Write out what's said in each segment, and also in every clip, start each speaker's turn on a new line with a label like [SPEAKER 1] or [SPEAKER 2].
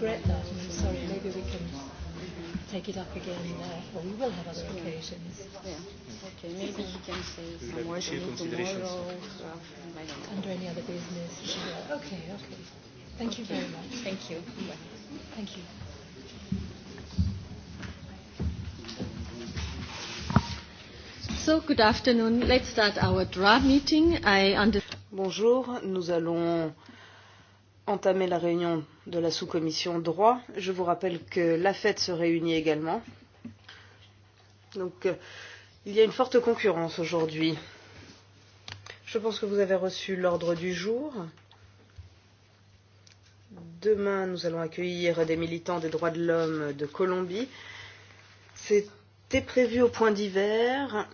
[SPEAKER 1] regret that. And I'm sorry. Maybe we can take it up again. Uh, well, we will have other occasions.
[SPEAKER 2] Yeah. Okay. Maybe we can say some words to me tomorrow. Uh, Under any other business. Sure. Okay. Okay. Thank you very much. Thank you. Thank you. So, good afternoon. Let's start our draft meeting. I under Bonjour. Nous allons entamer la réunion de la sous-commission droit. Je vous rappelle que la FED se réunit également. Donc, euh, il y a une forte concurrence aujourd'hui. Je pense que vous avez reçu l'ordre du jour. Demain, nous allons accueillir des militants des droits de l'homme de Colombie. C'était prévu au point d'hiver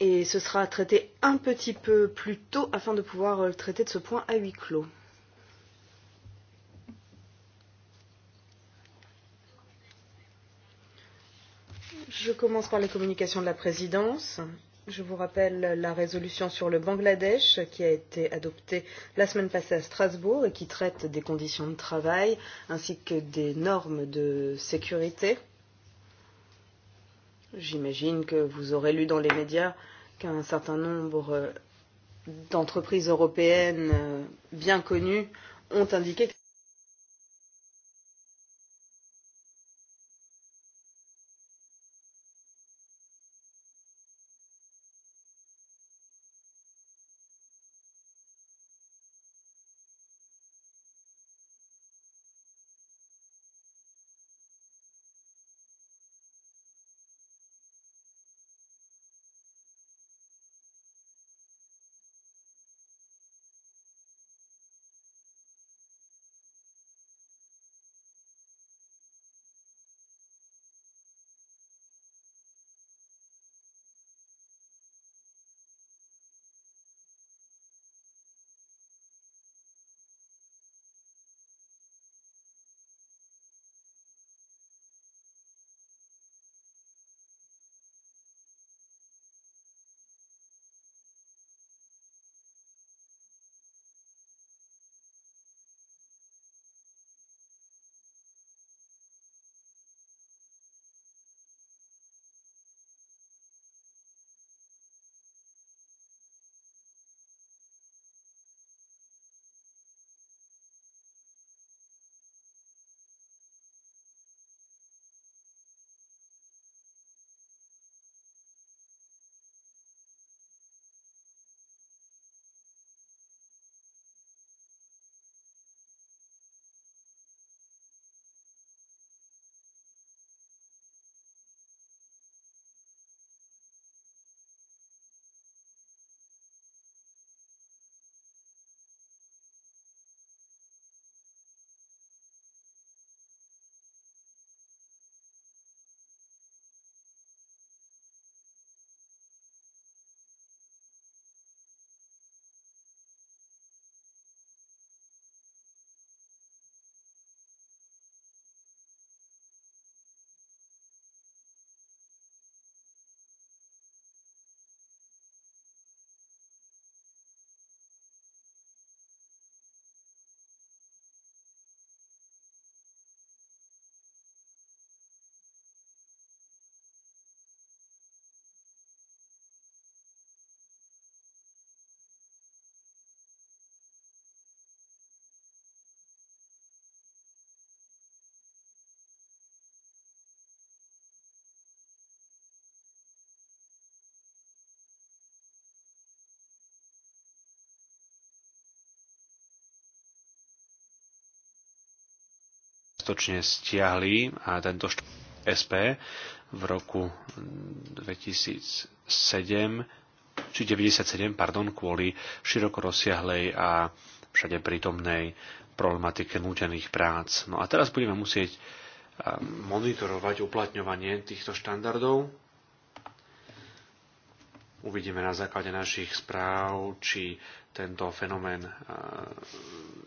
[SPEAKER 2] et ce sera traité un petit peu plus tôt afin de pouvoir euh, traiter de ce point à huis clos. Je commence par les communications de la présidence. Je vous rappelle la résolution sur le Bangladesh qui a été adoptée la semaine passée à Strasbourg et qui traite des conditions de travail ainsi que des normes de sécurité. J'imagine que vous aurez lu dans les médias qu'un certain nombre d'entreprises européennes bien connues ont indiqué que
[SPEAKER 3] čiastočne stiahli a tento št- SP v roku 2007 či 97, pardon, kvôli široko rozsiahlej a všade prítomnej problematike nútených prác. No a teraz budeme musieť ehm, monitorovať uplatňovanie týchto štandardov uvidíme na základe našich správ, či tento fenomén eh,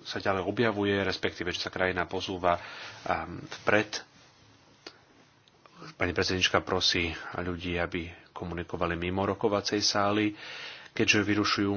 [SPEAKER 3] sa ďalej objavuje, respektíve či sa krajina posúva ehm, vpred. Pani predsednička prosí ľudí, aby komunikovali mimo rokovacej sály, keďže vyrušujú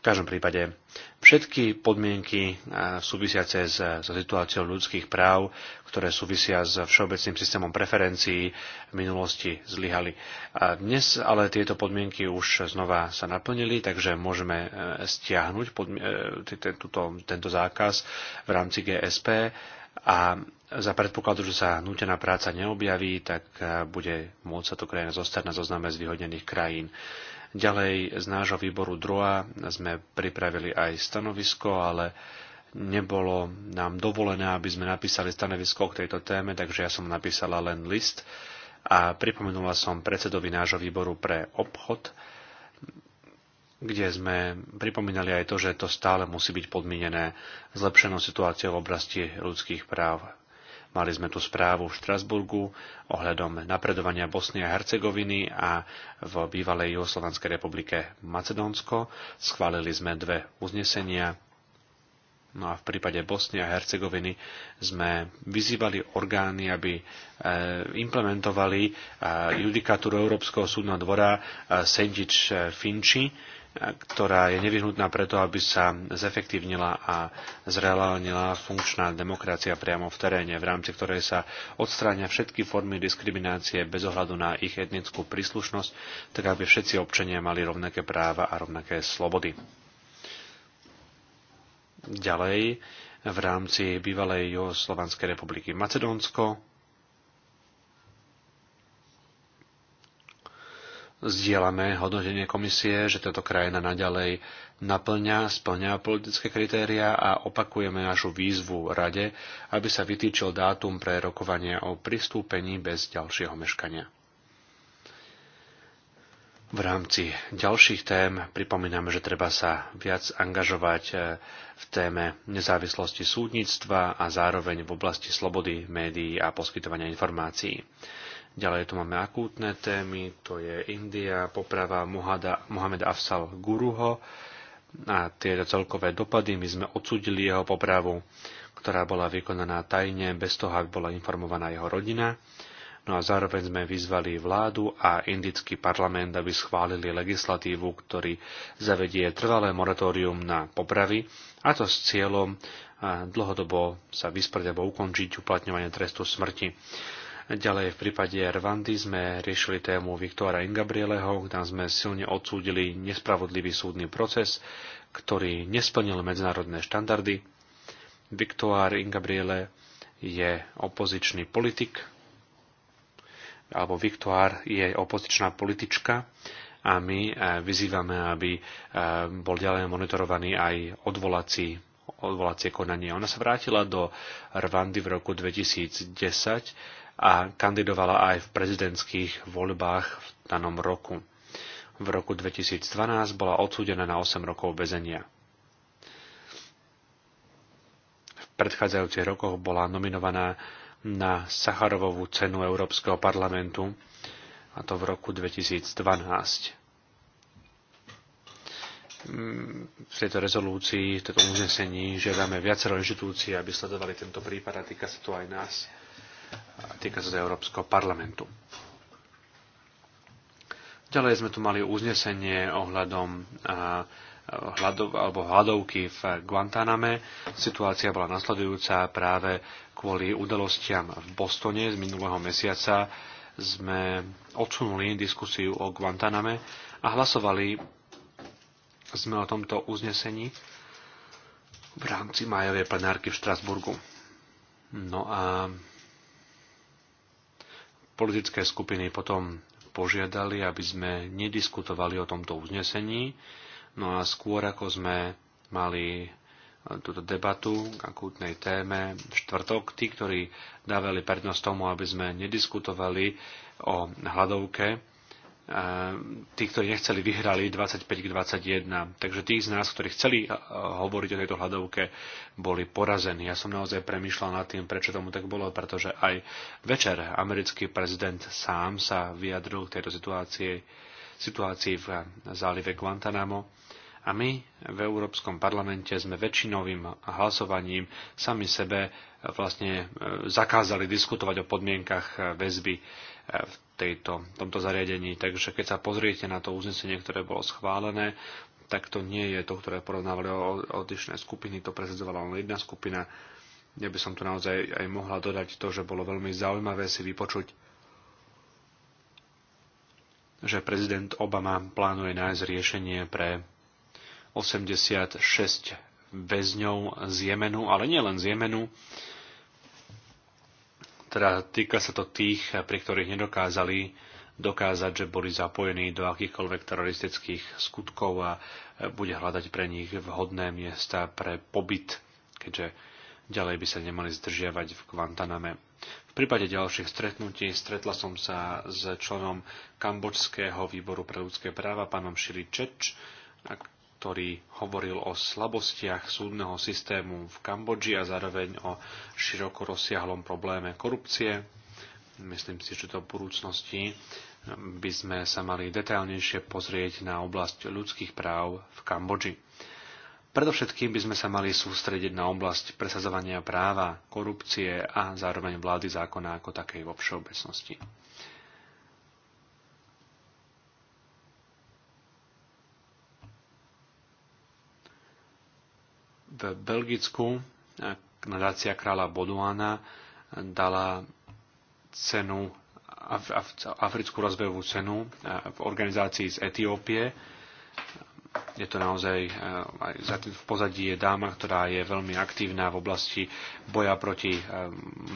[SPEAKER 3] v každom prípade všetky podmienky e, súvisiace s, so situáciou ľudských práv, ktoré súvisia s všeobecným systémom preferencií v minulosti zlyhali. A dnes ale tieto podmienky už znova sa naplnili, takže môžeme e, stiahnuť e, tento zákaz v rámci GSP a za predpokladu, že sa nútená práca neobjaví, tak bude môcť sa to krajina zostať na zozname z vyhodnených krajín. Ďalej z nášho výboru DROA sme pripravili aj stanovisko, ale nebolo nám dovolené, aby sme napísali stanovisko k tejto téme, takže ja som napísala len list a pripomenula som predsedovi nášho výboru pre obchod, kde sme pripomínali aj to, že to stále musí byť podmienené zlepšenou situáciou v oblasti ľudských práv Mali sme tu správu v Štrasburgu ohľadom napredovania Bosny a Hercegoviny a v bývalej Jugoslovanskej republike Macedónsko. Schválili sme dve uznesenia. No a v prípade Bosny a Hercegoviny sme vyzývali orgány, aby e, implementovali e, judikatúru Európskeho súdneho dvora e, Sendič Finči, ktorá je nevyhnutná preto, aby sa zefektívnila a zreálnila funkčná demokracia priamo v teréne, v rámci ktorej sa odstráňa všetky formy diskriminácie bez ohľadu na ich etnickú príslušnosť, tak aby všetci občania mali rovnaké práva a rovnaké slobody. Ďalej, v rámci bývalej Juhoslovanskej republiky Macedónsko, Zdieľame hodnotenie komisie, že táto krajina naďalej naplňa, splňa politické kritéria a opakujeme našu výzvu Rade, aby sa vytýčil dátum pre rokovanie o pristúpení bez ďalšieho meškania. V rámci ďalších tém pripomíname, že treba sa viac angažovať eh, v téme nezávislosti súdnictva a zároveň v oblasti slobody médií a poskytovania informácií. Ďalej tu máme akútne témy, to je India, poprava Muhada, Mohameda Afsal Guruho a tie celkové dopady. My sme odsudili jeho popravu, ktorá bola vykonaná tajne, bez toho, aby bola informovaná jeho rodina. No a zároveň sme vyzvali vládu a indický parlament, aby schválili legislatívu, ktorý zavedie trvalé moratórium na popravy, a to s cieľom dlhodobo sa vysprť alebo ukončiť uplatňovanie trestu smrti. Ďalej v prípade Rwandy sme riešili tému Viktora Ingabrieleho, tam sme silne odsúdili nespravodlivý súdny proces, ktorý nesplnil medzinárodné štandardy. Viktor Ingabriele je opozičný politik, alebo Viktor je opozičná politička a my eh, vyzývame, aby eh, bol ďalej monitorovaný aj odvolací odvolacie konanie. Ona sa vrátila do Rwandy v roku 2010 a kandidovala aj v prezidentských voľbách v danom roku. V roku 2012 bola odsúdená na 8 rokov väzenia. V predchádzajúcich rokoch bola nominovaná na Sacharovovú cenu Európskeho parlamentu, a to v roku 2012 v tejto rezolúcii, v tejto uznesení žiadame viacero inštitúcií, aby sledovali tento prípad a týka sa to aj nás. A týka sa to Európskeho parlamentu. Ďalej sme tu mali uznesenie ohľadom hľadov, alebo hľadovky v Guantaname. Situácia bola nasledujúca práve kvôli udalostiam v Bostone z minulého mesiaca sme odsunuli diskusiu o Guantaname a hlasovali sme o tomto uznesení v rámci majovej plenárky v Štrasburgu. No a politické skupiny potom požiadali, aby sme nediskutovali o tomto uznesení, no a skôr ako sme mali túto debatu k akútnej téme v štvrtok, tí, ktorí dávali prednosť tomu, aby sme nediskutovali o hladovke, Ehm, tí, ktorí nechceli, vyhrali 25 k 21. Takže tí z nás, ktorí chceli eh, hovoriť o tejto hľadovke, boli porazení. Ja som naozaj premyšľal nad tým, prečo tomu tak bolo, pretože aj večer americký prezident sám sa vyjadril k tejto situácii, situácii v zálive Guantanamo. A my v Európskom parlamente sme väčšinovým hlasovaním sami sebe eh, vlastne eh, zakázali diskutovať o podmienkach väzby v tejto, tomto zariadení. Takže keď sa pozriete na to uznesenie, ktoré bolo schválené, tak to nie je to, ktoré porovnávali odlišné skupiny, to prezidovala len jedna skupina. Ja by som tu naozaj aj mohla dodať to, že bolo veľmi zaujímavé si vypočuť, že prezident Obama plánuje nájsť riešenie pre 86 väzňov z Jemenu, ale nielen z Jemenu, teda týka sa to tých, pri ktorých nedokázali dokázať, že boli zapojení do akýchkoľvek teroristických skutkov a e, bude hľadať pre nich vhodné miesta pre pobyt, keďže ďalej by sa nemali zdržiavať v kvantaname. V prípade ďalších stretnutí stretla som sa s členom Kambočského výboru pre ľudské práva, pánom Širi Čeč, ktorý hovoril o slabostiach súdneho systému v Kambodži a zároveň o široko rozsiahlom probléme korupcie. Myslím si, že do budúcnosti by sme sa mali detailnejšie pozrieť na oblasť ľudských práv v Kambodži. Predovšetkým by sme sa mali sústrediť na oblasť presazovania práva, korupcie a zároveň vlády zákona ako takej vo všeobecnosti. V Belgicku nadácia kráľa Boduána dala cenu, africkú rozvojovú cenu eh, v organizácii z Etiópie. Je to naozaj, eh, v pozadí je dáma, ktorá je veľmi aktívna v oblasti boja proti eh,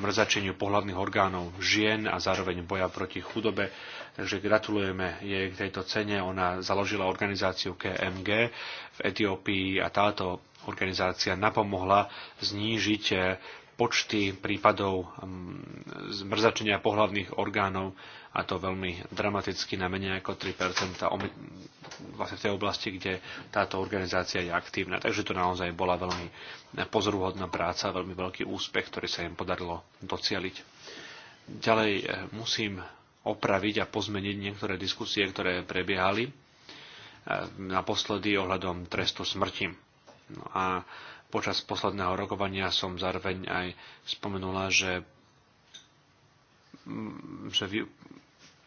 [SPEAKER 3] mrzačeniu pohľadných orgánov žien a zároveň boja proti chudobe. Takže gratulujeme jej k tejto cene. Ona založila organizáciu KMG v Etiópii a táto organizácia napomohla znížiť eh, počty prípadov mm, zmrzačenia pohlavných orgánov a to veľmi dramaticky na menej ako 3% vlastne v tej oblasti, kde táto organizácia je aktívna. Takže to naozaj bola veľmi pozoruhodná práca, veľmi veľký úspech, ktorý sa im podarilo docieliť. Ďalej eh, musím opraviť a pozmeniť niektoré diskusie, ktoré prebiehali eh, naposledy ohľadom trestu smrti No a počas posledného rokovania som zároveň aj spomenula, že, mm, že, vy,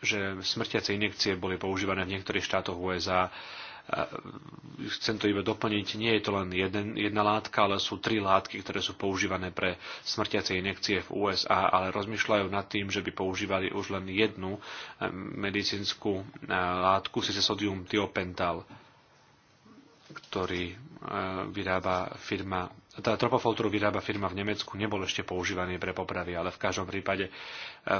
[SPEAKER 3] že smrtiace injekcie boli používané v niektorých štátoch USA chcem to iba doplniť, nie je to len jeden, jedna látka, ale sú tri látky, ktoré sú používané pre smrtiace injekcie v USA, ale rozmýšľajú nad tým, že by používali už len jednu eh, medicínsku eh, látku, síce sodium tiopental ktorý e, vyrába firma tá teda tropofol, ktorú vyrába firma v Nemecku, nebol ešte používaný pre popravy, ale v každom prípade e,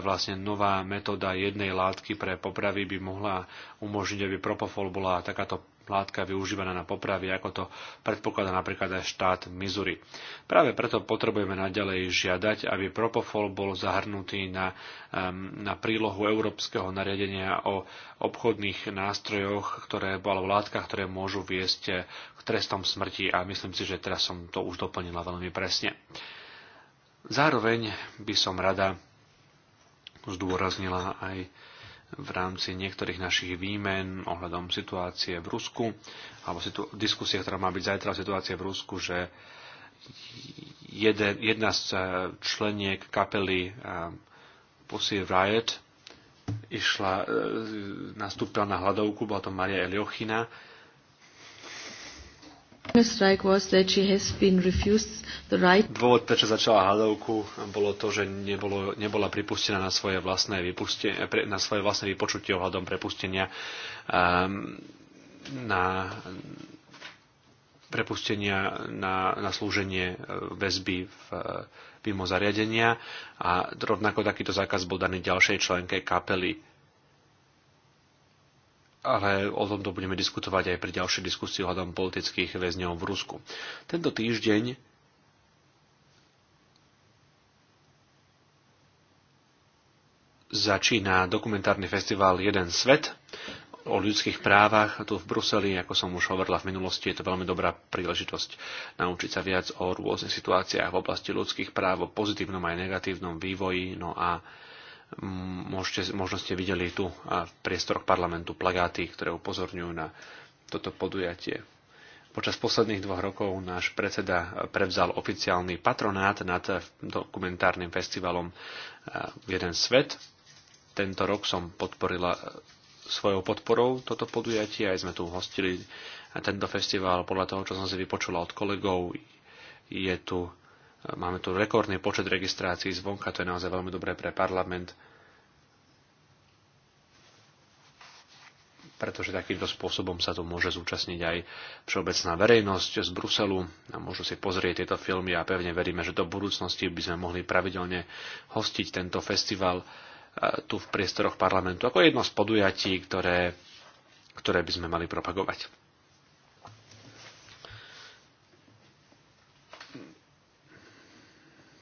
[SPEAKER 3] vlastne nová metóda jednej látky pre popravy by mohla umožniť, aby propofol bola takáto látka využívaná na popravy, ako to predpokladá napríklad aj štát Missouri. Práve preto potrebujeme naďalej žiadať, aby propofol bol zahrnutý na, na prílohu Európskeho nariadenia o obchodných nástrojoch, ktoré, alebo látkach, ktoré môžu viesť eh, k trestom smrti a myslím si, že teraz som to už doplnila veľmi presne. Zároveň by som rada zdôraznila aj v rámci niektorých našich výmen ohľadom situácie v Rusku, alebo situ- diskusie, ktorá má byť zajtra situácie v Rusku, že jeden, jedna z eh, členiek kapely eh, Pussy Riot išla, eh, nastúpila na hľadovku, bola to Maria Eliochina,
[SPEAKER 2] Dôvod,
[SPEAKER 3] prečo začala hľadovku, bolo to, že nebolo, nebola pripustená na svoje vlastné, na svoje vlastné vypočutie ohľadom prepustenia um, na prepustenia na, na slúženie e, väzby v, e, mimo zariadenia a rovnako takýto zákaz bol daný ďalšej členke kapely ale o tomto budeme diskutovať aj pri ďalšej diskusii ohľadom politických väzňov v Rusku. Tento týždeň začína dokumentárny festival Jeden svet o ľudských právach tu v Bruseli. Ako som už hovorila v minulosti, je to veľmi dobrá príležitosť naučiť sa viac o rôznych situáciách v oblasti ľudských práv, o pozitívnom aj negatívnom vývoji. No a Môžete, možno ste videli tu v priestoroch parlamentu plagáty, ktoré upozorňujú na toto podujatie. Počas posledných dvoch rokov náš predseda prevzal oficiálny patronát nad dokumentárnym festivalom Jeden svet. Tento rok som podporila svojou podporou toto podujatie, aj sme tu hostili tento festival. Podľa toho, čo som si vypočula od kolegov, je tu Máme tu rekordný počet registrácií zvonka, to je naozaj veľmi dobré pre parlament, pretože takýmto spôsobom sa tu môže zúčastniť aj všeobecná verejnosť z Bruselu a môžu si pozrieť tieto filmy a pevne veríme, že do budúcnosti by sme mohli pravidelne hostiť tento festival tu v priestoroch parlamentu ako jedno z podujatí, ktoré, ktoré by sme mali propagovať.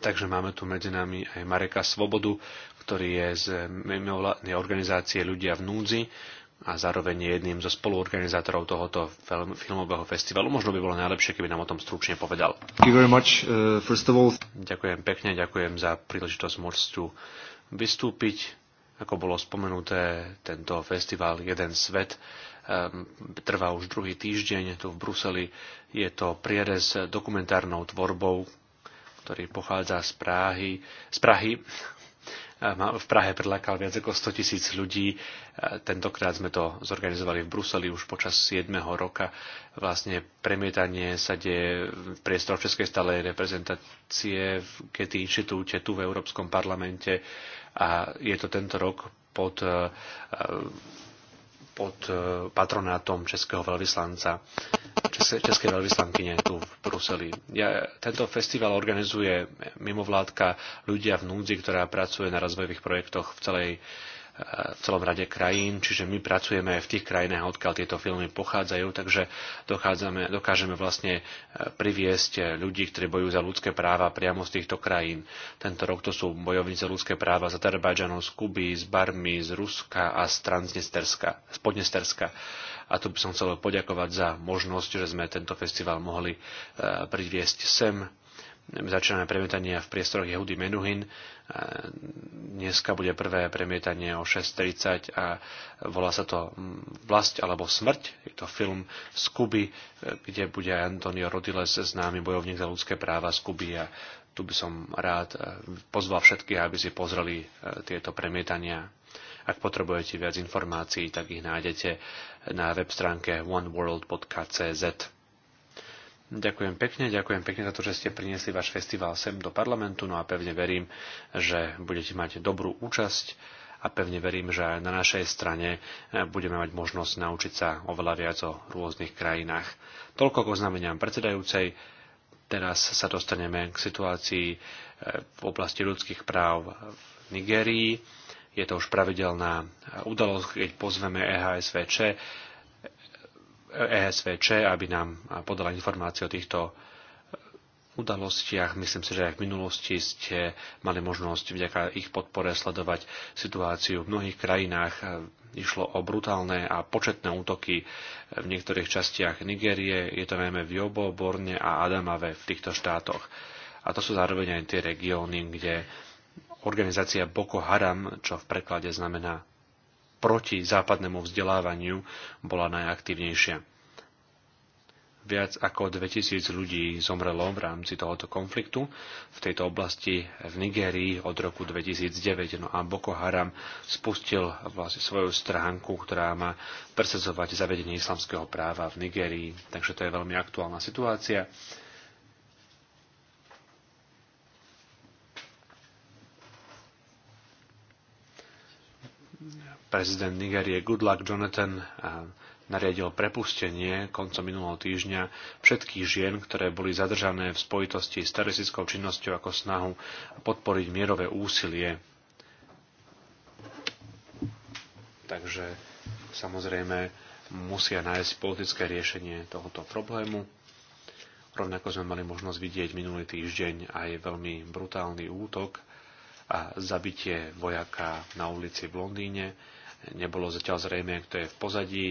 [SPEAKER 3] Takže máme tu medzi nami aj Mareka Svobodu, ktorý je z mimovládnej organizácie Ľudia v núdzi a zároveň je jedným zo spoluorganizátorov tohoto filmového festivalu. Možno by bolo najlepšie, keby nám o tom stručne povedal.
[SPEAKER 4] Uh,
[SPEAKER 3] ďakujem pekne, ďakujem za príležitosť môcť tu vystúpiť. Ako bolo spomenuté, tento festival Jeden svet um, trvá už druhý týždeň tu v Bruseli. Je to prierez dokumentárnou tvorbou, ktorý pochádza z Prahy, z Prahy v Prahe prilákal viac ako 100 tisíc ľudí. Tentokrát sme to zorganizovali v Bruseli už počas 7. roka. Vlastne premietanie sa deje v priestoroch Českej stálej reprezentácie v Getty inštitúte tu v Európskom parlamente a je to tento rok pod e, e, pod e, patronátom českého veľvyslanca českej veľvyslankyne tu v Bruseli. Ja, tento festival organizuje mimovládka ľudia v núdzi, ktorá pracuje na rozvojových projektoch v celej e, v celom rade krajín, čiže my pracujeme v tých krajinách, odkiaľ tieto filmy pochádzajú, takže dokážeme vlastne e, priviesť ľudí, ktorí bojujú za ľudské práva priamo z týchto krajín. Tento rok to sú bojovníci za ľudské práva z Azerbajdžanu, z Kuby, z Barmy, z Ruska a z Transnesterska, z Podnesterska a tu by som chcel poďakovať za možnosť, že sme tento festival mohli e, priviesť sem. Začíname premietania v priestoroch Jehudy Menuhin. E, dneska bude prvé premietanie o 6.30 a volá sa to mm, Vlast alebo smrť. Je to film z Kuby, e, kde bude Antonio Rodiles, známy bojovník za ľudské práva z Kuby a tu by som rád pozval všetkých, aby si pozreli tieto premietania. Ak potrebujete viac informácií, tak ich nájdete na web stránke oneworld.cz. Ďakujem pekne, ďakujem pekne za to, že ste priniesli váš festival sem do parlamentu, no a pevne verím, že budete mať dobrú účasť a pevne verím, že aj na našej strane eh, budeme mať možnosť naučiť sa oveľa viac o rôznych krajinách. Toľko k oznameniam predsedajúcej. Teraz sa dostaneme k situácii eh, v oblasti ľudských práv v Nigerii. Je to už pravidelná udalosť, keď pozveme EHSVČ, EHSVČ aby nám podala informácie o týchto udalostiach. Myslím si, že aj v minulosti ste mali možnosť vďaka ich podpore sledovať situáciu v mnohých krajinách. Išlo o brutálne a početné útoky v niektorých častiach Nigérie, je to najmä v Jobo, Borne a Adamave v týchto štátoch. A to sú zároveň aj tie regióny, kde organizácia Boko Haram, čo v preklade znamená proti západnému vzdelávaniu, bola najaktívnejšia. Viac ako 2000 ľudí zomrelo v rámci tohoto konfliktu v tejto oblasti v Nigérii od roku 2009. No a Boko Haram spustil vlastne svoju stránku, ktorá má presadzovať zavedenie islamského práva v Nigérii. Takže to je veľmi aktuálna situácia. prezident Nigerie Goodluck Jonathan nariadil prepustenie koncom minulého týždňa všetkých žien, ktoré boli zadržané v spojitosti s teroristickou činnosťou ako snahu podporiť mierové úsilie. Takže samozrejme musia nájsť politické riešenie tohoto problému. Rovnako sme mali možnosť vidieť minulý týždeň aj veľmi brutálny útok a zabitie vojaka na ulici v Londýne. Nebolo zatiaľ zrejme, kto je v pozadí.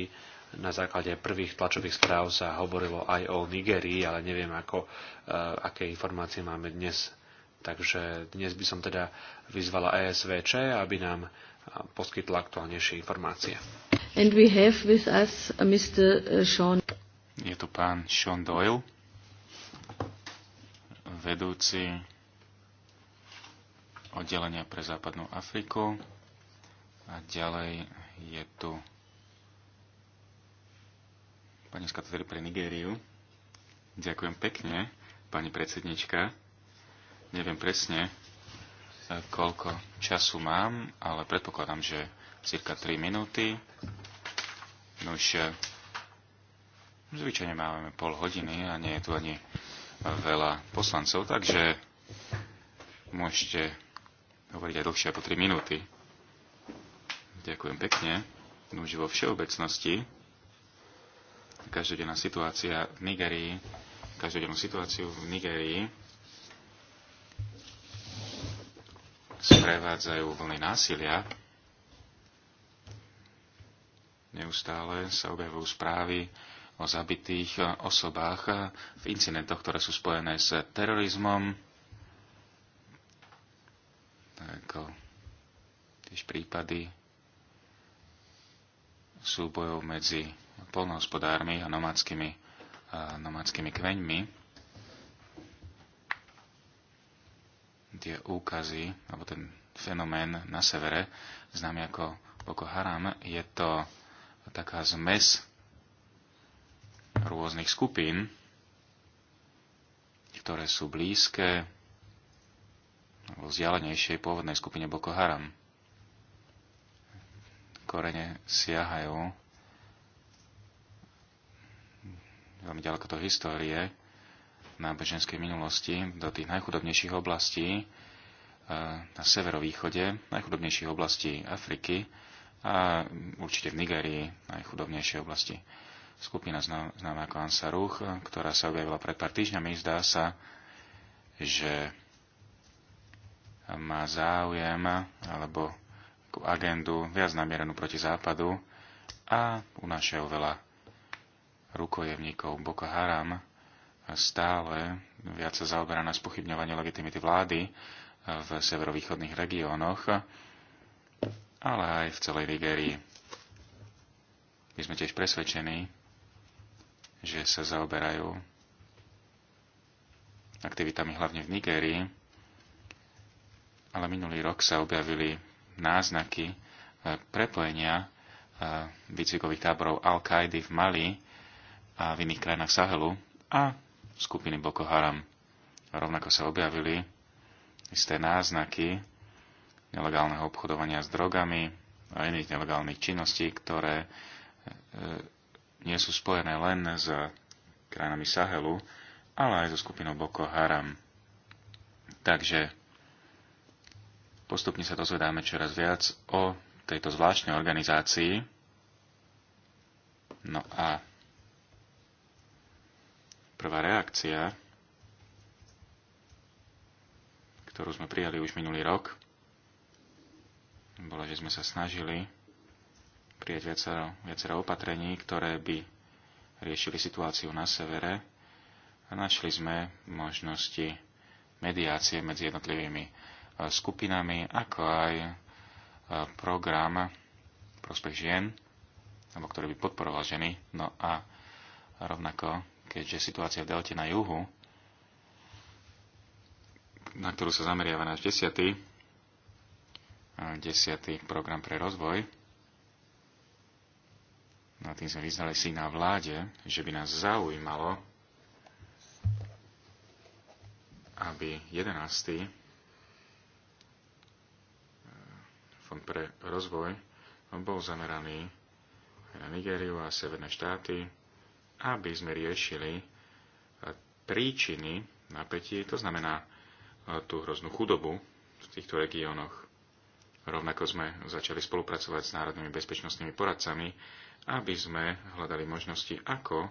[SPEAKER 3] Na základe prvých tlačových správ sa hovorilo aj o Nigerii, ale neviem, ako, e, aké informácie máme dnes. Takže dnes by som teda vyzvala ESVČ, aby nám e, poskytla aktuálnejšie informácie.
[SPEAKER 2] And we have with us uh, Mr. Uh, Sean.
[SPEAKER 1] Je tu pán Sean Doyle, vedúci oddelenia pre západnú Afriku. A ďalej je tu pani skatoteri pre Nigériu. Ďakujem pekne, pani predsednička. Neviem presne, e, koľko času mám, ale predpokladám, že cirka 3 minúty. No už e, zvyčajne máme pol hodiny a nie je tu ani veľa poslancov, takže môžete hovoriť aj dlhšie ako 3 minúty. Ďakujem pekne. No už vo všeobecnosti každodenná situácia v Nigerii, každodennú situáciu v Nigerii sprevádzajú vlny násilia. Neustále sa objavujú správy o zabitých osobách v incidentoch, ktoré sú spojené s terorizmom, ako tiež prípady súbojov medzi polnohospodármi a nomadskými, a nomadskými kveňmi, Tie úkazy, alebo ten fenomén na severe, známy ako Boko Haram, je to taká zmes rôznych skupín, ktoré sú blízke vzdialenejšej pôvodnej skupine Boko Haram. Korene siahajú veľmi ďaleko do histórie náboženskej minulosti, do tých najchudobnejších oblastí e, na severovýchode, najchudobnejších oblastí Afriky a určite v Nigerii najchudobnejšej oblasti. Skupina známa ako Ansaruch, ktorá sa objavila pred pár týždňami, zdá sa, že má záujem alebo agendu viac namierenú proti západu a našeho veľa rukojevníkov Boko Haram stále viac sa zaoberá na spochybňovanie legitimity vlády v severovýchodných regiónoch, ale aj v celej Nigérii. My sme tiež presvedčení, že sa zaoberajú aktivitami hlavne v Nigérii, ale minulý rok sa objavili náznaky e, prepojenia e, výcvikových táborov Al-Kaidy v Mali a v iných krajinách Sahelu a skupiny Boko Haram. Rovnako sa objavili isté náznaky nelegálneho obchodovania s drogami a iných nelegálnych činností, ktoré e, nie sú spojené len s krajinami Sahelu, ale aj so skupinou Boko Haram. Takže Postupne sa dozvedáme čoraz viac o tejto zvláštnej organizácii. No a prvá reakcia, ktorú sme prijali už minulý rok, bola, že sme sa snažili prijať viacero, viacero opatrení, ktoré by riešili situáciu na severe a našli sme možnosti mediácie medzi jednotlivými skupinami, ako aj e, program Prospech žien, alebo ktorý by podporoval ženy. No a rovnako, keďže situácia v delte na juhu, na ktorú sa zameriava náš desiatý, e, desiatý program pre rozvoj, No tým sme vyznali si na vláde, že by nás zaujímalo, aby 11. Fond pre rozvoj bol zameraný na Nigériu a severné štáty, aby sme riešili príčiny napätí, to znamená e, tú hroznú chudobu v týchto regiónoch. Rovnako sme začali spolupracovať s národnými bezpečnostnými poradcami, aby sme hľadali možnosti, ako e,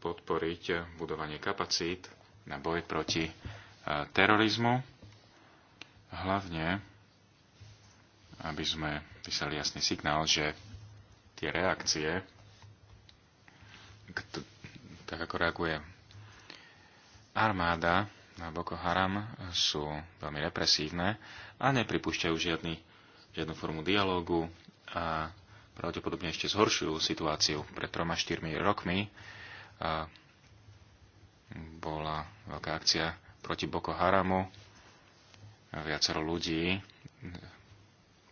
[SPEAKER 1] podporiť budovanie kapacít na boj proti e, terorizmu, hlavne aby sme vyslali jasný signál, že tie reakcie, tak ako reaguje armáda na Boko Haram, sú veľmi represívne a nepripúšťajú žiadny, žiadnu formu dialógu a pravdepodobne ešte zhoršujú situáciu. Pred troma, štyrmi rokmi a bola veľká akcia proti Boko Haramu. Viacero ľudí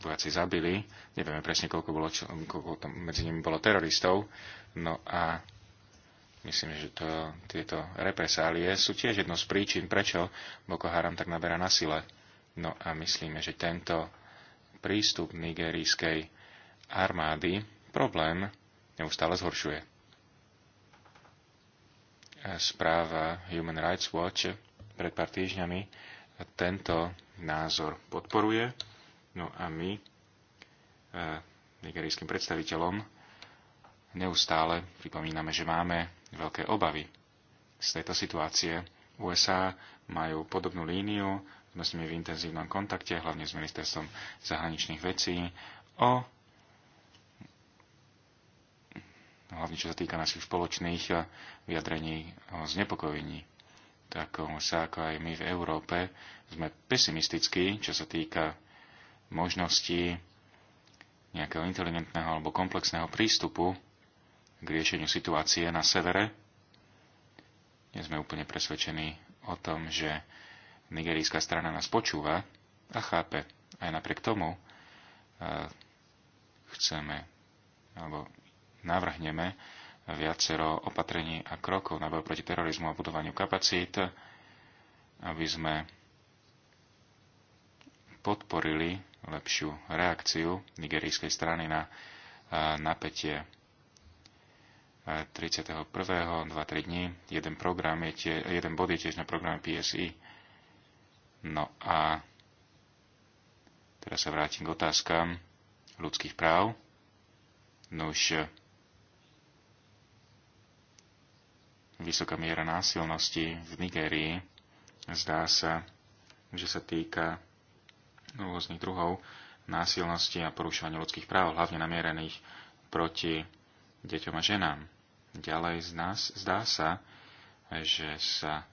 [SPEAKER 1] vojaci zabili. Nevieme presne, koľko, bolo, čo, koľko tam medzi nimi bolo teroristov. No a myslím, že to, tieto represálie sú tiež jednou z príčin, prečo Boko Haram tak naberá na sile. No a myslíme, že tento prístup nigerijskej armády problém neustále zhoršuje. Správa Human Rights Watch pred pár týždňami tento názor podporuje No a my e, nigerijským predstaviteľom neustále pripomíname, že máme veľké obavy z tejto situácie. USA majú podobnú líniu, sme s nimi v intenzívnom kontakte, hlavne s ministerstvom zahraničných vecí, o hlavne čo sa týka našich spoločných e, vyjadrení o znepokojení. Tak sa ako aj my v Európe sme pesimistickí, čo sa týka možnosti nejakého inteligentného alebo komplexného prístupu k riešeniu situácie na severe. Nie sme úplne presvedčení o tom, že nigerijská strana nás počúva a chápe. Aj napriek tomu e, chceme alebo navrhneme viacero opatrení a krokov na boj proti terorizmu a budovaniu kapacít, aby sme podporili lepšiu reakciu nigerijskej strany na e, napätie 312 e, 3 dní. Jeden, program je tie, jeden bod je tiež na programe PSI. No a teraz sa vrátim k otázkam ľudských práv. Nuž, e, vysoká miera násilnosti v Nigérii zdá sa, že sa týka rôznych druhov násilnosti a porušovania ľudských práv, hlavne namierených proti deťom a ženám. Ďalej z nás zdá sa, že sa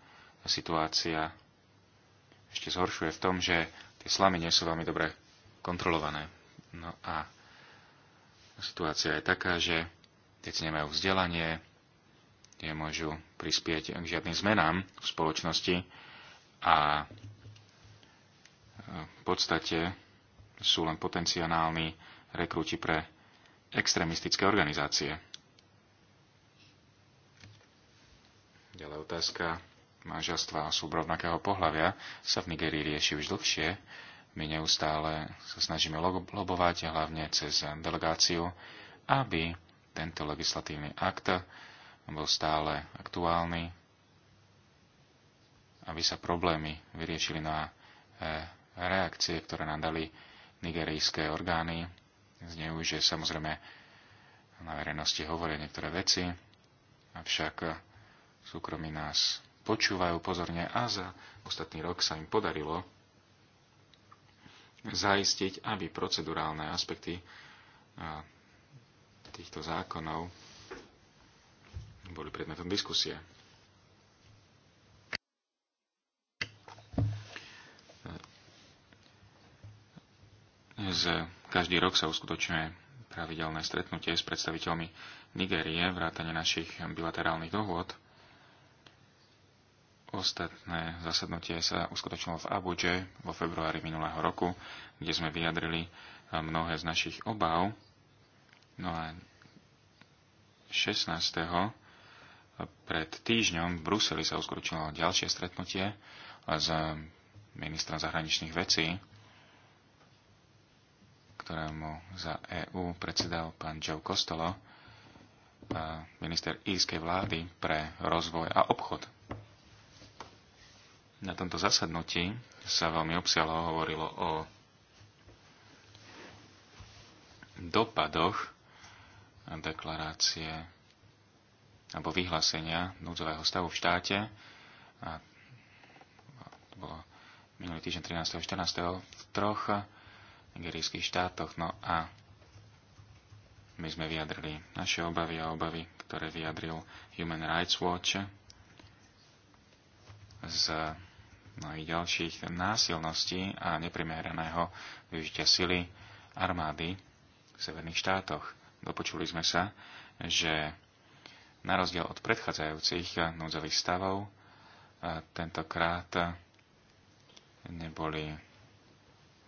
[SPEAKER 1] situácia ešte zhoršuje v tom, že tie slamy nie sú veľmi dobre kontrolované. No a situácia je taká, že deti nemajú vzdelanie, nemôžu prispieť k žiadnym zmenám v spoločnosti a v podstate sú len potenciálni rekrúti pre extrémistické organizácie. Ďalej otázka manželstva sú rovnakého pohľavia sa v Nigerii rieši už dlhšie. My neustále sa snažíme lobovať, hlavne cez delegáciu, aby tento legislatívny akt bol stále aktuálny, aby sa problémy vyriešili na eh, reakcie, ktoré nám dali nigerijské orgány. Znejú, že samozrejme na verejnosti hovoria niektoré veci, avšak súkromí nás počúvajú pozorne a za ostatný rok sa im podarilo zaistiť, aby procedurálne aspekty týchto zákonov boli predmetom diskusie. z, každý rok sa uskutočňuje pravidelné stretnutie s predstaviteľmi Nigérie, vrátane našich bilaterálnych dohôd. Ostatné zasadnutie sa uskutočnilo v Abuže vo februári minulého roku, kde sme vyjadrili mnohé z našich obav. No a 16. pred týždňom v Bruseli sa uskutočnilo ďalšie stretnutie s ministrom zahraničných vecí ktorému za EÚ predsedal pán Joe Costolo, minister írskej vlády pre rozvoj a obchod. Na tomto zasadnutí sa veľmi obsiaľo hovorilo o dopadoch deklarácie alebo vyhlásenia núdzového stavu v štáte. A to bolo minulý týždeň 13. a 14. v troch nigerijských štátoch. No a my sme vyjadrili naše obavy a obavy, ktoré vyjadril Human Rights Watch z mnohých ďalších násilností a neprimeraného využitia sily armády v severných štátoch. Dopočuli sme sa, že na rozdiel od predchádzajúcich núdzových stavov, tentokrát neboli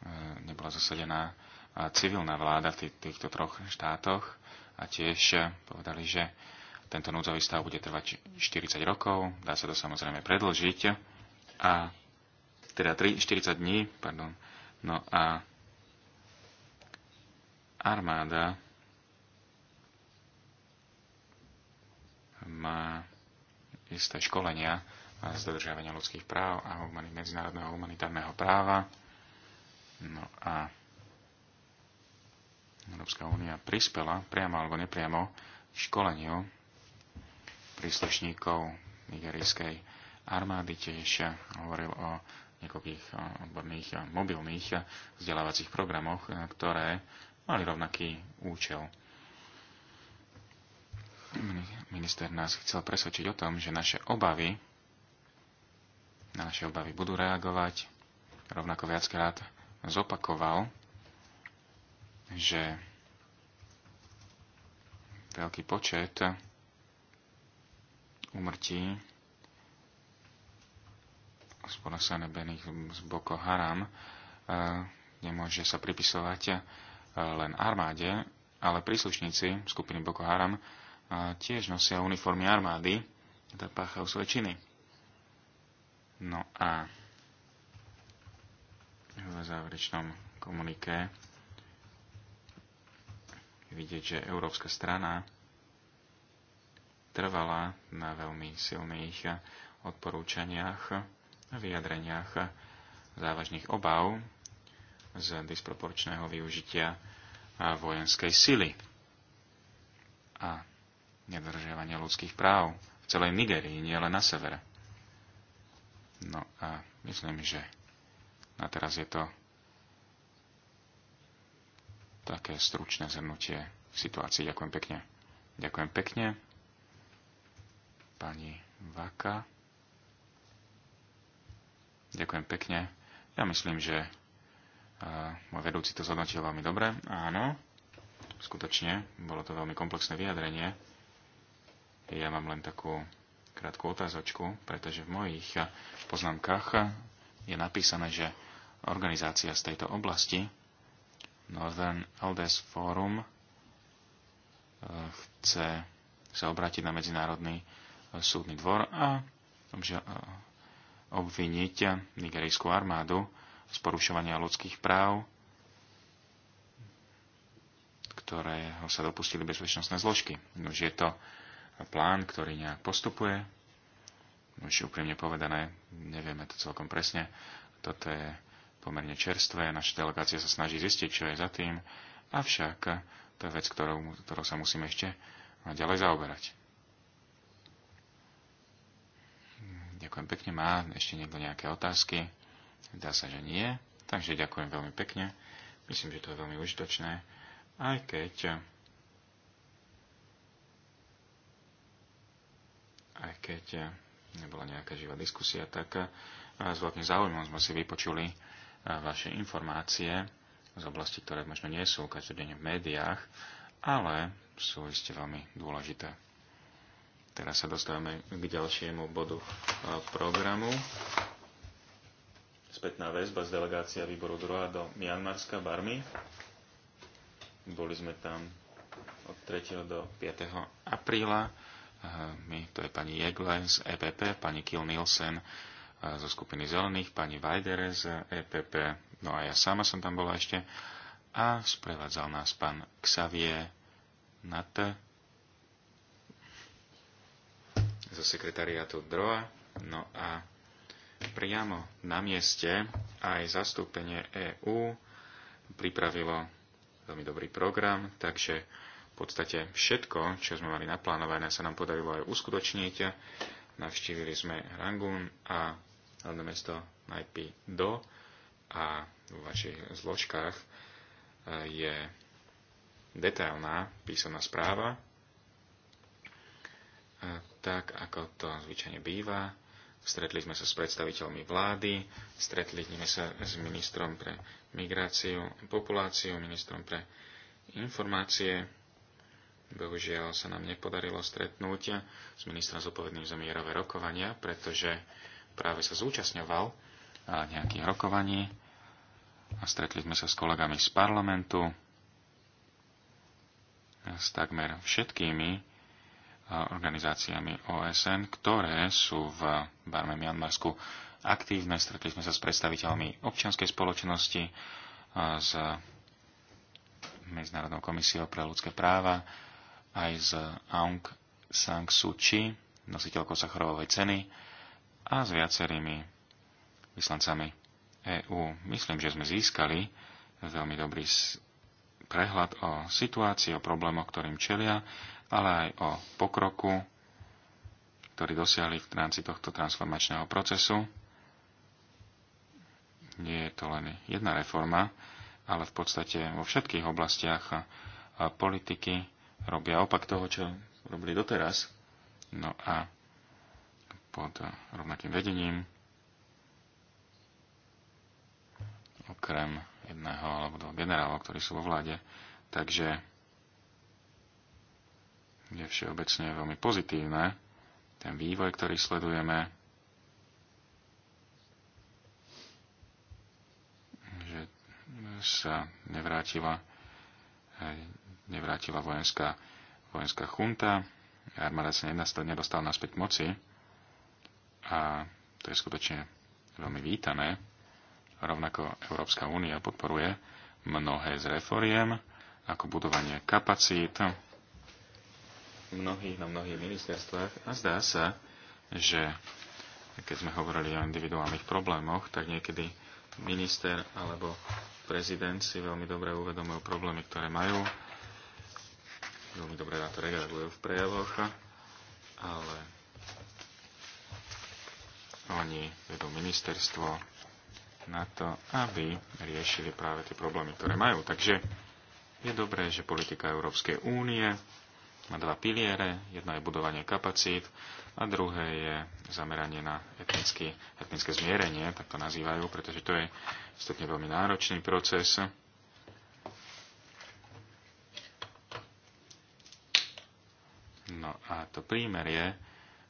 [SPEAKER 1] E, nebola zosadená e, civilná vláda v týchto troch štátoch a tiež e, povedali, že tento núdzový stav bude trvať 40 rokov, dá sa to samozrejme predlžiť a teda 3, 40 dní, pardon, no a armáda má isté školenia z dodržiavania ľudských práv a medzinárodného humanitárneho práva No a Európska únia prispela priamo alebo nepriamo školeniu príslušníkov nigerijskej armády, tiež hovoril o niekoľkých odborných mobilných vzdelávacích programoch, ktoré mali rovnaký účel. Minister nás chcel presvedčiť o tom, že naše obavy, na naše obavy budú reagovať rovnako viackrát zopakoval, že veľký počet umrtí spôsobených z Boko Haram e, nemôže sa pripisovať e, len armáde, ale príslušníci skupiny Boko Haram e, tiež nosia uniformy armády, teda páchajú svoje činy. No a v záverečnom komuniké vidieť, že Európska strana trvala na veľmi silných odporúčaniach a vyjadreniach závažných obav z disproporčného využitia vojenskej sily a nedržiavania ľudských práv v celej Nigerii, nielen na severe. No a myslím, že a teraz je to také stručné zhrnutie situácie. Ďakujem pekne. Ďakujem pekne. Pani Vaka. Ďakujem pekne. Ja myslím, že môj vedúci to zhodnotil veľmi dobre. Áno, skutočne, bolo to veľmi komplexné vyjadrenie. Ja mám len takú krátku otázočku, pretože v mojich poznámkach je napísané, že organizácia z tejto oblasti, Northern Elders Forum, eh, chce sa obrátiť na Medzinárodný eh, súdny dvor a eh, obviniť nigerijskú armádu z porušovania ľudských práv, ktorého sa dopustili bezpečnostné zložky. Už no, je to plán, ktorý nejak postupuje. Už no, úprimne povedané, nevieme to celkom presne. Toto je pomerne čerstvé. Naša delegácia sa snaží zistiť, čo je za tým, avšak to je vec, ktorou, ktorou sa musíme ešte ďalej zaoberať. Ďakujem pekne. Má ešte niekto nejaké otázky? Dá sa, že nie. Takže ďakujem veľmi pekne. Myslím, že to je veľmi užitočné. Aj keď aj keď nebola nejaká živá diskusia, tak s veľkým záujmom sme si vypočuli vaše informácie z oblasti, ktoré možno nie sú každodenne v médiách, ale sú iste veľmi dôležité. Teraz sa dostávame k ďalšiemu bodu e, programu. Spätná väzba z delegácia výboru druhá do Mianmarska, Barmy. Boli sme tam od 3. do 5. apríla. E, my, to je pani Jegle z EPP, pani Kiel Nielsen zo skupiny zelených, pani Vajdere z EPP, no a ja sama som tam bola ešte, a sprevádzal nás pán Xavier Nat zo sekretariátu DROA, no a priamo na mieste aj zastúpenie EÚ pripravilo veľmi dobrý program, takže v podstate všetko, čo sme mali naplánované, sa nám podarilo aj uskutočniť. Navštívili sme Rangún a hlavné mesto najpí do a v vašich zložkách e, je detailná písomná správa, e, tak ako to zvyčajne býva. Stretli sme sa s predstaviteľmi vlády, stretli sme sa s ministrom pre migráciu, populáciu, ministrom pre informácie. Bohužiaľ sa nám nepodarilo stretnúť s ministrom zodpovedným za mierové rokovania, pretože práve sa zúčastňoval nejakých rokovaní a stretli sme sa s kolegami z parlamentu, s takmer všetkými organizáciami OSN, ktoré sú v Barme Mianmarsku aktívne. Stretli sme sa s predstaviteľmi občianskej spoločnosti, s Medzinárodnou komisiou pre ľudské práva, aj s Aung San Suu Kyi, nositeľkou Sacharovovej ceny, a s viacerými vyslancami EÚ. Myslím, že sme získali veľmi dobrý prehľad o situácii, o problémoch, ktorým čelia, ale aj o pokroku, ktorý dosiahli v rámci tohto transformačného procesu. Nie je to len jedna reforma, ale v podstate vo všetkých oblastiach politiky robia opak toho, čo robili doteraz. No a pod rovnakým vedením, okrem jedného alebo dvoch generálov, ktorí sú vo vláde. Takže je všeobecne veľmi pozitívne ten vývoj, ktorý sledujeme. Že sa nevrátila, nevrátila vojenská, vojenská chunta, armáda sa nedostal naspäť moci a to je skutočne veľmi vítané. Rovnako Európska únia podporuje mnohé z reforiem, ako budovanie kapacít mnohých na mnohých ministerstvách a zdá sa, že keď sme hovorili o individuálnych problémoch, tak niekedy minister alebo prezident si veľmi dobre uvedomujú problémy, ktoré majú, veľmi dobre na to reagujú v prejavoch, ale oni vedú ministerstvo na to, aby riešili práve tie problémy, ktoré majú. Takže je dobré, že politika Európskej únie má dva piliere. Jedno je budovanie kapacít a druhé je zameranie na etnické, etnické zmierenie, tak to nazývajú, pretože to je istotne veľmi náročný proces. No a to prímerie,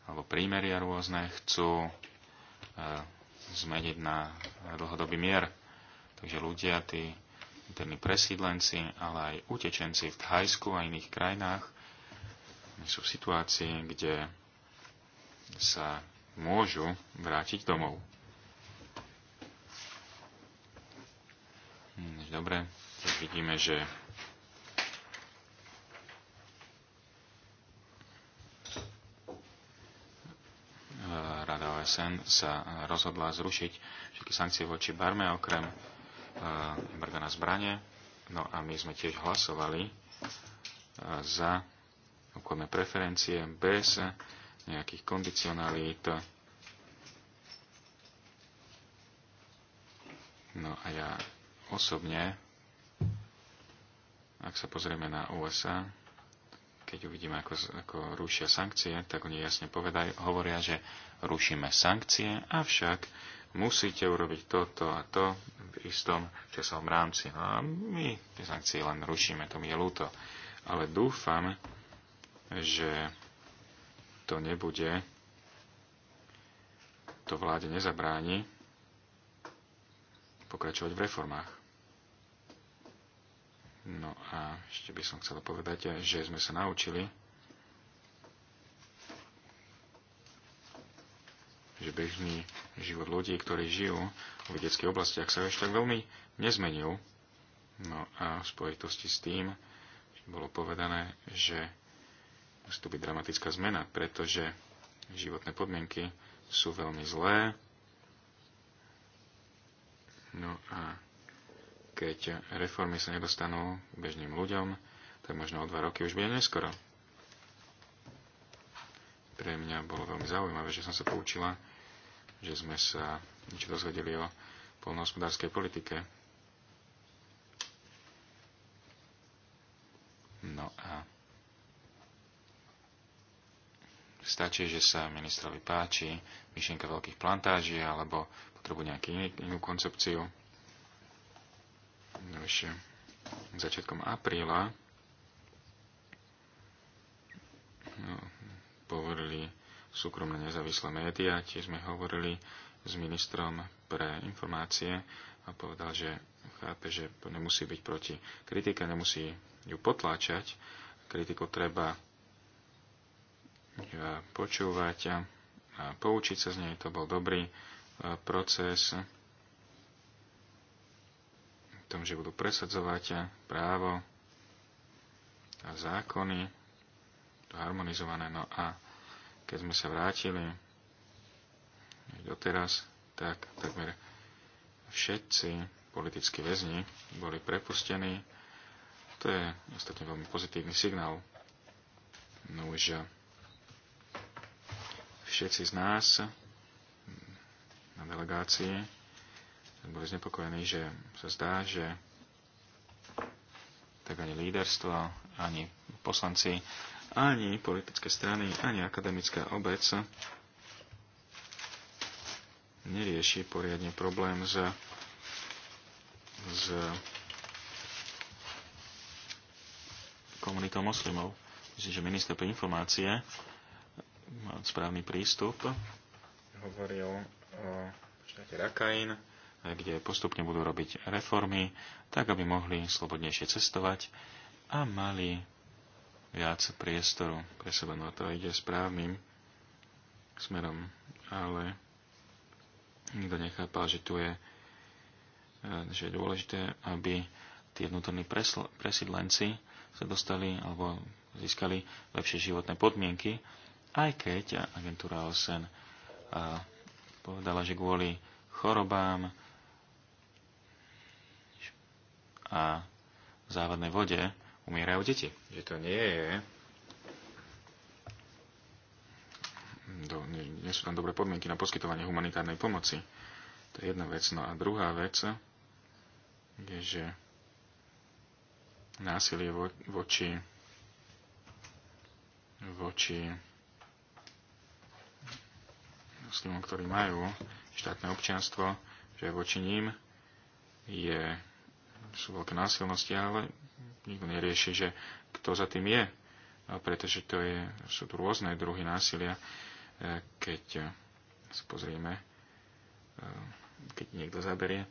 [SPEAKER 1] alebo prímeria rôzne chcú zmeniť na dlhodobý mier. Takže ľudia, tí interní presídlenci, ale aj utečenci v Thajsku a iných krajinách sú v situácii, kde sa môžu vrátiť domov. Hm, dobre, tak vidíme, že OSN sa e, rozhodla zrušiť všetky sankcie voči Barme, okrem embarga na zbranie. No a my sme tiež hlasovali e, za obchodné preferencie bez nejakých kondicionalít. No a ja osobne, ak sa pozrieme na USA, keď uvidíme, ako, ako rušia sankcie, tak oni jasne povedaj, hovoria, že rušíme sankcie, avšak musíte urobiť toto a to v istom časovom rámci. No a my tie sankcie len rušíme, to mi je ľúto. Ale dúfam, že to nebude, to vláde nezabráni pokračovať v reformách. No a ešte by som chcel povedať, že sme sa naučili, že bežný život ľudí, ktorí žijú v vedeckých oblastiach, sa ešte tak veľmi nezmenil. No a v spojitosti s tým že bolo povedané, že musí tu byť dramatická zmena, pretože životné podmienky sú veľmi zlé. No a keď reformy sa nedostanú bežným ľuďom, tak možno o dva roky už bude neskoro. Pre mňa bolo veľmi zaujímavé, že som sa poučila, že sme sa niečo dozvedeli o polnohospodárskej politike. No a stačí, že sa ministrovi páči myšlienka veľkých plantáží alebo potrebuje nejakú inú koncepciu. Ešte začiatkom apríla no, povorili súkromné nezávislé médiá, tiež sme hovorili s ministrom pre informácie a povedal, že chápe, že nemusí byť proti kritike, nemusí ju potláčať. Kritiku treba počúvať a poučiť sa z nej. To bol dobrý proces tom, že budú presadzovať právo a zákony, to harmonizované. No a keď sme sa vrátili doteraz, tak takmer všetci politickí väzni boli prepustení. To je ostatne veľmi pozitívny signál. No už eh, všetci z nás na delegácii boli znepokojení, že sa zdá, že tak ani líderstvo, ani poslanci, ani politické strany, ani akademická obec nerieši poriadne problém s, s komunitou moslimov. Myslím, že minister pre informácie mal správny prístup. Hovoril o štáte Rakajin, kde postupne budú robiť reformy, tak aby mohli slobodnejšie cestovať a mali viac priestoru pre seba. No to ide správnym smerom, ale nikto nechápal, že tu je, e, že je dôležité, aby tie vnútorní presl- presídlenci sa dostali alebo získali lepšie životné podmienky, aj keď agentúra OSN e, povedala, že kvôli chorobám, a v závadnej vode umierajú deti. Že to nie je... Do, nie, nie sú tam dobré podmienky na poskytovanie humanitárnej pomoci. To je jedna vec. No a druhá vec je, že násilie vo, voči voči muslimom, ktorí majú štátne občianstvo, že voči ním je sú veľké násilnosti, ale nikto nerieši, že kto za tým je, pretože to je, sú tu rôzne druhy násilia. E, keď e, si pozrieme, e, keď niekto zaberie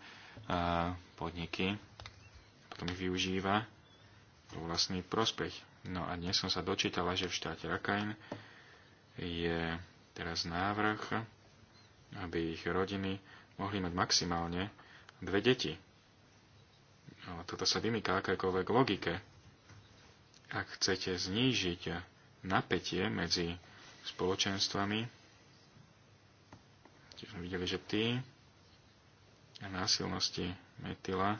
[SPEAKER 1] podniky, potom ich využíva vo vlastný prospech. No a dnes som sa dočítala, že v štáte Rakajn je teraz návrh, aby ich rodiny mohli mať maximálne dve deti. No, toto sa vymýka akékoľvek logike. Ak chcete znížiť napätie medzi spoločenstvami, tiež sme videli, že tí a násilnosti Metila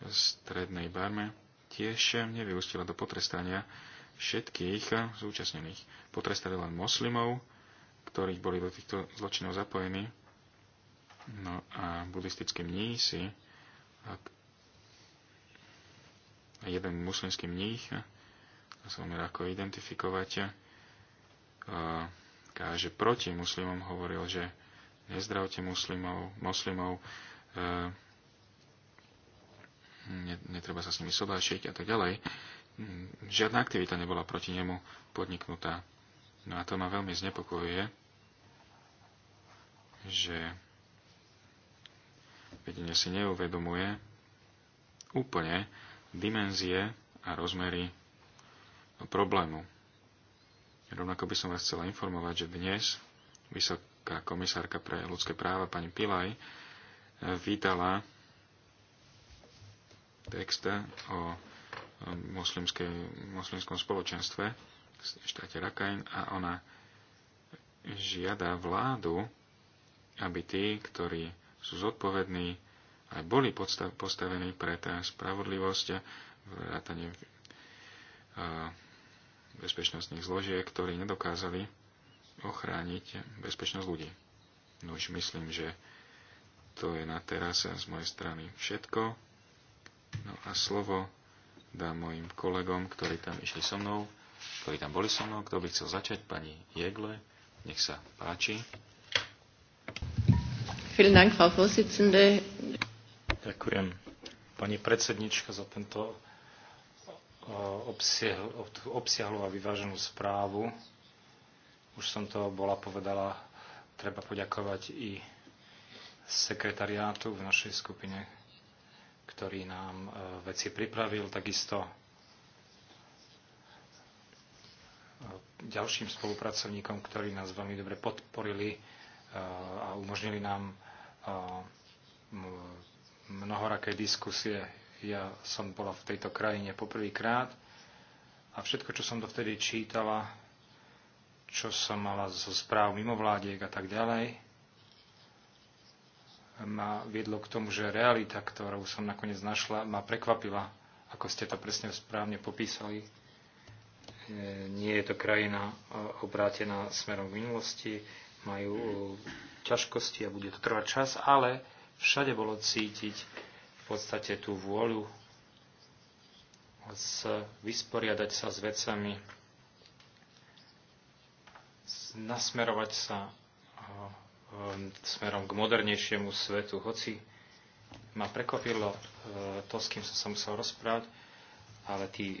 [SPEAKER 1] v strednej Barme tiež nevyústila do potrestania všetkých zúčastnených. Potrestali len moslimov, ktorí boli do týchto zločinov zapojení, no a buddhistickí mnísi, jeden muslimský mních, to sa umie ako identifikovať, káže proti muslimom hovoril, že nezdravte muslimov, moslimov, e, netreba sa s nimi sobášiť a tak ďalej. Žiadna aktivita nebola proti nemu podniknutá. No a to ma veľmi znepokojuje, že vedenie si neuvedomuje úplne dimenzie a rozmery problému. Rovnako by som vás chcela informovať, že dnes vysoká komisárka pre ľudské práva pani Pilaj vydala text o moslimskom spoločenstve v štáte Rakhine a ona žiada vládu, aby tí, ktorí sú zodpovední aj boli podstav, postavení pre tá spravodlivosť a vrátanie bezpečnostných zložiek, ktorí nedokázali ochrániť bezpečnosť ľudí. No už myslím, že to je na teraz z mojej strany všetko. No a slovo dám mojim kolegom, ktorí tam išli so mnou, ktorí tam boli so mnou. Kto by chcel začať? Pani Jegle, nech sa páči.
[SPEAKER 2] Vielen Dank, Frau Vorsitzende.
[SPEAKER 4] Ďakujem pani predsednička za tento obsiahlu a vyváženú správu. Už som to bola povedala, treba poďakovať i sekretariátu v našej skupine, ktorý nám e, veci pripravil. Takisto e, ďalším spolupracovníkom, ktorí nás veľmi dobre podporili e, a umožnili nám mnohoraké diskusie. Ja som bola v tejto krajine poprvýkrát a všetko, čo som dovtedy čítala, čo som mala zo správ mimovládiek a tak ďalej, ma viedlo k tomu, že realita, ktorú som nakoniec našla, ma prekvapila, ako ste to presne správne popísali. E, nie je to krajina e, obrátená smerom k minulosti, majú e, ťažkosti a bude to trvať čas, ale Všade bolo cítiť v podstate tú vôľu s, vysporiadať sa s vecami, nasmerovať sa um, smerom k modernejšiemu svetu. Hoci ma prekvapilo e, to, s kým som sa musel rozprávať, ale tí e,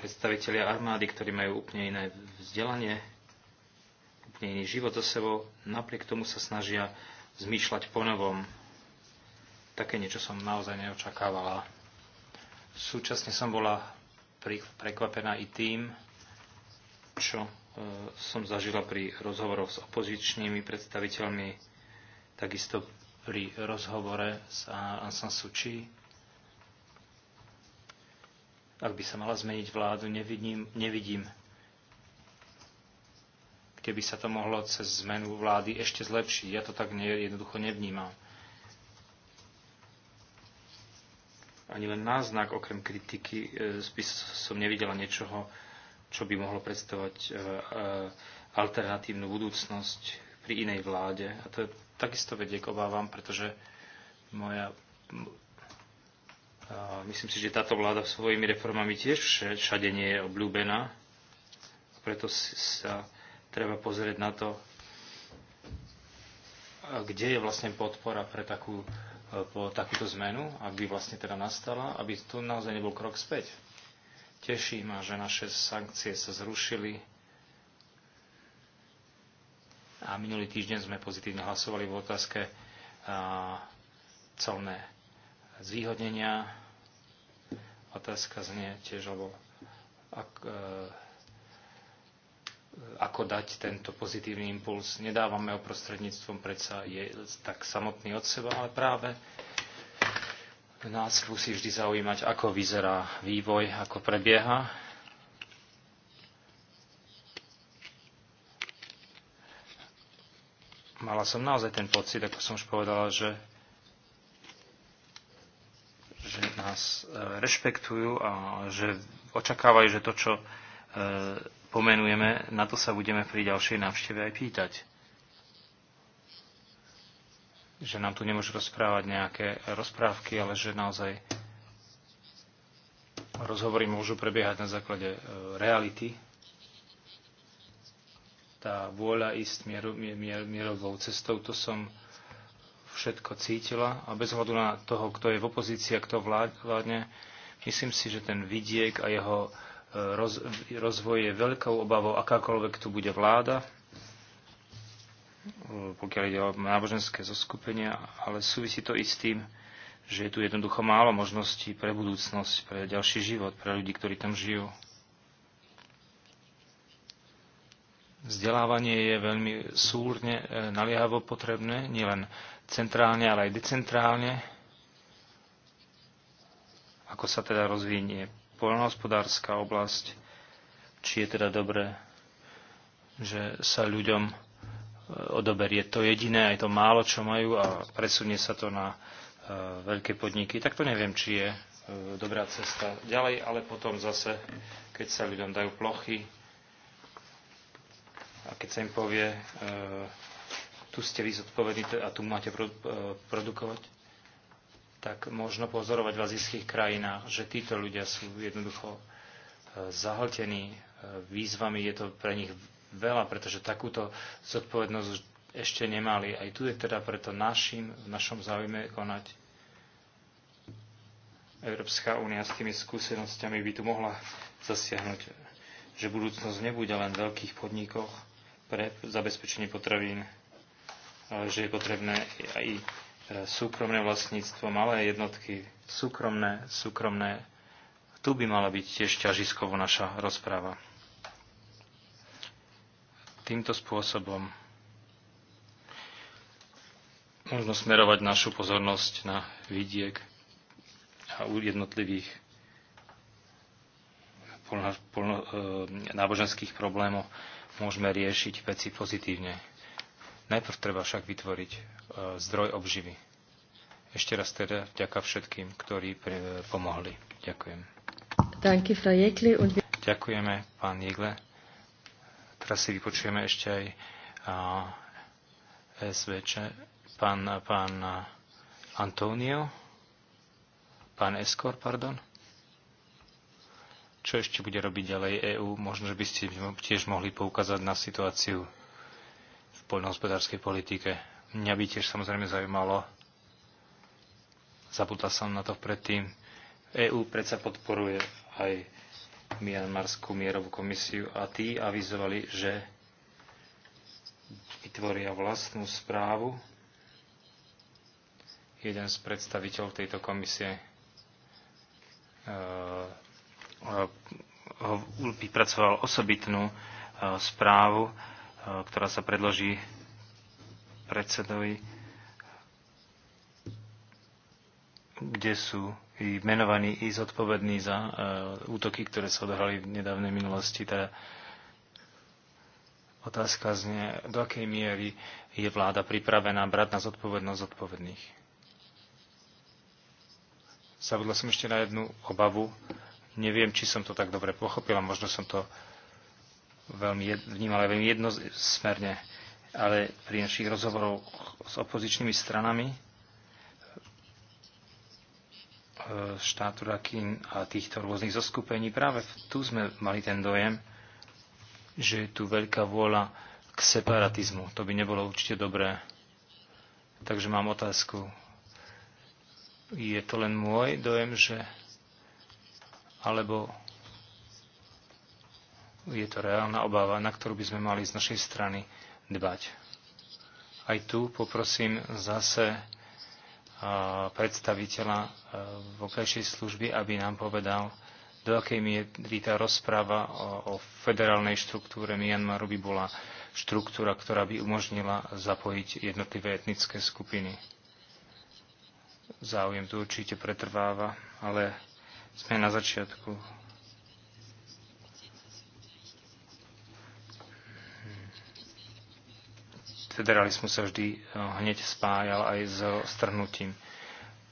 [SPEAKER 4] predstavitelia armády, ktorí majú úplne iné vzdelanie, úplne iný život so sebou, napriek tomu sa snažia zmýšľať ponovom. Také niečo som naozaj neočakávala. Súčasne som bola prekvapená i tým, čo e, som zažila pri rozhovoroch s opozičnými predstaviteľmi, takisto pri rozhovore s Ansan Suči. Ak by sa mala zmeniť vládu, nevidím, nevidím keby sa to mohlo cez zmenu vlády ešte zlepšiť. Ja to tak ne, jednoducho nevnímam. Ani len náznak, okrem kritiky, e, by som nevidela niečoho, čo by mohlo predstavovať e, e, alternatívnu budúcnosť pri inej vláde. A to je, takisto vedie k obávam, pretože moja Myslím si, že táto vláda svojimi reformami tiež všade nie je obľúbená. Preto sa treba pozrieť na to, kde je vlastne podpora pre takú, e, po takúto zmenu, aby vlastne teda nastala, aby tu naozaj nebol krok späť. Teší ma, že naše sankcie sa zrušili a minulý týždeň sme pozitívne hlasovali v otázke celné zvýhodnenia. Otázka znie tiež, alebo ak, e, ako dať tento pozitívny impuls. Nedávame ho prostredníctvom predsa je tak samotný od seba, ale práve nás musí vždy zaujímať, ako vyzerá vývoj, ako prebieha. Mala som naozaj ten pocit, ako som už povedala, že, že nás eh, rešpektujú a že očakávajú, že to, čo eh, pomenujeme, na to sa budeme pri ďalšej návšteve aj pýtať. Že nám tu nemôžu rozprávať nejaké rozprávky, ale že naozaj rozhovory môžu prebiehať na základe e, reality. Tá vôľa ísť mier, mier, cestou, to som všetko cítila a bez hľadu na toho, kto je v opozícii a kto vládne, myslím si, že ten vidiek a jeho roz, rozvoj je veľkou obavou, akákoľvek tu bude vláda, e, pokiaľ ide o náboženské zoskupenia, ale súvisí to i s tým, že je tu jednoducho málo možností pre budúcnosť, pre ďalší život, pre ľudí, ktorí tam žijú. Vzdelávanie je veľmi súrne, e, naliehavo potrebné, nielen centrálne, ale aj decentrálne. Ako sa teda rozvinie poľnohospodárska oblasť, či je teda dobré, že sa ľuďom e, odoberie to jediné, aj to málo, čo majú a presunie sa to na e, veľké podniky, tak to neviem, či je e, dobrá cesta ďalej, ale potom zase, keď sa ľuďom dajú plochy a keď sa im povie, tu ste vy zodpovední a tu máte produ- produkovať, tak možno pozorovať v azijských krajinách, že títo ľudia sú jednoducho e, zahltení e, výzvami. Je to pre nich veľa, pretože takúto zodpovednosť ešte nemali. Aj tu je teda preto našim, v našom záujme konať. Európska únia s tými skúsenostiami by tu mohla zasiahnuť, že budúcnosť nebude len v veľkých podnikoch pre zabezpečenie potravín, ale že je potrebné aj E, súkromné vlastníctvo, malé jednotky, súkromné, súkromné. Tu by mala byť tiež ťažiskovo naša rozpráva. Týmto spôsobom možno smerovať našu pozornosť na vidiek a u jednotlivých polno, polno, e, náboženských problémov môžeme riešiť veci pozitívne. Najprv treba však vytvoriť e, zdroj obživy. Ešte raz teda ďakujem všetkým, ktorí e, pomohli. Ďakujem. Ďakujeme, pán Jegle. Teraz si vypočujeme ešte aj SVČ, pán, pán Antonio, pán Eskor, pardon. Čo ešte bude robiť ďalej EÚ? Možno, že by ste tiež mohli poukázať na situáciu poľnohospodárskej politike. Mňa by tiež samozrejme zaujímalo, zabudla som na to predtým, EÚ predsa podporuje aj Mianmarskú mierovú komisiu a tí avizovali, že vytvoria vlastnú správu. Jeden z predstaviteľov tejto komisie e, e, vypracoval osobitnú e, správu Eh, ktorá sa predloží predsedovi, kde sú i menovaní i zodpovední za uh, útoky, ktoré sa odohrali v nedávnej minulosti. Teda otázka znie, do akej miery je vláda pripravená brať na zodpovednosť zodpovedných. Zavodla som ešte na jednu obavu. Neviem, či som to tak dobre pochopila, možno som to veľmi jed, vnímali veľmi jednosmerne, ale pri našich rozhovoroch s opozičnými stranami e, štátu Rakin a týchto rôznych zoskupení, práve tu sme mali ten dojem, že je tu veľká vôľa k separatizmu. To by nebolo určite dobré. Takže mám otázku. Je to len môj dojem, že alebo je to reálna obava, na ktorú by sme mali z našej strany dbať. Aj tu poprosím zase predstaviteľa vonkajšej služby, aby nám povedal, do akej miery tá rozpráva o, o federálnej štruktúre Myanmaru by bola štruktúra, ktorá by umožnila zapojiť jednotlivé etnické skupiny. Záujem tu určite pretrváva, ale sme na začiatku federalizmus sa vždy eh, hneď spájal aj so strhnutím.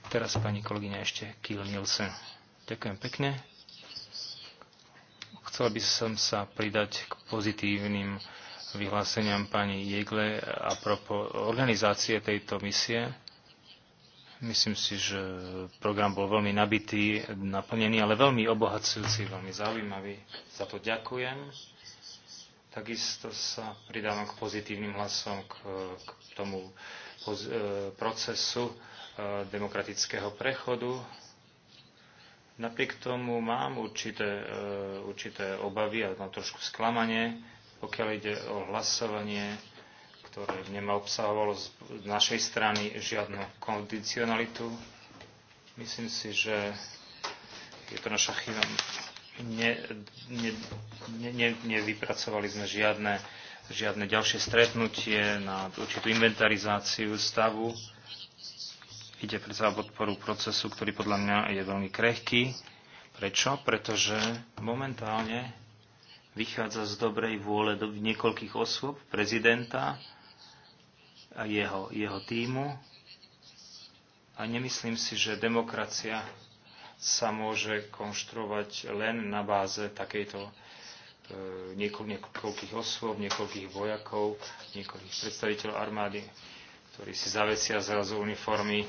[SPEAKER 4] Teraz pani kolegyňa ešte Kiel Nielsen. Ďakujem pekne. Chcela by som sa pridať k pozitívnym vyhláseniam pani Jegle a propo organizácie tejto misie. Myslím si, že program bol veľmi nabitý, naplnený, ale veľmi obohacujúci, veľmi zaujímavý. Za to ďakujem Takisto sa pridávam k pozitívnym hlasom k, k tomu poz, e, procesu e, demokratického prechodu. Napriek tomu mám určité, e, určité obavy a mám trošku sklamanie, pokiaľ ide o hlasovanie, ktoré nema obsahovalo z, z našej strany žiadnu kondicionalitu. Myslím si, že je to naša chyba ne, ne, ne, ne, nevypracovali sme žiadne, žiadne ďalšie stretnutie na určitú inventarizáciu stavu. Ide pre o podporu procesu, ktorý podľa mňa je veľmi krehký. Prečo? Pretože momentálne vychádza z dobrej vôle do niekoľkých osôb, prezidenta a jeho, jeho týmu. A nemyslím si, že demokracia sa môže konštruovať len na báze takejto e, niekoľkých osôb, niekoľkých vojakov, niekoľkých predstaviteľov armády, ktorí si zavesia zrazu uniformy e,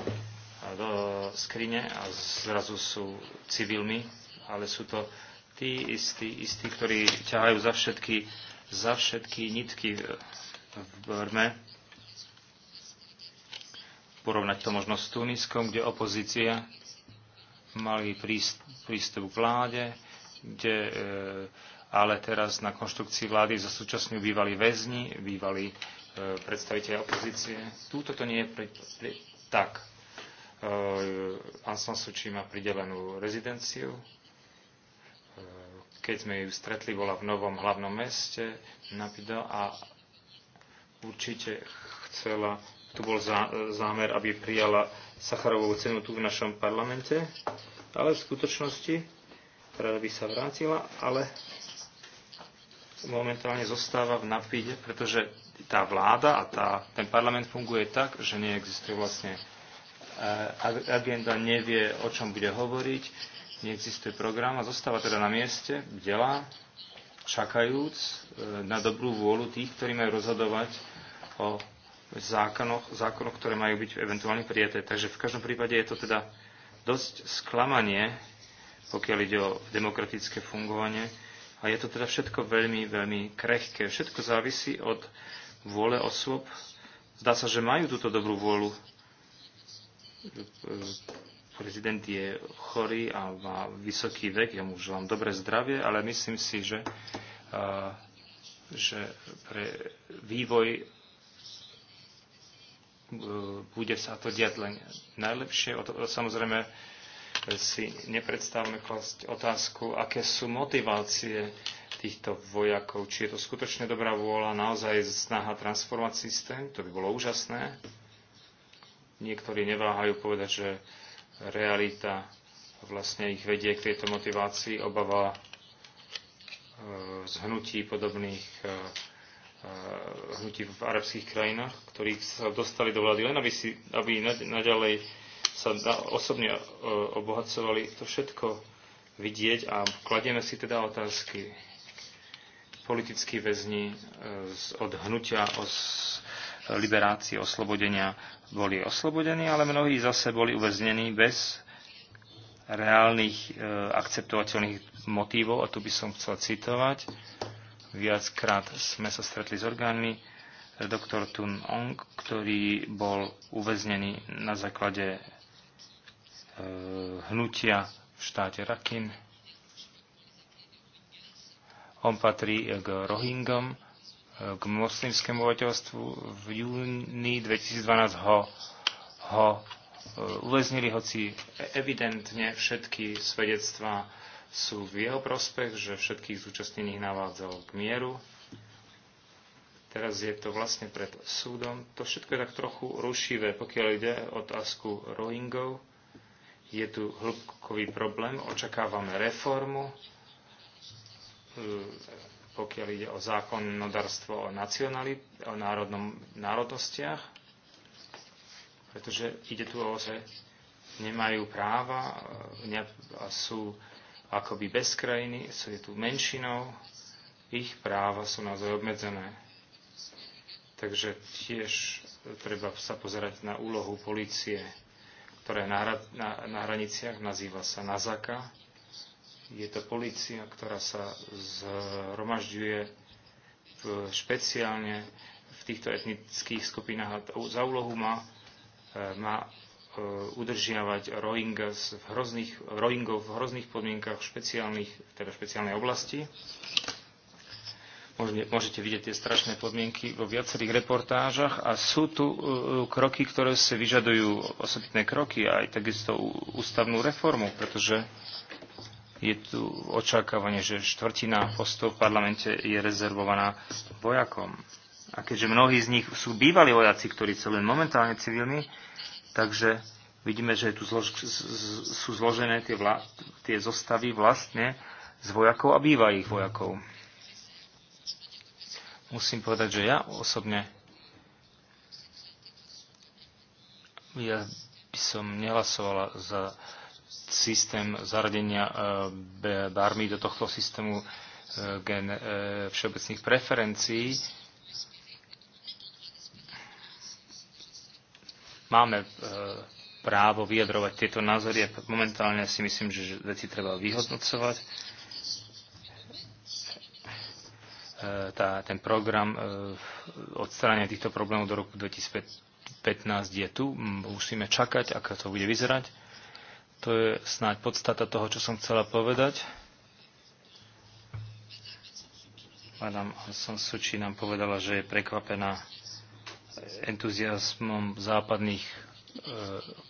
[SPEAKER 4] do skrine a zrazu sú civilmi, ale sú to tí istí, istí ktorí ťahajú za všetky, za všetky nitky v Brme. Porovnať to možno s Tuniskom, kde opozícia mali prístup k vláde, kde, e, ale teraz na konštrukcii vlády za súčasňujú bývalí väzni, bývalí e, predstaviteľ opozície. Túto to nie je pre, pre, tak. E, Ansan Sučí má pridelenú rezidenciu. Keď sme ju stretli, bola v novom hlavnom meste na a určite chcela tu bol e, zámer, aby prijala Sacharovú cenu tu v našom parlamente, ale v skutočnosti rada by sa vrátila, ale momentálne zostáva v napíde, pretože tá vláda a tá, ten parlament funguje tak, že neexistuje vlastne e, agenda, nevie, o čom bude hovoriť, neexistuje program a zostáva teda na mieste, delá, čakajúc e, na dobrú vôľu tých, ktorí majú rozhodovať o zákonoch, zákonoch, ktoré majú byť eventuálne prijaté. Takže v každom prípade je to teda dosť sklamanie, pokiaľ ide o demokratické fungovanie. A je to teda všetko veľmi, veľmi krehké. Všetko závisí od vôle osôb. Zdá sa, že majú túto dobrú vôľu. Prezident je chorý a má vysoký vek, ja mu želám dobré zdravie, ale myslím si, že, že pre vývoj E, bude sa to diať len najlepšie. Samozrejme si nepredstavme klasť otázku, aké sú motivácie týchto vojakov. Či je to skutočne dobrá vôľa, naozaj snaha transformať systém, to by bolo úžasné. Niektorí neváhajú povedať, že realita vlastne ich vedie k tejto motivácii, obava e, zhnutí podobných e, Eh, hnutí v arabských krajinách, ktorí sa dostali do vlády len aby, si, aby naďalej sa osobne eh, obohacovali. To všetko vidieť a kladieme si teda otázky. Politickí väzni eh, od hnutia o liberácii, oslobodenia boli oslobodení, ale mnohí zase boli uväznení bez reálnych e, akceptovateľných motívov, a tu by som chcel citovať. Viackrát sme sa stretli s orgánmi. Doktor Tun Ong, ktorý bol uväznený na základe e, hnutia v štáte Rakin. On patrí k Rohingom, e, k moslimskému obyvateľstvu. V júni 2012 ho, ho e, uväznili, hoci evidentne všetky svedectvá sú v jeho prospech, že všetkých zúčastnených navádzal k mieru. Teraz je to vlastne pred súdom. To všetko je tak trochu rušivé, pokiaľ ide o otázku Rohingov. Je tu hĺbkový problém, očakávame reformu, eh, pokiaľ ide o zákonodárstvo o, nacionalit o národnom, národnostiach, pretože ide tu o že nemajú práva eh, a sú akoby bez krajiny, sú je tu menšinou, ich práva sú naozaj obmedzené. Takže tiež treba sa pozerať na úlohu policie, ktorá je na, na, na hraniciach, nazýva sa Nazaka. Je to policia, ktorá sa zhromažďuje v, špeciálne v týchto etnických skupinách a za úlohu má, e, má E, udržiavať Rohingya v hrozných, Rohingov v hrozných podmienkach špeciálnych, teda špeciálnej oblasti. Môžete vidieť tie strašné podmienky vo viacerých reportážach a sú tu e, kroky, ktoré sa vyžadujú osobitné kroky a aj takisto ústavnú reformu, pretože je tu očakávanie, že štvrtina postov v parlamente je rezervovaná vojakom. A keďže mnohí z nich sú bývalí vojaci, ktorí sú len momentálne civilní, Takže vidíme, že tu zlož, sú zložené tie, vla, tie zostavy vlastne z vojakov a býva vojakov. Musím povedať, že ja osobne ja by som nehlasovala za systém zaradenia e, barmy do tohto systému e, gen, e, všeobecných preferencií. Máme e, právo vyjadrovať tieto názory a momentálne si myslím, že veci treba vyhodnocovať. E, tá, ten program e, odstránenia týchto problémov do roku 2015 je tu. Musíme čakať, ako to bude vyzerať. To je snáď podstata toho, čo som chcela povedať. Madame Hanson Suči nám povedala, že je prekvapená entuziasmom západných e,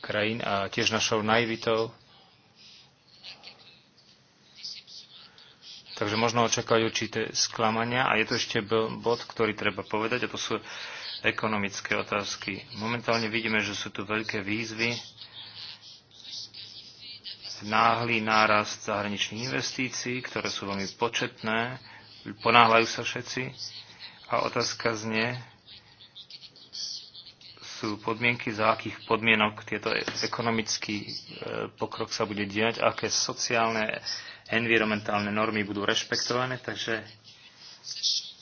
[SPEAKER 4] krajín a tiež našou naivitou. Takže možno očakávať určité sklamania. A je to ešte bod, ktorý treba povedať, a to sú ekonomické otázky. Momentálne vidíme, že sú tu veľké výzvy, náhly nárast zahraničných investícií, ktoré sú veľmi početné, ponáhľajú sa všetci. A otázka znie, sú podmienky, za akých podmienok tieto ekonomický e, pokrok sa bude diať, aké sociálne, environmentálne normy budú rešpektované, takže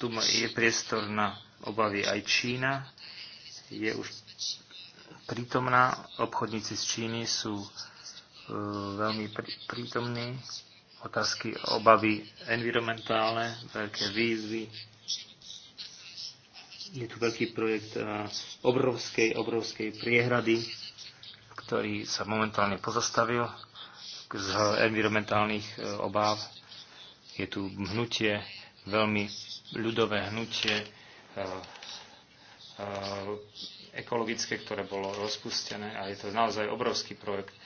[SPEAKER 4] tu je priestor na obavy aj Čína. Je už prítomná, obchodníci z Číny sú e, veľmi prítomní. Otázky, obavy environmentálne, veľké výzvy, je tu veľký projekt eh, obrovskej, obrovskej priehrady, ktorý sa momentálne pozastavil z environmentálnych eh, obáv. Je tu hnutie, veľmi ľudové hnutie eh, ekologické, ktoré bolo rozpustené a je to naozaj obrovský projekt,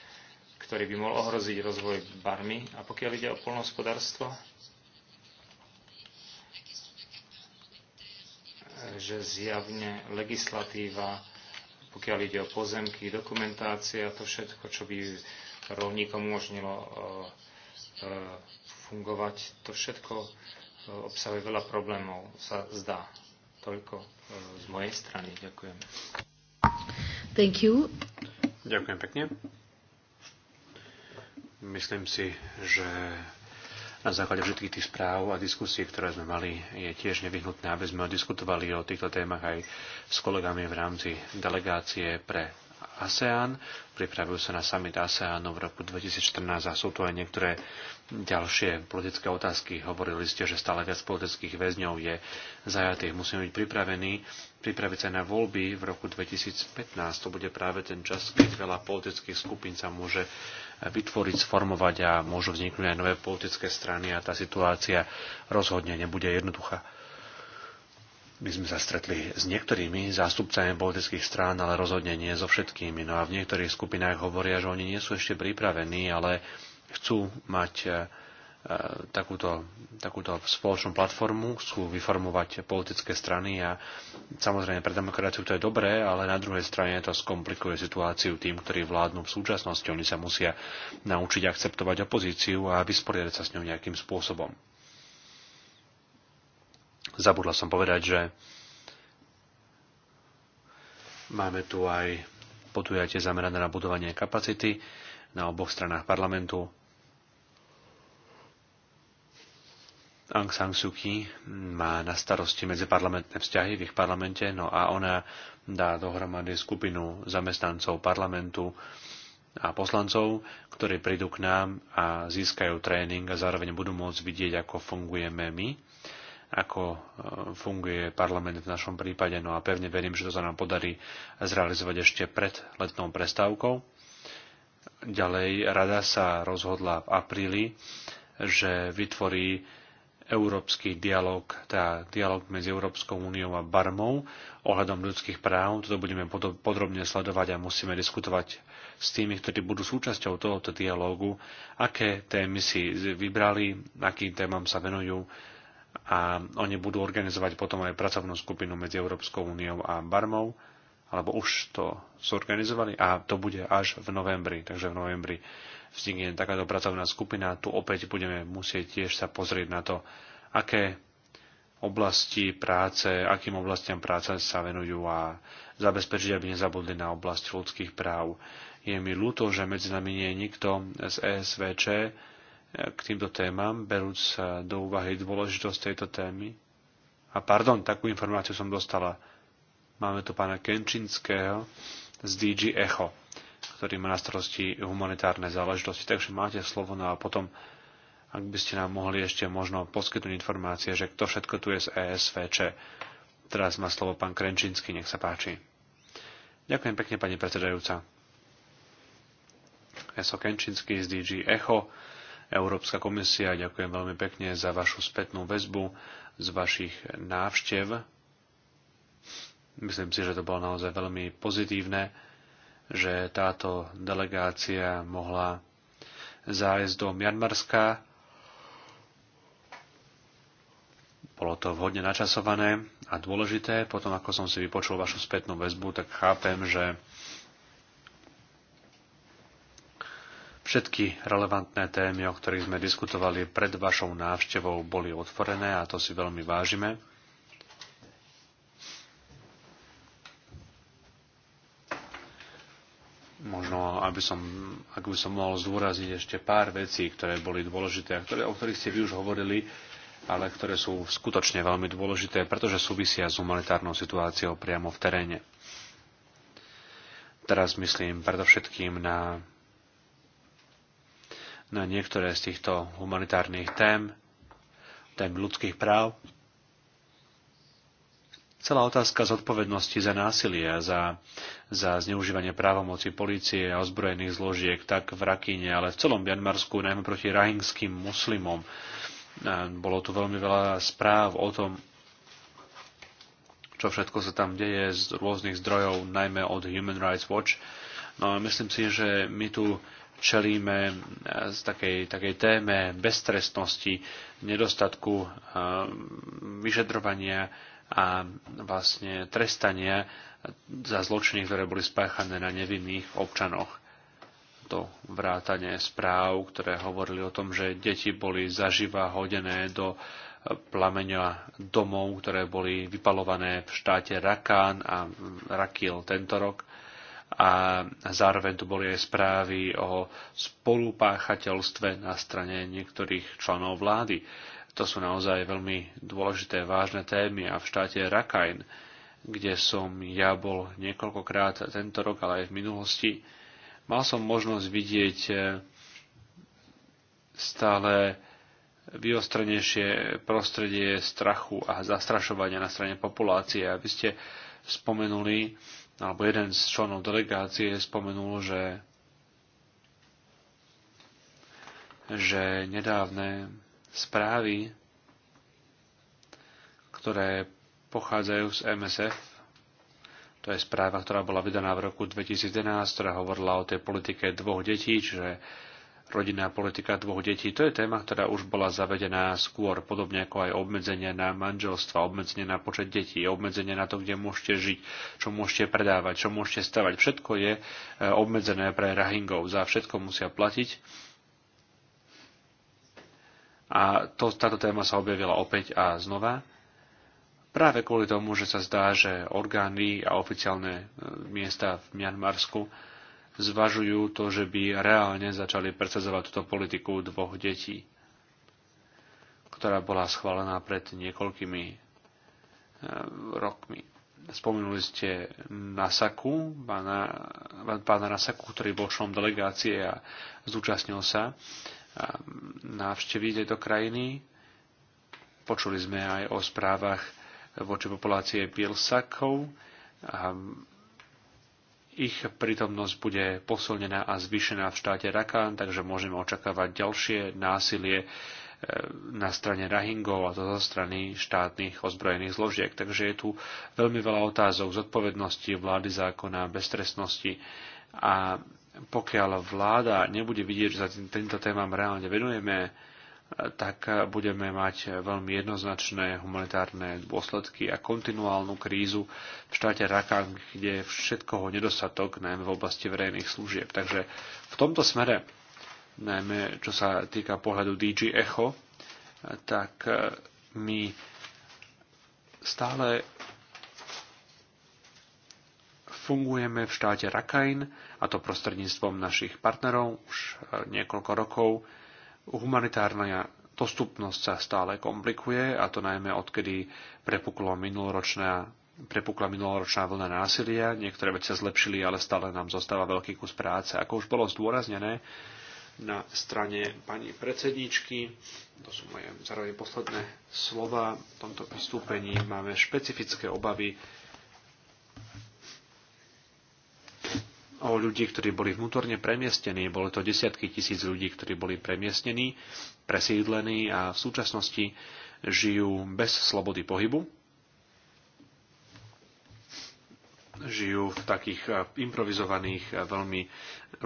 [SPEAKER 4] ktorý by mohol ohroziť rozvoj Barmy. A pokiaľ ide o polnohospodárstvo, že zjavne legislatíva, pokiaľ ide o pozemky, dokumentácia, to všetko, čo by rovníkom umožnilo e, e, fungovať, to všetko e, obsahuje veľa problémov, sa zdá. Toľko z mojej strany. Ďakujem.
[SPEAKER 2] Thank you.
[SPEAKER 3] Ďakujem pekne. Myslím si, že na základe všetkých tých správ a diskusí, ktoré sme mali, je tiež nevyhnutné, aby sme diskutovali o týchto témach aj s kolegami v rámci delegácie pre ASEAN. Pripravujú sa na summit ASEAN v roku 2014 a sú tu aj niektoré ďalšie politické otázky. Hovorili ste, že stále viac politických väzňov je zajatých. Musíme byť pripravení pripraviť sa na voľby v roku 2015. To bude práve ten čas, keď veľa politických skupín sa môže vytvoriť, sformovať a môžu vzniknúť aj nové politické strany a tá situácia rozhodne nebude jednoduchá. My sme sa stretli s niektorými zástupcami politických strán, ale rozhodne nie so všetkými. No a v niektorých skupinách hovoria, že oni nie sú ešte pripravení, ale chcú mať eh, E, takúto, takúto spoločnú platformu, chcú vyformovať politické strany a samozrejme pre demokraciu to je dobré, ale na druhej strane to skomplikuje situáciu tým, ktorí vládnu v súčasnosti. Oni sa musia naučiť akceptovať opozíciu a vysporiadať sa s ňou nejakým spôsobom. Zabudla som povedať, že máme tu aj podujatie zamerané na budovanie kapacity na oboch stranách parlamentu Aung San Suu Kyi má na starosti medziparlamentné vzťahy v ich parlamente, no a ona dá dohromady skupinu zamestnancov parlamentu a poslancov, ktorí prídu k nám a získajú tréning a zároveň budú môcť vidieť, ako fungujeme my, ako e, funguje parlament v našom prípade. No a pevne verím, že to sa nám podarí zrealizovať ešte pred letnou prestávkou. Ďalej, rada sa rozhodla v apríli, že vytvorí európsky dialog, teda dialog medzi Európskou úniou a Barmou ohľadom ľudských práv. Toto budeme podrobne sledovať a musíme diskutovať s tými, ktorí budú súčasťou tohoto dialógu, aké témy si vybrali, akým témam sa venujú a oni budú organizovať potom aj pracovnú skupinu medzi Európskou úniou a Barmou, alebo už to zorganizovali a to bude až v novembri, takže v novembri vznikne takáto pracovná skupina, tu opäť budeme musieť tiež sa pozrieť na to, aké oblasti práce, akým oblastiam práce sa venujú a zabezpečiť, aby nezabudli na oblasť ľudských práv. Je mi ľúto, že medzi nami nie je nikto z ESVČ k týmto témam, berúc do úvahy dôležitosť tejto témy. A pardon, takú informáciu som dostala. Máme tu pána Kenčinského z DG Echo ktorý má na starosti humanitárne záležitosti. Takže máte slovo no a potom, ak by ste nám mohli ešte možno poskytnúť informácie, že kto všetko tu je z ESVČ. Teraz má slovo pán Krenčínsky, nech sa páči. Ďakujem pekne, pani predsedajúca. Ja som Krenčínsky z DG Echo. Európska komisia, ďakujem veľmi pekne za vašu spätnú väzbu z vašich návštev. Myslím si, že to bolo naozaj veľmi pozitívne že táto delegácia mohla zájsť do Mianmarska. Bolo to vhodne načasované a dôležité. Potom, ako som si vypočul vašu spätnú väzbu, tak chápem, že Všetky relevantné témy, o ktorých sme diskutovali pred vašou návštevou, boli otvorené a to si veľmi vážime. možno, aby som, ak by som mohol zdôraziť ešte pár vecí, ktoré boli dôležité a ktoré, o ktorých ste vy už hovorili, ale ktoré sú skutočne veľmi dôležité, pretože súvisia s humanitárnou situáciou priamo v teréne. Teraz myslím predovšetkým na, na niektoré z týchto humanitárnych tém, tém ľudských práv, celá otázka zodpovednosti za násilie a za, za zneužívanie právomoci polície a ozbrojených zložiek tak v Rakíne, ale v celom Bianmarsku, najmä proti rahingským muslimom. Bolo tu veľmi veľa správ o tom, čo všetko sa tam deje z rôznych zdrojov, najmä od Human Rights Watch. No a myslím si, že my tu čelíme e, z takej, takej téme beztrestnosti, nedostatku e, vyšetrovania a vlastne trestania za zločiny, ktoré boli spáchané na nevinných občanoch. To vrátanie správ, ktoré hovorili o tom, že deti boli zaživa hodené do plameňa domov, ktoré boli vypalované v štáte Rakán a Rakil tento rok. A zároveň tu boli aj správy o spolupáchateľstve na strane niektorých členov vlády to sú naozaj veľmi dôležité, vážne témy a v štáte Rakhine, kde som ja bol niekoľkokrát tento rok, ale aj v minulosti, mal som možnosť vidieť eh, stále vyostrenejšie prostredie strachu a zastrašovania na strane populácie. aby ste spomenuli, alebo jeden z členov delegácie spomenul, že že nedávne správy, ktoré pochádzajú z MSF. To je správa, ktorá bola vydaná v roku 2011, ktorá hovorila o tej politike dvoch detí, čiže rodinná politika dvoch detí. To je téma, ktorá už bola zavedená skôr, podobne ako aj obmedzenie na manželstva, obmedzenie na počet detí, obmedzenie na to, kde môžete žiť, čo môžete predávať, čo môžete stavať. Všetko je eh, obmedzené pre Rahingov. Za všetko musia platiť a to, táto téma sa objavila opäť a znova. Práve kvôli tomu, že sa zdá, že orgány a oficiálne e, miesta v Mianmarsku zvažujú to, že by reálne začali presadzovať túto politiku dvoch detí, ktorá bola schválená pred niekoľkými e, rokmi. Spomenuli ste Nasaku, pána, pána Nasaku, ktorý bol členom delegácie a zúčastnil sa návštevy tejto krajiny. Počuli sme aj o správach voči populácie Pilsakov. ich prítomnosť bude posilnená a zvýšená v štáte Rakán, takže môžeme očakávať ďalšie násilie e, na strane Rahingov a to zo strany štátnych ozbrojených zložiek. Takže je tu veľmi veľa otázok zodpovednosti, vlády zákona, beztrestnosti a pokiaľ vláda nebude vidieť, že sa tým, týmto témam reálne venujeme, tak budeme mať veľmi jednoznačné humanitárne dôsledky a kontinuálnu krízu v štáte Rakang, kde je všetkoho nedostatok, najmä v oblasti verejných služieb. Takže v tomto smere, najmä čo sa týka pohľadu DG Echo, tak my stále fungujeme v štáte Rakajn, a to prostredníctvom našich partnerov už e, niekoľko rokov. Humanitárna dostupnosť sa stále komplikuje, a to najmä odkedy prepukla minuloročná, prepukla minuloročná vlna násilia. Niektoré veci sa zlepšili, ale stále nám zostáva veľký kus práce. Ako už bolo zdôraznené, na strane pani predsedničky. To sú moje zároveň posledné slova v tomto vystúpení. Máme špecifické obavy o ľudí, ktorí boli vnútorne premiestnení. Bolo to desiatky tisíc ľudí, ktorí boli premiestnení, presídlení a v súčasnosti žijú bez slobody pohybu. Žijú v takých eh, improvizovaných, eh, veľmi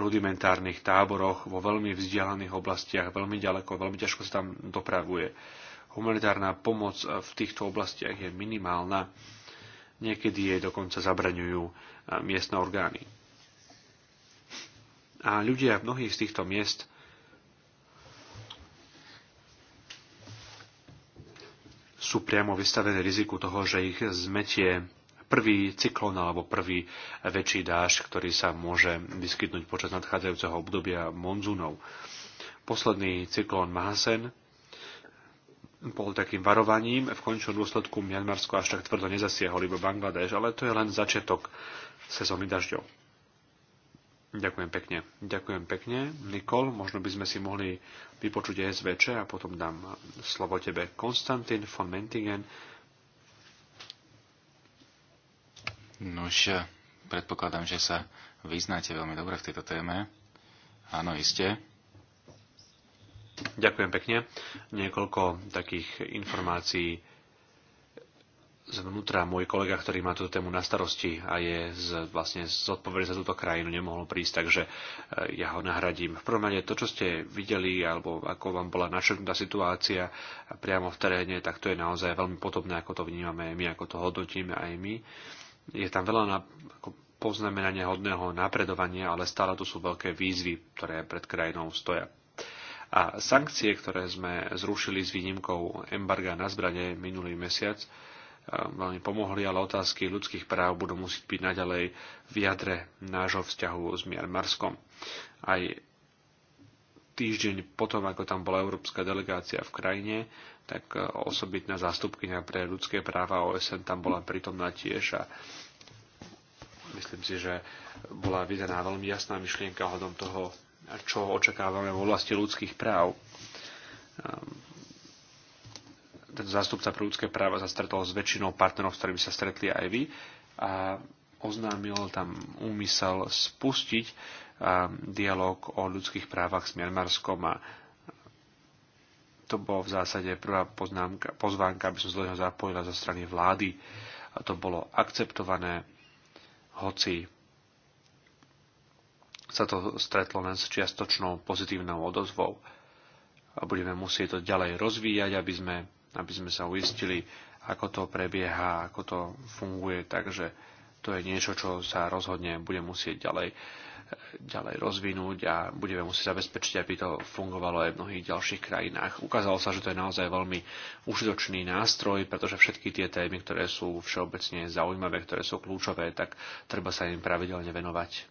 [SPEAKER 3] rudimentárnych táboroch, vo veľmi vzdialených oblastiach, veľmi ďaleko, veľmi ťažko sa tam dopravuje. Humanitárna pomoc eh, v týchto oblastiach je minimálna. Niekedy jej dokonca zabraňujú miestne orgány a ľudia v mnohých z týchto miest sú priamo vystavené riziku toho, že ich zmetie prvý cyklon alebo prvý väčší dáž, ktorý sa môže vyskytnúť počas nadchádzajúceho obdobia monzúnov. Posledný cyklón Mahasen bol takým varovaním. V končnom dôsledku Mianmarsko až tak tvrdo nezasiahol iba Bangladeš, ale to je len začiatok sezóny dažďov. Ďakujem pekne. Ďakujem pekne. Nikol, možno by sme si mohli vypočuť SVČ a potom dám slovo tebe. Konstantin von Mentingen.
[SPEAKER 1] už predpokladám, že sa vyznáte veľmi dobre v tejto téme. Áno, iste. Ďakujem
[SPEAKER 3] pekne. Niekoľko takých informácií zvnútra môj kolega, ktorý má túto tému na starosti a je z, vlastne zodpovedný za túto krajinu, nemohol prísť, takže e, ja ho nahradím. V prvom rade to, čo ste videli, alebo ako vám bola našrknutá situácia priamo v teréne, tak to je naozaj veľmi podobné, ako to vnímame my, ako to hodnotíme aj my. Je tam veľa na, ako poznamenania hodného napredovania, ale stále tu sú veľké výzvy, ktoré pred krajinou stoja. A sankcie, ktoré sme zrušili s výnimkou embarga na zbranie minulý mesiac, veľmi pomohli, ale otázky ľudských práv budú musieť byť naďalej v jadre nášho vzťahu s Mianmarskom. Aj týždeň potom, ako tam bola európska delegácia v krajine, tak e, osobitná zástupkynia pre ľudské práva OSN tam bola pritomná tiež a myslím si, že bola vydaná veľmi jasná myšlienka hľadom toho, čo očakávame v oblasti ľudských práv ehm, tento zástupca pre ľudské práva sa stretol s väčšinou partnerov, s ktorými sa stretli aj vy a oznámil tam úmysel spustiť dialog o ľudských právach s Mianmarskom a to bolo v zásade prvá poznámka, pozvánka, aby som sa do neho zapojila zo strany vlády a to bolo akceptované, hoci sa to stretlo len s čiastočnou pozitívnou odozvou a budeme musieť to ďalej rozvíjať, aby sme aby sme sa uistili, ako to prebieha, ako to funguje, takže to je niečo, čo sa rozhodne bude musieť ďalej, ďalej rozvinúť a budeme musieť zabezpečiť, aby to fungovalo aj v mnohých ďalších krajinách. Ukázalo sa, že to je naozaj veľmi užitočný nástroj, pretože všetky tie témy, ktoré sú všeobecne zaujímavé, ktoré sú kľúčové, tak treba sa im pravidelne venovať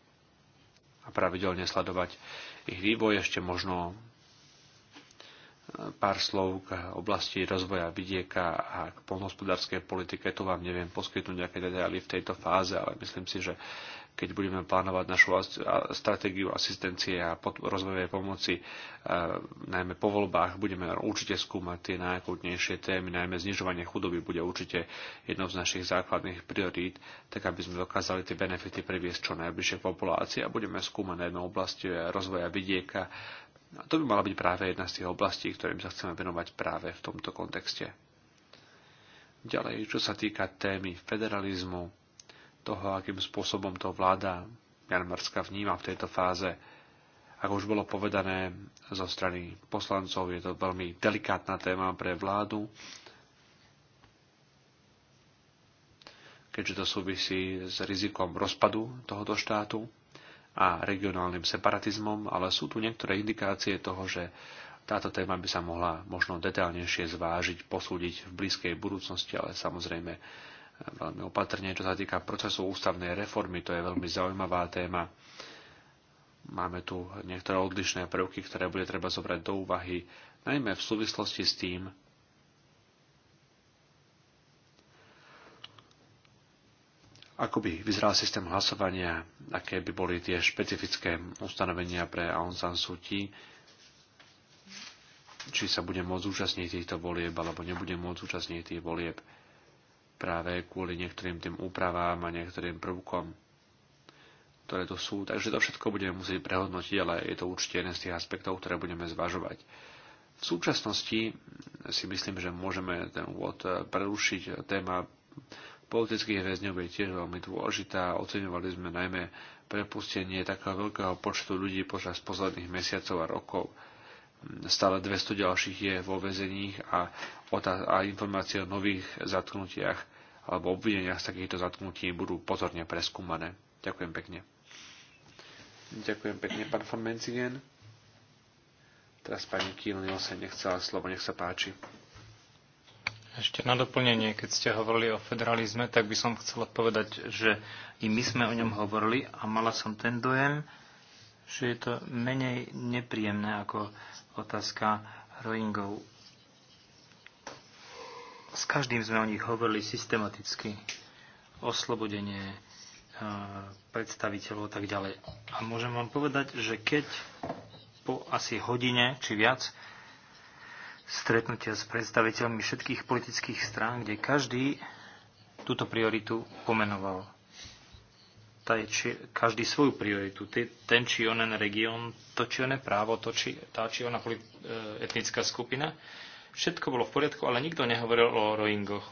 [SPEAKER 3] a pravidelne sledovať ich vývoj ešte možno pár slov k oblasti rozvoja vidieka a k polnohospodárskej politike. Tu vám neviem poskytnúť nejaké detaily v tejto fáze, ale myslím si, že keď budeme plánovať našu stratégiu asistencie a rozvojovej pomoci, e, najmä po voľbách, budeme určite skúmať tie najakútnejšie témy, najmä znižovanie chudoby bude určite jednou z našich základných priorít, tak aby sme dokázali tie benefity previesť čo najbližšie populácii a budeme skúmať najmä oblasti e, rozvoja vidieka, a to by mala byť práve jedna z tých oblastí, ktorým sa chceme venovať práve v tomto kontexte. Ďalej, čo sa týka témy federalizmu, toho, akým spôsobom to vláda Janmarska vníma v tejto fáze, ako už bolo povedané zo strany poslancov, je to veľmi delikátna téma pre vládu, keďže to súvisí s rizikom rozpadu tohoto štátu a regionálnym separatizmom, ale sú tu niektoré indikácie toho, že táto téma by sa mohla možno detailnejšie zvážiť, posúdiť v blízkej budúcnosti, ale samozrejme eh, veľmi opatrne, čo sa týka procesu ústavnej reformy, to je veľmi zaujímavá téma. Máme tu niektoré odlišné prvky, ktoré bude treba zobrať do úvahy, najmä v súvislosti s tým, ako by vyzeral systém hlasovania, aké by boli tie špecifické ustanovenia pre Aung San Suu Kyi, či sa bude môcť zúčastniť týchto volieb alebo nebude môcť zúčastniť tých volieb práve kvôli niektorým tým úpravám a niektorým prvkom, ktoré tu sú. Takže to všetko budeme musieť prehodnotiť, ale je to určite jeden z tých aspektov, ktoré budeme zvažovať. V súčasnosti si myslím, že môžeme ten úvod prerušiť téma politických väzňov je tiež veľmi dôležitá. Oceňovali sme najmä prepustenie takého veľkého počtu ľudí počas posledných mesiacov a rokov. Stále 200 ďalších je vo väzeních a, a informácie o nových zatknutiach alebo obvineniach z takýchto zatknutí budú pozorne preskúmané. Ďakujem pekne. Ďakujem pekne, pán von Menzigen. Teraz pani Kiel Nielsen nechcela
[SPEAKER 4] slovo, nech sa páči. Ešte na doplnenie, keď ste hovorili o federalizme, tak by som chcela povedať, že i my sme o ňom hovorili a mala som ten dojem, že je to menej nepríjemné ako otázka roingov. S každým sme o nich hovorili systematicky. Oslobodenie e, predstaviteľov a tak ďalej. A môžem vám povedať, že keď po asi hodine či viac stretnutia s predstaviteľmi všetkých politických strán, kde každý túto prioritu pomenoval. Tá je či, každý svoju prioritu. Ten či onen región, to či oné právo, to či, tá či ona polit, e, etnická skupina. Všetko bolo v poriadku, ale nikto nehovoril o Rohingoch.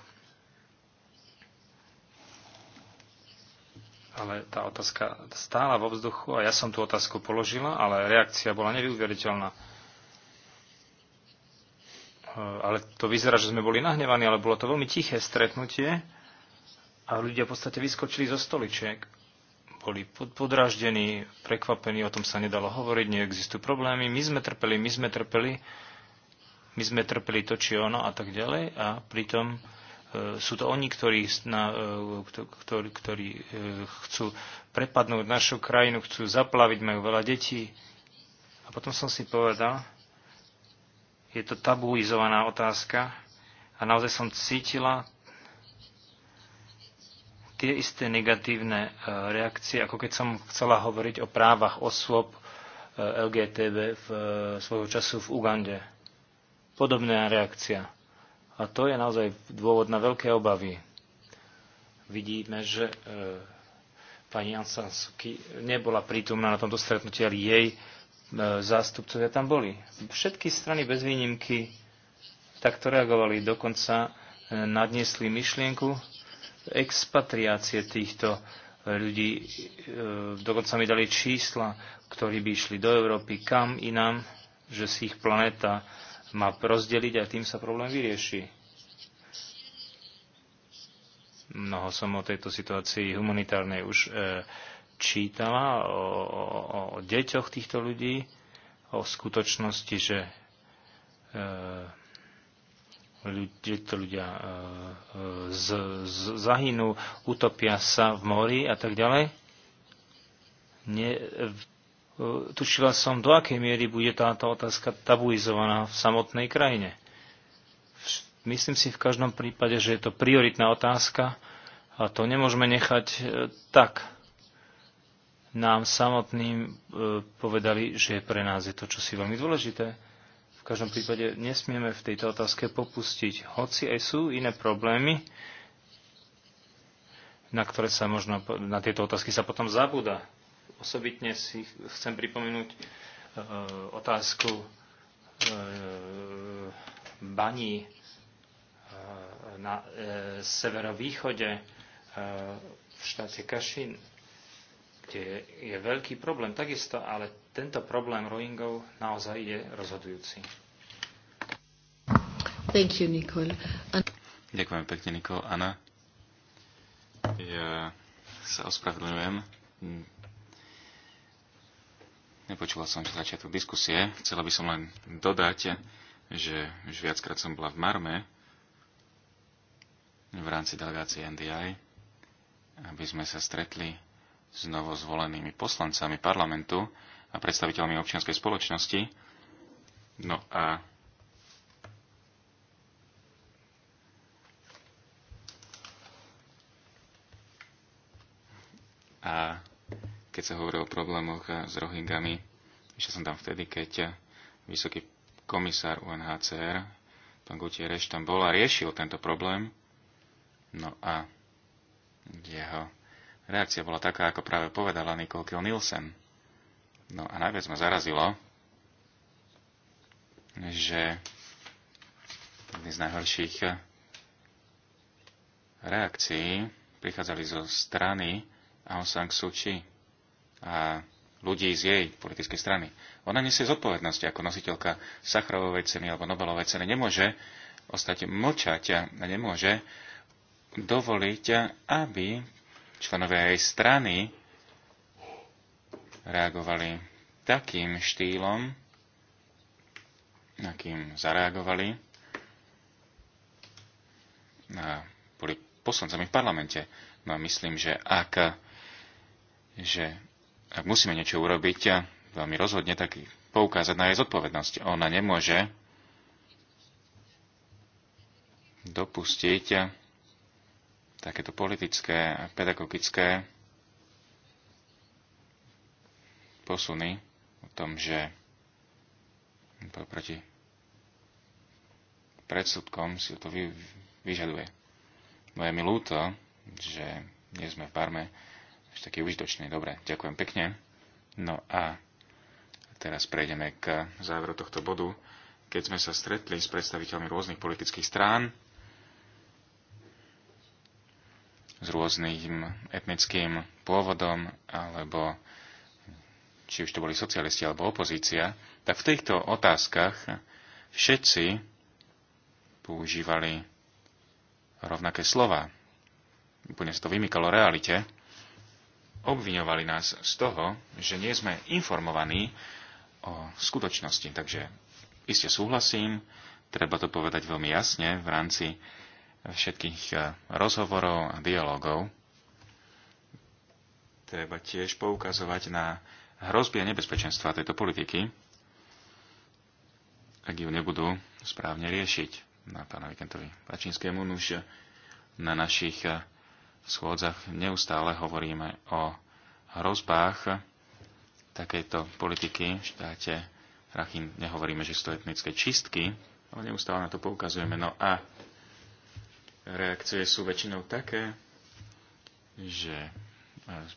[SPEAKER 4] Ale tá otázka stála vo vzduchu a ja som tú otázku položila, ale reakcia bola neuveriteľná Eh, ale to vyzerá, že sme boli nahnevaní, ale bolo to veľmi tiché stretnutie a ľudia v podstate vyskočili zo stoličiek. Boli podraždení, prekvapení, o tom sa nedalo hovoriť, neexistujú problémy, my sme trpeli, my sme trpeli, my sme trpeli to či ono a tak ďalej a pritom eh, sú to oni, ktorí, na, eh, ktorí, ktorí chcú prepadnúť našu krajinu, chcú zaplaviť, majú veľa detí. A potom som si povedal, je to tabuizovaná otázka a naozaj som cítila tie isté negatívne e, reakcie, ako keď som chcela hovoriť o právach osôb e, LGTB v, e, svojho času v Ugande. Podobná reakcia. A to je naozaj dôvod na veľké obavy. Vidíme, že e, pani Ansansuki nebola prítomná na tomto stretnutí, ale jej E, zástupcovia tam boli. Všetky strany bez výnimky takto reagovali, dokonca e, nadniesli myšlienku expatriácie týchto e, ľudí. Dokonca mi dali čísla, ktorí by išli do Európy, kam inám, že si ich planéta má rozdeliť a tým sa problém vyrieši. Mnoho som o tejto situácii humanitárnej už e, čítala o, o, o deťoch týchto ľudí, o skutočnosti, že e, ľudia, to e, ľudia e, z, z, zahynú, utopia sa v mori a tak ďalej. Ne, e, e, tušila som, do akej miery bude táto otázka tabuizovaná v samotnej krajine. Myslím si v každom prípade, že je to prioritná otázka a to nemôžeme nechať e, tak nám samotným e, povedali, že pre nás je to čosi veľmi dôležité. V každom prípade nesmieme v tejto otázke popustiť, hoci aj sú iné problémy, na ktoré sa možno, na tieto otázky sa potom zabúda. Osobitne si chcem pripomenúť e, otázku e, baní na severovýchode v štáte Kašin, tie je veľký problém takisto, ale tento problém Rohingov naozaj je rozhodujúci.
[SPEAKER 2] Thank you, Nicole. An-
[SPEAKER 1] Ďakujem pekne, Nikol. Anna, ja sa ospravedlňujem. Nepočula som začiatku diskusie. Chcela by som len dodať, že už viackrát som bola v Marme v rámci delegácie NDI, aby sme sa stretli s novozvolenými poslancami parlamentu a predstaviteľmi občianskej spoločnosti. No a a keď sa hovorí o problémoch s Rohingami, išiel som tam vtedy, keď vysoký komisár UNHCR, pán Gutierrez, tam bol a riešil tento problém. No a jeho reakcia bola taká, ako práve povedala Nicole Kiel Nielsen. No a najviac ma zarazilo, že jedny z najhorších reakcií prichádzali zo strany Aung San Suu Kyi a ľudí z jej politickej strany. Ona nesie zodpovednosť ako nositeľka Sacharovej ceny alebo Nobelovej ceny. Nemôže ostať mlčať a nemôže dovoliť, aby členovia jej strany reagovali takým štýlom, akým zareagovali a boli poslancami v parlamente. No a myslím, že ak, že ak musíme niečo urobiť veľmi rozhodne, tak poukázať na jej zodpovednosť. Ona nemôže dopustiť takéto politické a pedagogické posuny o tom, že proti predsudkom si to vy, vyžaduje. No je mi ľúto, že nie sme v barme ešte taký užitočný. Dobre, ďakujem pekne. No a teraz prejdeme k záveru tohto bodu. Keď sme sa stretli s predstaviteľmi rôznych politických strán, s rôznym etnickým pôvodom, alebo či už to boli socialisti alebo opozícia, tak v týchto otázkach všetci používali rovnaké slova. Úplne sa to vymykalo realite. Obviňovali nás z toho, že nie sme informovaní o skutočnosti. Takže iste súhlasím, treba to povedať veľmi jasne v rámci všetkých eh, rozhovorov a dialogov. Treba tiež poukazovať na hrozby a nebezpečenstva tejto politiky, ak ju nebudú správne riešiť. Na pánovi Vikentovi Pačinskému už na našich eh, schôdzach neustále hovoríme o hrozbách takejto politiky v štáte Rachim. Nehovoríme, že sú to etnické čistky, ale neustále na to poukazujeme. No a reakcie sú väčšinou také, že e,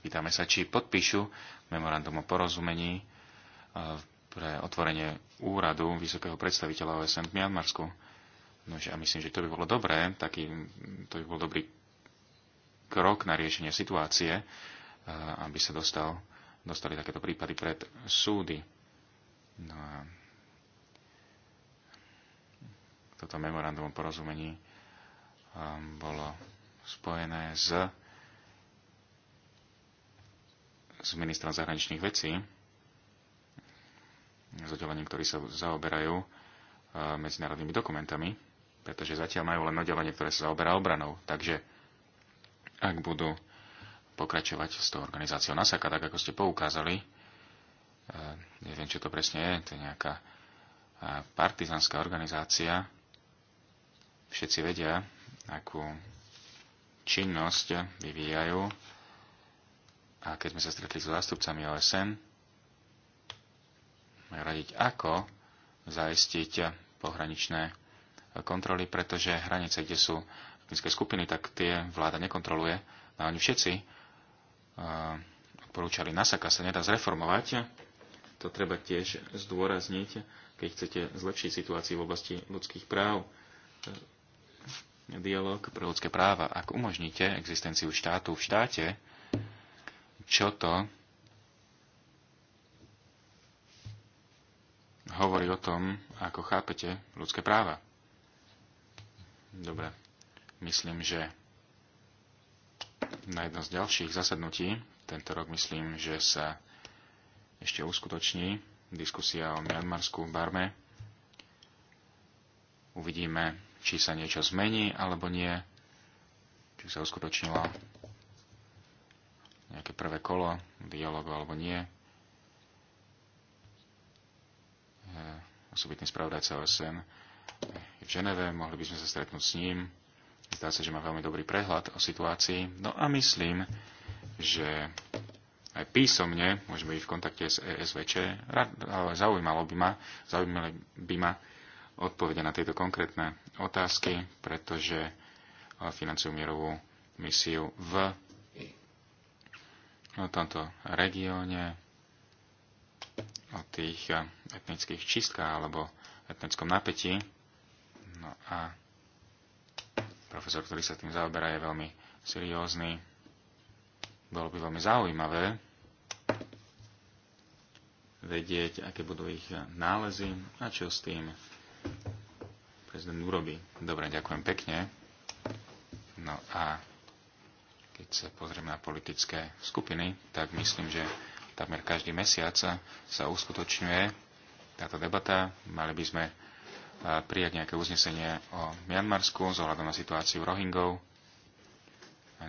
[SPEAKER 1] spýtame sa, či podpíšu memorandum o porozumení e, pre otvorenie úradu vysokého predstaviteľa OSN v Mianmarsku. No a myslím, že to by bolo dobré, taký, to by bol dobrý krok na riešenie situácie, e, aby sa dostal, dostali takéto prípady pred súdy. No a toto memorandum o porozumení bolo spojené s, s ministrom zahraničných vecí, s oddelením, ktorí sa zaoberajú e, medzinárodnými dokumentami, pretože zatiaľ majú len oddelenie, ktoré sa zaoberá obranou. Takže ak budú pokračovať s tou organizáciou NASAKA, tak ako ste poukázali, e, neviem, čo to presne je, to je nejaká e, partizanská organizácia, všetci vedia, akú činnosť vyvíjajú. A keď sme sa stretli s zástupcami OSN, radiť ako zaistiť pohraničné kontroly, pretože hranice, kde sú etnické skupiny, tak tie vláda nekontroluje. No a oni všetci eh, odporúčali Nasaka sa nedá zreformovať. To treba tiež zdôrazniť, keď chcete zlepšiť situáciu v oblasti ľudských práv dialog pre ľudské práva. Ak umožníte existenciu štátu v štáte, čo to hovorí o tom, ako chápete ľudské práva. Dobre, myslím, že na jedno z ďalších zasadnutí, tento rok myslím, že sa ešte uskutoční diskusia o Mianmarsku v Barme. Uvidíme, či sa niečo zmení alebo nie, či sa uskutočnilo nejaké prvé kolo dialogu alebo nie. E, osobitný spravodajca OSN je v Ženeve, mohli by sme sa stretnúť s ním. Zdá sa, že má veľmi dobrý prehľad o situácii. No a myslím, že aj písomne môžeme byť v kontakte s ESVČ, ale zaujímalo by ma, zaujímalo by ma odpovede na tieto konkrétne otázky, pretože eh, financujú mierovú misiu v tomto regióne o tých eh, etnických čistkách alebo etnickom napätí. No a profesor, ktorý sa tým zaoberá, je veľmi seriózny. Bolo by veľmi zaujímavé vedieť, aké budú ich nálezy a čo s tým prezident urobí. Dobre, ďakujem pekne. No a keď sa pozrieme na politické skupiny, tak myslím, že takmer každý mesiac sa uskutočňuje táto debata. Mali by sme prijať nejaké uznesenie o Mianmarsku z ohľadom na situáciu Rohingov.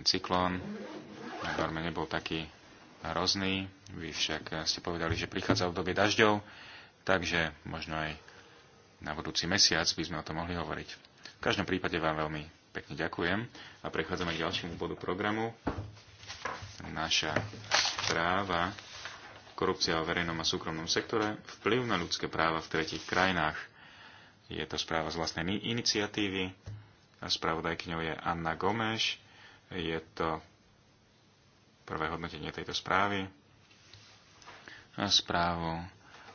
[SPEAKER 1] aj Cyklón norme nebol taký hrozný. Vy však ste povedali, že prichádza v dobie dažďov, takže možno aj na budúci mesiac by sme o tom mohli hovoriť. V každom prípade vám veľmi pekne ďakujem a prechádzame k ďalšiemu bodu programu. Naša správa korupcia o verejnom a súkromnom sektore, vplyv na ľudské práva v tretich krajinách. Je to správa z vlastnej iniciatívy. Spravodajkyňou je Anna Gomeš. Je to prvé hodnotenie tejto správy. A správu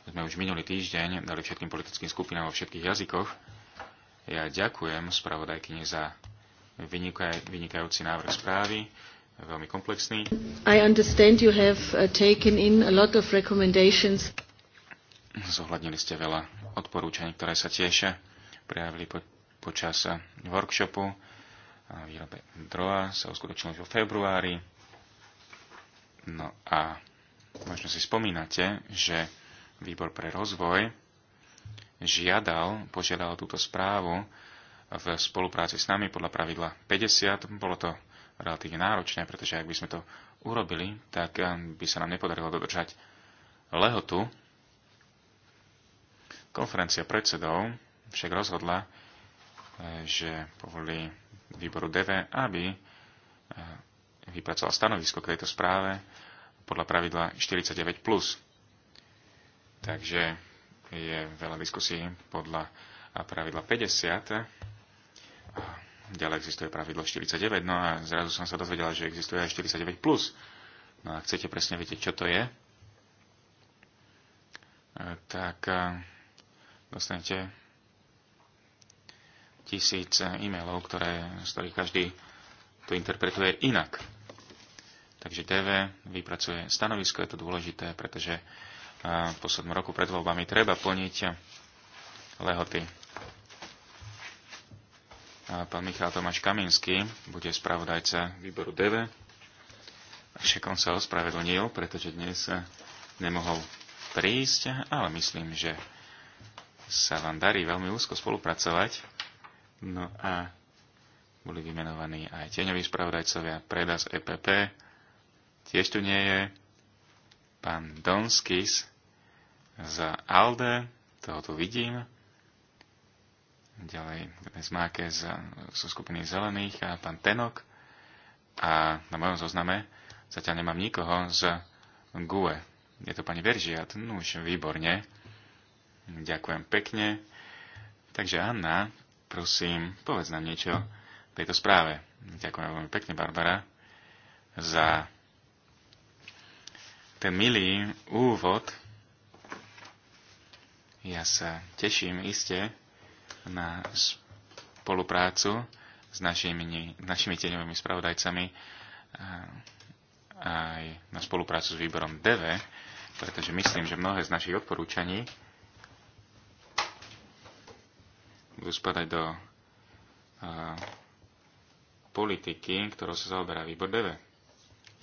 [SPEAKER 1] my sme už minulý týždeň dali všetkým politickým skupinám vo všetkých jazykoch. Ja ďakujem spravodajkyni za vynikajúci návrh správy, veľmi komplexný.
[SPEAKER 2] I understand you have uh, taken in a lot of recommendations.
[SPEAKER 1] Zohľadnili ste veľa odporúčaní, ktoré sa tiež prejavili po, počas uh, workshopu. Výrobe droa sa uskutočnili vo februári. No a možno si spomínate, že výbor pre rozvoj žiadal, požiadal túto správu v spolupráci s nami podľa pravidla 50. Bolo to relatívne náročné, pretože ak by sme to urobili, tak eh, by sa nám nepodarilo dodržať lehotu. Konferencia predsedov však rozhodla, eh, že povolí výboru DV, aby eh, vypracoval stanovisko k tejto správe podľa pravidla 49+. Takže je veľa diskusí podľa pravidla 50. Ďalej existuje pravidlo 49. No a zrazu som sa dozvedela, že existuje aj 49+. Plus. No a chcete presne vedieť, čo to je, e, tak e, dostanete tisíc e-mailov, ktoré, z ktorých každý to interpretuje inak. Takže TV vypracuje stanovisko, je to dôležité, pretože v poslednom roku pred voľbami treba plniť lehoty. A pán Michal Tomáš Kaminský bude spravodajca výboru DV. Však sa ospravedlnil, pretože dnes nemohol prísť, ale myslím, že sa vám darí veľmi úzko spolupracovať. No a boli vymenovaní aj tieňoví spravodajcovia Preda z EPP. Tiež tu nie je pán Donskis za ALDE, toho tu vidím. Ďalej z Máke z, zo skupiny Zelených a pán Tenok. A na mojom zozname zatiaľ nemám nikoho z GUE. Je to pani Veržiat. No už výborne. Ďakujem pekne. Takže Anna, prosím, povedz nám niečo v tejto správe. Ďakujem veľmi pekne, Barbara, za ten milý úvod ja sa teším iste na spoluprácu s našimi, našimi tieňovými spravodajcami aj na spoluprácu s výborom DV, pretože myslím, že mnohé z našich odporúčaní budú spadať do a, politiky, ktorou sa zaoberá výbor DV.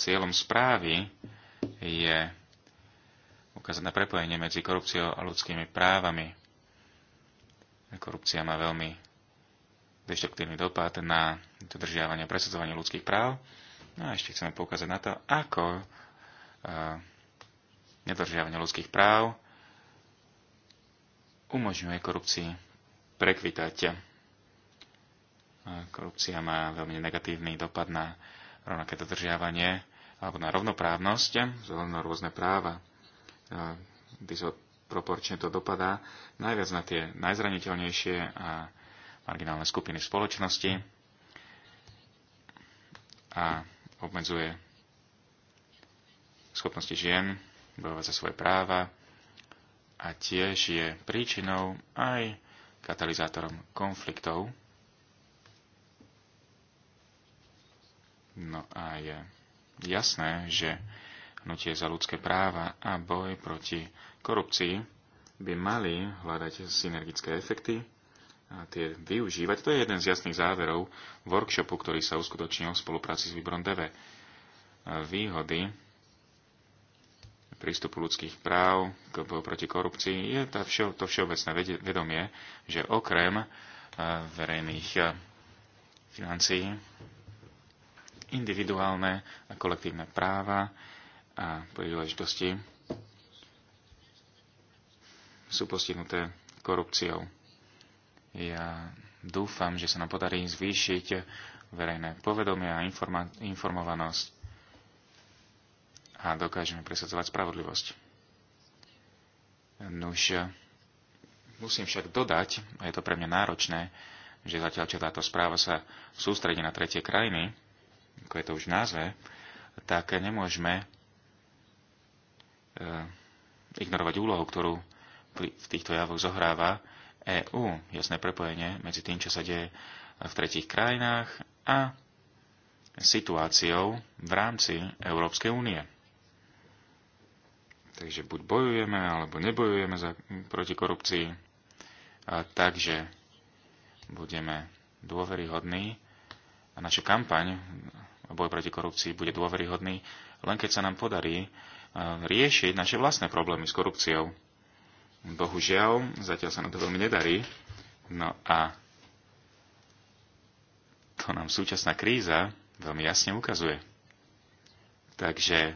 [SPEAKER 1] Cieľom správy je ukázať na prepojenie medzi korupciou a ľudskými právami. Korupcia má veľmi deštruktívny dopad na dodržiavanie a presadzovanie ľudských práv. No a ešte chceme poukázať na to, ako e, nedržiavanie ľudských práv umožňuje korupcii prekvitať. Korupcia má veľmi negatívny dopad na rovnaké dodržiavanie alebo na rovnoprávnosť, vzhľadom rôzne práva disproporčne to dopadá najviac na tie najzraniteľnejšie a marginálne skupiny spoločnosti a obmedzuje schopnosti žien bojovať za svoje práva a tiež je príčinou aj katalizátorom konfliktov. No a je jasné, že hnutie za ľudské práva a boj proti korupcii by mali hľadať synergické efekty a tie využívať. To je jeden z jasných záverov workshopu, ktorý sa uskutočnil v spolupráci s Vibron DV. Výhody prístupu ľudských práv k boju proti korupcii je tá všeo, to všeobecné vedomie, že okrem e, verejných e, financií individuálne a kolektívne práva a príležitosti sú postihnuté korupciou. Ja dúfam, že sa nám podarí zvýšiť verejné povedomie a informovanosť a dokážeme presadzovať spravodlivosť. Nuž, musím však dodať, a je to pre mňa náročné, že zatiaľ, čo táto správa sa sústredí na tretie krajiny, ako je to už v názve, tak nemôžeme E, ignorovať úlohu, ktorú v týchto javoch zohráva EÚ. Jasné prepojenie medzi tým, čo sa deje v tretich krajinách a situáciou v rámci Európskej únie. Takže buď bojujeme, alebo nebojujeme za, proti korupcii. A takže budeme dôveryhodní a naša kampaň o boj proti korupcii bude dôveryhodný, len keď sa nám podarí Eh, riešiť naše vlastné problémy s korupciou. Bohužiaľ, zatiaľ sa nám to veľmi nedarí. No a to nám súčasná kríza veľmi jasne ukazuje. Takže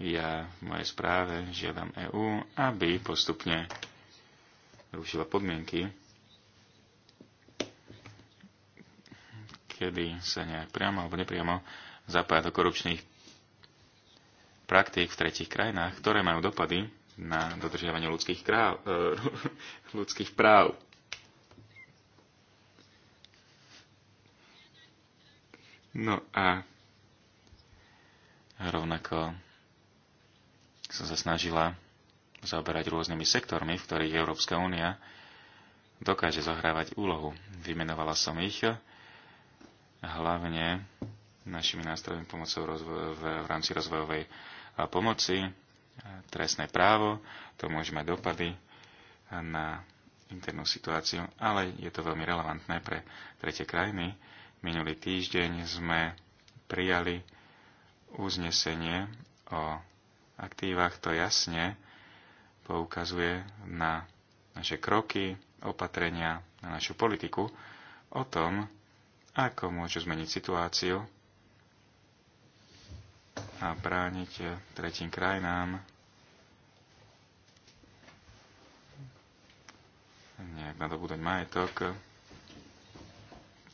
[SPEAKER 1] ja v mojej správe žiadam EÚ, aby postupne rušila podmienky kedy sa nejak priamo alebo nepriamo zapája do korupčných praktík v tretich krajinách, ktoré majú dopady na dodržiavanie ľudských, kráv, e, ľudských práv. No a rovnako som sa snažila zaoberať rôznymi sektormi, v ktorých Európska únia dokáže zohrávať úlohu. Vymenovala som ich hlavne našimi nástrojmi pomocou v, v rámci rozvojovej pomoci, trestné právo, to môže mať dopady na internú situáciu, ale je to veľmi relevantné pre tretie krajiny. Minulý týždeň sme prijali uznesenie o aktívach, to jasne poukazuje na naše kroky, opatrenia, na našu politiku o tom, ako môžu zmeniť situáciu a brániť tretím krajinám nejak nadobúdať majetok,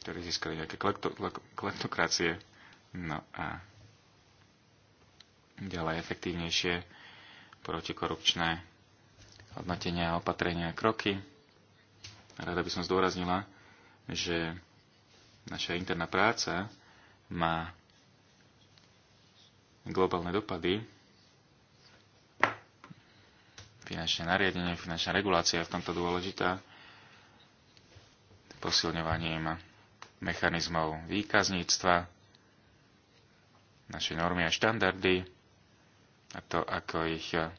[SPEAKER 1] ktorý získali nejaké klepto, kleptokracie. No a ďalej efektívnejšie protikorupčné hodnotenia, opatrenia a kroky. Rada by som zdôraznila, že naša interná práca má globálne dopady, finančné nariadenie, finančná regulácia je v tomto dôležitá, posilňovaním mechanizmov výkazníctva, naše normy a štandardy a to, ako ich eh,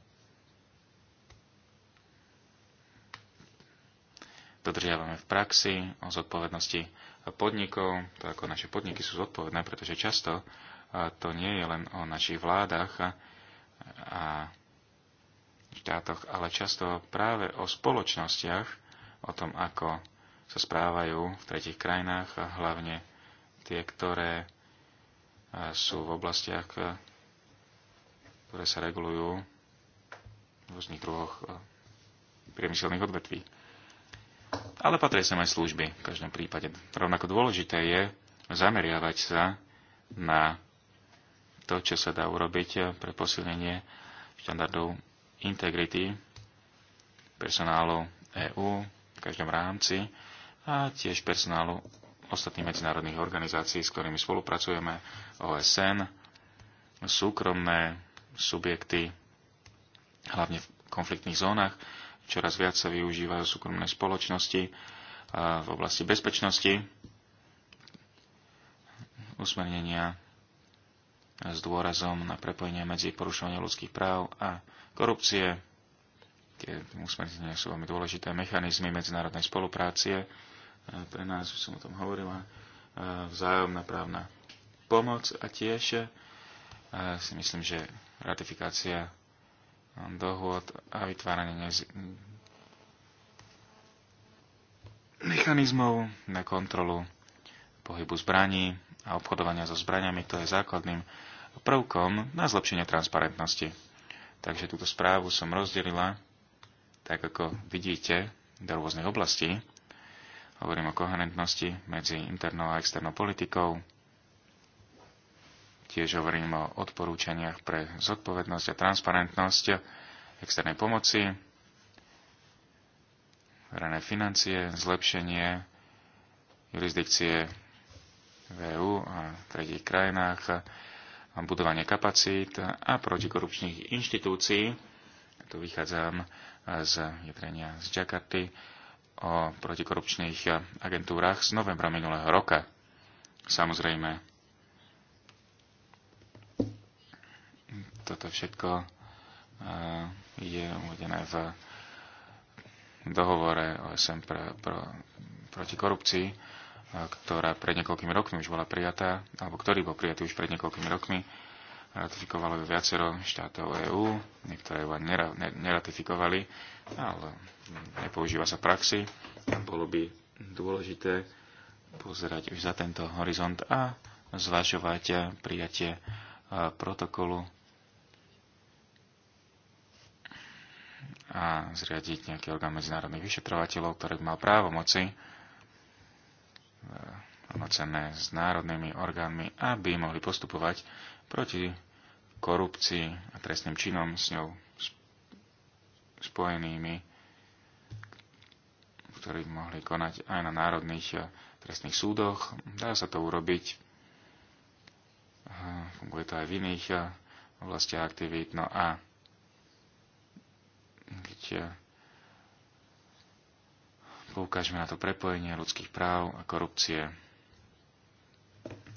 [SPEAKER 1] dodržiavame v praxi, o zodpovednosti podnikov, to ako naše podniky sú zodpovedné, pretože často to nie je len o našich vládach a štátoch, ale často práve o spoločnostiach, o tom, ako sa správajú v tretich krajinách, a hlavne tie, ktoré sú v oblastiach, ktoré sa regulujú v rôznych druhoch priemyselných odvetví ale patrí sa aj služby v každom prípade. Rovnako dôležité je zameriavať sa na to, čo sa dá urobiť pre posilnenie štandardov integrity personálu EÚ v každom rámci a tiež personálu ostatných medzinárodných organizácií, s ktorými spolupracujeme, OSN, súkromné subjekty, hlavne v konfliktných zónach, Čoraz viac sa využívajú súkromné spoločnosti v oblasti bezpečnosti, usmernenia s dôrazom na prepojenie medzi porušovanie ľudských práv a korupcie. Tie usmernenia sú veľmi dôležité mechanizmy medzinárodnej spolupráce. Pre nás, už som o tom hovorila, vzájomná právna pomoc a tiež si myslím, že ratifikácia dohôd a vytváranie nez... mechanizmov na kontrolu pohybu zbraní a obchodovania so zbraniami, to je základným prvkom na zlepšenie transparentnosti. Takže túto správu som rozdelila, tak ako vidíte, do rôznych oblastí. Hovorím o koherentnosti medzi internou a externou politikou, Tiež hovorím o odporúčaniach pre zodpovednosť a transparentnosť externej pomoci, verejné financie, zlepšenie jurisdikcie v EU a v tretich krajinách, a budovanie kapacít a protikorupčných inštitúcií. Tu vychádzam z jedrenia z Jakarty o protikorupčných agentúrach z novembra minulého roka. Samozrejme, Toto všetko e, je uvedené v dohovore OSM pre, pro, proti korupcii, e, ktorá pred niekoľkými rokmi už bola prijatá, alebo ktorý bol prijatý už pred niekoľkými rokmi. Ratifikovalo ju viacero štátov EÚ, niektoré ju ani neratifikovali, ale nepoužíva sa praxi. Bolo by dôležité pozerať už za tento horizont a zvažovať prijatie e, protokolu a zriadiť nejaký orgán medzinárodných vyšetrovateľov, ktorý by mal moci, rovnocenné e, s národnými orgánmi, aby mohli postupovať proti korupcii a trestným činom s ňou spojenými, ktorí mohli konať aj na národných e, trestných súdoch. Dá sa to urobiť. E, funguje to aj v iných oblastiach aktivít. No a keď eh, poukážeme na to prepojenie ľudských práv a korupcie,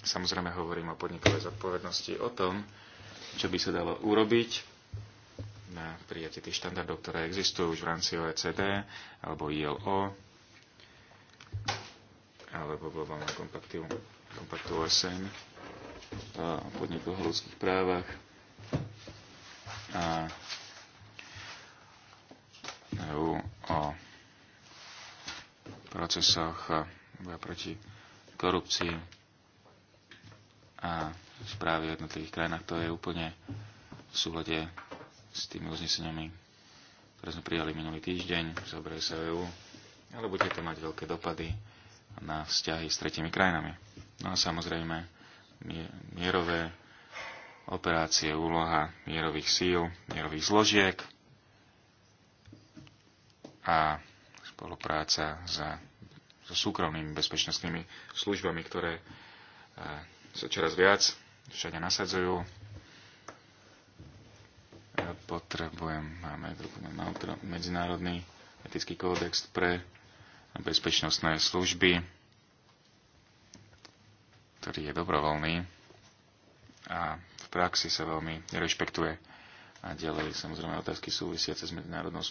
[SPEAKER 1] samozrejme hovorím o podnikovej zodpovednosti, o tom, čo by sa dalo urobiť na prijatie tých štandardov, ktoré existujú už v rámci OECD alebo ILO alebo globálnom kompaktu, kompaktu OSN eh, o podnikoch ľudských právach a EU o procesoch boja proti korupcii a správy v jednotlivých krajinách. To je úplne v súlade s tými uzneseniami, ktoré sme prijali minulý týždeň. Zobraje sa EU, ale bude to mať veľké dopady na vzťahy s tretimi krajinami. No a samozrejme mierové operácie, úloha mierových síl, mierových zložiek – a spolupráca za, so súkromnými bezpečnostnými službami, ktoré e, sa čoraz viac všade nasadzujú. Potrebujem, máme medzinárodný etický kódex pre bezpečnostné služby, ktorý je dobrovoľný a v praxi sa veľmi nerešpektuje a ďalej samozrejme otázky súvisiace s medzinárodnou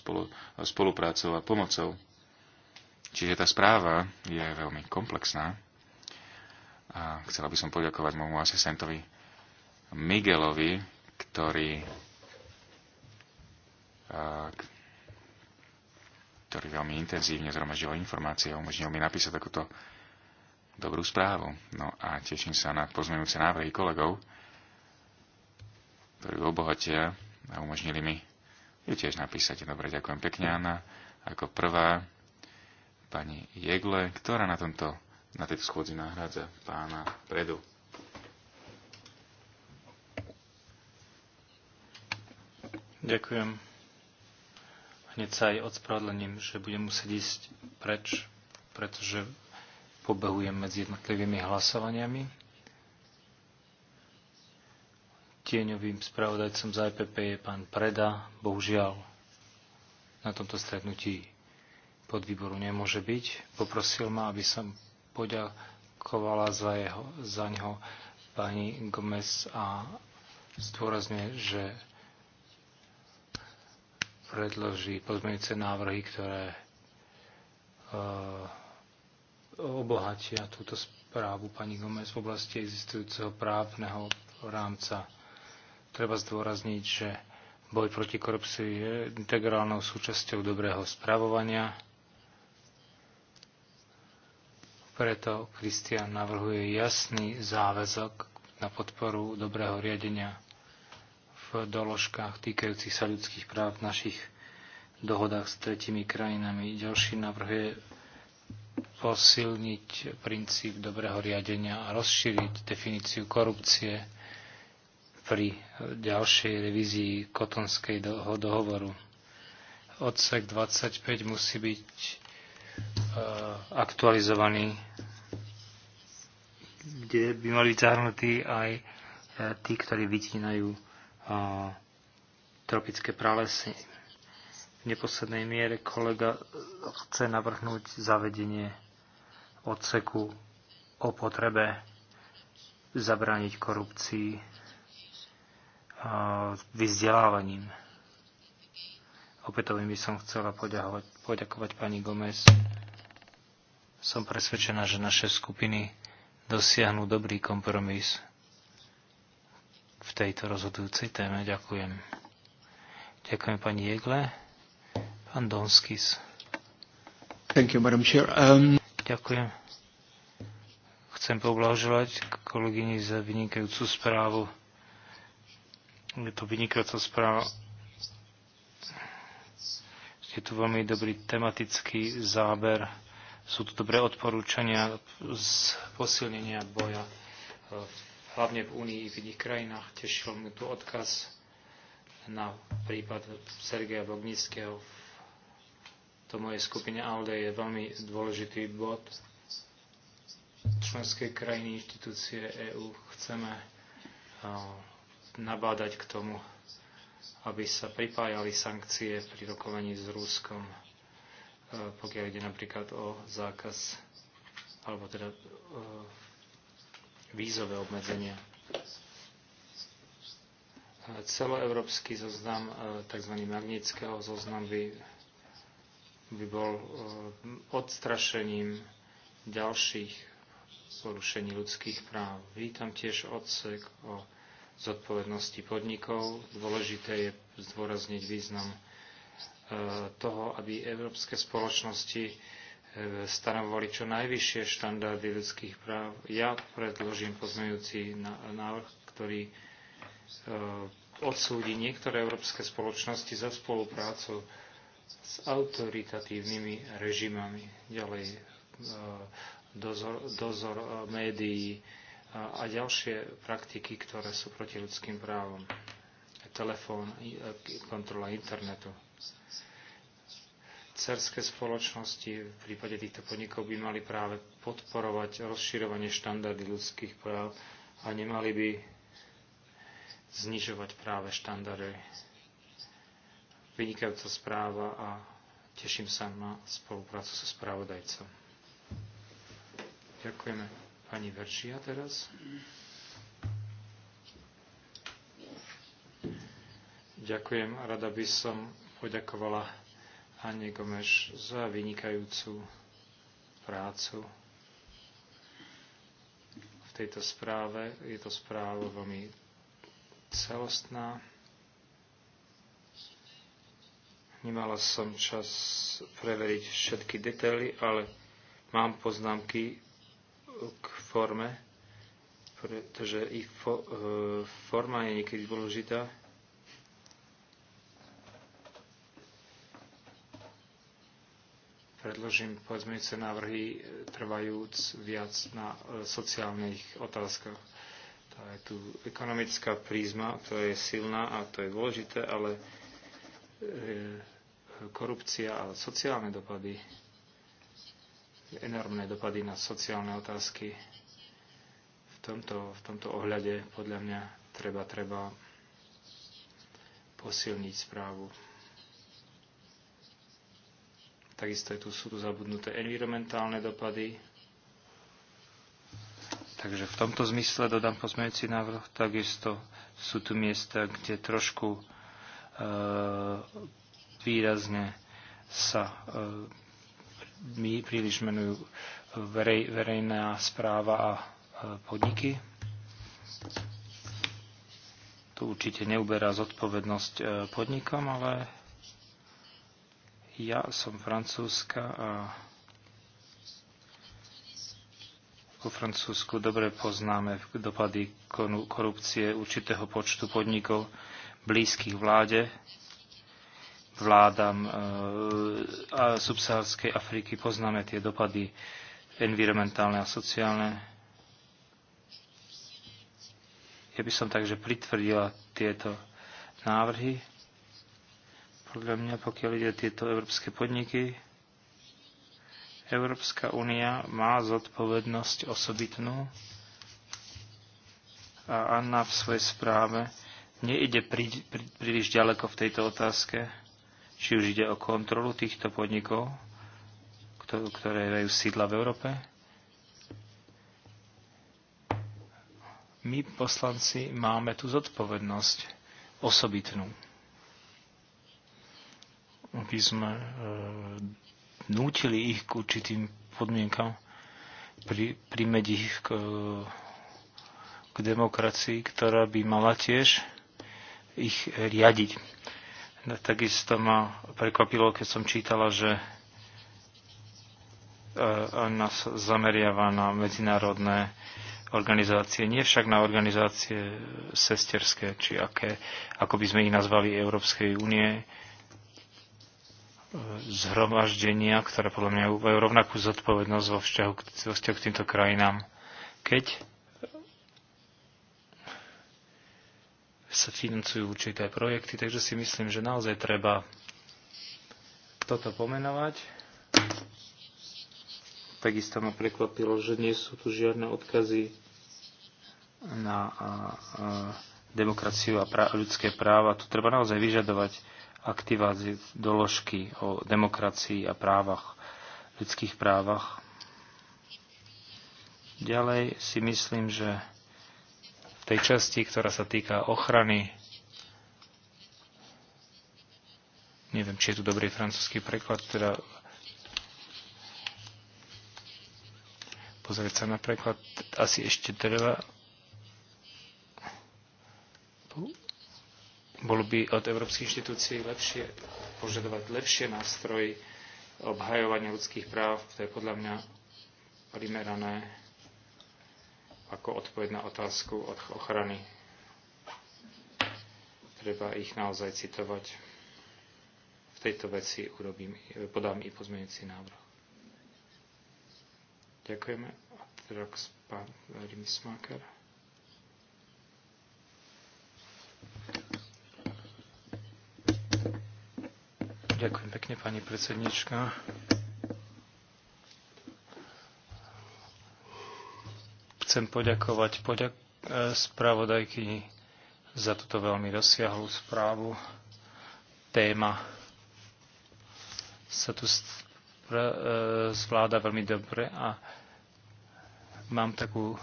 [SPEAKER 1] spoluprácou a pomocou. Čiže tá správa je veľmi komplexná a chcela by som poďakovať môjmu asistentovi Miguelovi, ktorý, ktorý veľmi intenzívne zhromaždil informácie a umožnil mi napísať takúto dobrú správu. No a teším sa na pozmenujúce návrhy kolegov, ktorí obohatia a umožnili mi ju tiež napísať. Dobre, ďakujem pekne, Anna. Ako prvá pani Jegle, ktorá na, tomto, na tejto schôdzi nahrádza pána Predu.
[SPEAKER 4] Ďakujem. Hneď sa aj odspravedlením, že budem musieť ísť preč, pretože pobehujem medzi jednotlivými hlasovaniami. Tieňovým spravodajcom za IPP e je pán Preda. Bohužiaľ, na tomto stretnutí pod výboru nemôže byť. Poprosil ma, aby som poďakovala za, jeho, za neho pani Gomez a zdôrazňuje, že predloží pozmeňujúce návrhy, ktoré e, obohatia túto správu pani Gomez v oblasti existujúceho právneho rámca. Treba zdôrazniť, že boj proti korupcii je integrálnou súčasťou dobrého správovania. Preto Kristian navrhuje jasný záväzok na podporu dobrého riadenia v doložkách týkajúcich sa ľudských práv v našich dohodách s tretimi krajinami. Ďalší navrhuje posilniť princíp dobrého riadenia a rozšíriť definíciu korupcie pri ďalšej revízii kotonskej dohovoru. Odsek 25 musí byť eh, aktualizovaný, kde by mali byť zahrnutí aj eh, tí, ktorí vytínajú eh, tropické pralesy. V neposlednej miere kolega chce navrhnúť zavedenie odseku o potrebe zabrániť korupcii vzdelávaním. Opätovne by som chcela poďakovať, poďakovať pani Gomez. Som presvedčená, že naše skupiny dosiahnu dobrý kompromis v tejto rozhodujúcej téme. Ďakujem. Ďakujem pani Jegle. Pán Donskis. Thank you, Madam Chair. Um... Ďakujem. Chcem poblahoželať kolegyni za vynikajúcu správu je to vynikajúca správa. Je tu veľmi dobrý tematický záber. Sú tu dobré odporúčania z posilnenia boja, eh, hlavne v Únii i v iných krajinách. Tešil mi tu odkaz na prípad Sergeja Bognického v to mojej skupine ALDE je veľmi dôležitý bod. Členské krajiny, inštitúcie EÚ chceme eh, nabádať k tomu, aby sa pripájali sankcie pri rokovaní s Ruskom, e, pokiaľ ide napríklad o zákaz alebo teda e, vízové obmedzenia. E, Celoevropský zoznam, tzv. magnického zoznam, by, by bol odstrašením ďalších porušení ľudských práv. Vítam tiež odsek o zodpovednosti podnikov. Dôležité je zdôrazniť význam e, toho, aby európske spoločnosti e, stanovovali čo najvyššie štandardy ľudských práv. Ja predložím pozmejúci návrh, ktorý e, odsúdi niektoré európske spoločnosti za spoluprácu s autoritatívnymi režimami. Ďalej dozor, dozor médií, a, a ďalšie praktiky, ktoré sú proti ľudským právom. Telefón, e, kontrola internetu. Cerské spoločnosti v prípade týchto podnikov by mali práve podporovať rozširovanie štandardy ľudských práv a nemali by znižovať práve štandardy. Vynikajúca správa a teším sa na spoluprácu so správodajcom. Ďakujeme pani Veršia teraz. Ďakujem a rada by som poďakovala Anne Gomeš za vynikajúcu prácu v tejto správe. Je to správa veľmi celostná. Nemala som čas preveriť všetky detaily, ale mám poznámky k forme, pretože ich fo, e, forma je niekedy dôležitá. Predložím sa návrhy e, trvajúc viac na e, sociálnych otázkach. Tá je tu ekonomická prízma, to je silná a to je dôležité, ale e, korupcia a sociálne dopady enormné dopady na sociálne otázky. V tomto, v tomto ohľade podľa mňa treba, treba posilniť správu. Takisto je tu, sú tu zabudnuté environmentálne dopady. Takže v tomto zmysle dodám pozmeňujúci návrh. Takisto sú tu miesta, kde trošku e, výrazne sa e, my príliš menujú verej, verejná správa a e, podniky. Tu určite neuberá zodpovednosť e, podnikom, ale ja som francúzska a vo Francúzsku dobre poznáme dopady korupcie určitého počtu podnikov blízkych vláde, vládam e, subsahárskej Afriky. Poznáme tie dopady environmentálne a sociálne. Ja by som takže pritvrdila tieto návrhy. Podľa mňa, pokiaľ ide tieto európske podniky, Európska únia má zodpovednosť osobitnú a Anna v svojej správe neide prí, prí, príliš ďaleko v tejto otázke či už ide o kontrolu týchto podnikov, ktoré majú sídla v Európe. My, poslanci, máme tu zodpovednosť osobitnú. Aby sme e, nútili ich k určitým podmienkam, pri, primeť ich k, k demokracii, ktorá by mala tiež ich riadiť Takisto ma prekvapilo, keď som čítala, že e, nás zameriava na medzinárodné organizácie, nie však na organizácie sesterské, či aké, ako by sme ich nazvali Európskej únie, e, zhromaždenia, ktoré podľa mňa majú rovnakú zodpovednosť vo vzťahu, k, vo vzťahu k týmto krajinám. Keď sa financujú určité projekty, takže si myslím, že naozaj treba toto pomenovať. Takisto ma prekvapilo, že nie sú tu žiadne odkazy na a, a, demokraciu a prá- ľudské práva. Tu treba naozaj vyžadovať aktiváciu doložky o demokracii a právach, ľudských právach. Ďalej si myslím, že tej časti, ktorá sa týka ochrany. Neviem, či je tu dobrý francúzsky preklad, teda pozrieť sa na preklad. Asi ešte treba bolo by od Európskej inštitúcií lepšie požadovať lepšie nástroje obhajovania ľudských práv. To je podľa mňa primerané ako odpoveď na otázku od ochrany. Treba ich naozaj citovať. V tejto veci urobím, podám i pozmeňujúci návrh. Ďakujeme. A teraz pán Rimsmaker. Ďakujem pekne, pani predsednička. Chcem poďakovať poďak- e, spravodajkyni za túto veľmi rozsiahlú správu. Téma sa tu e, zvláda veľmi dobre a mám takú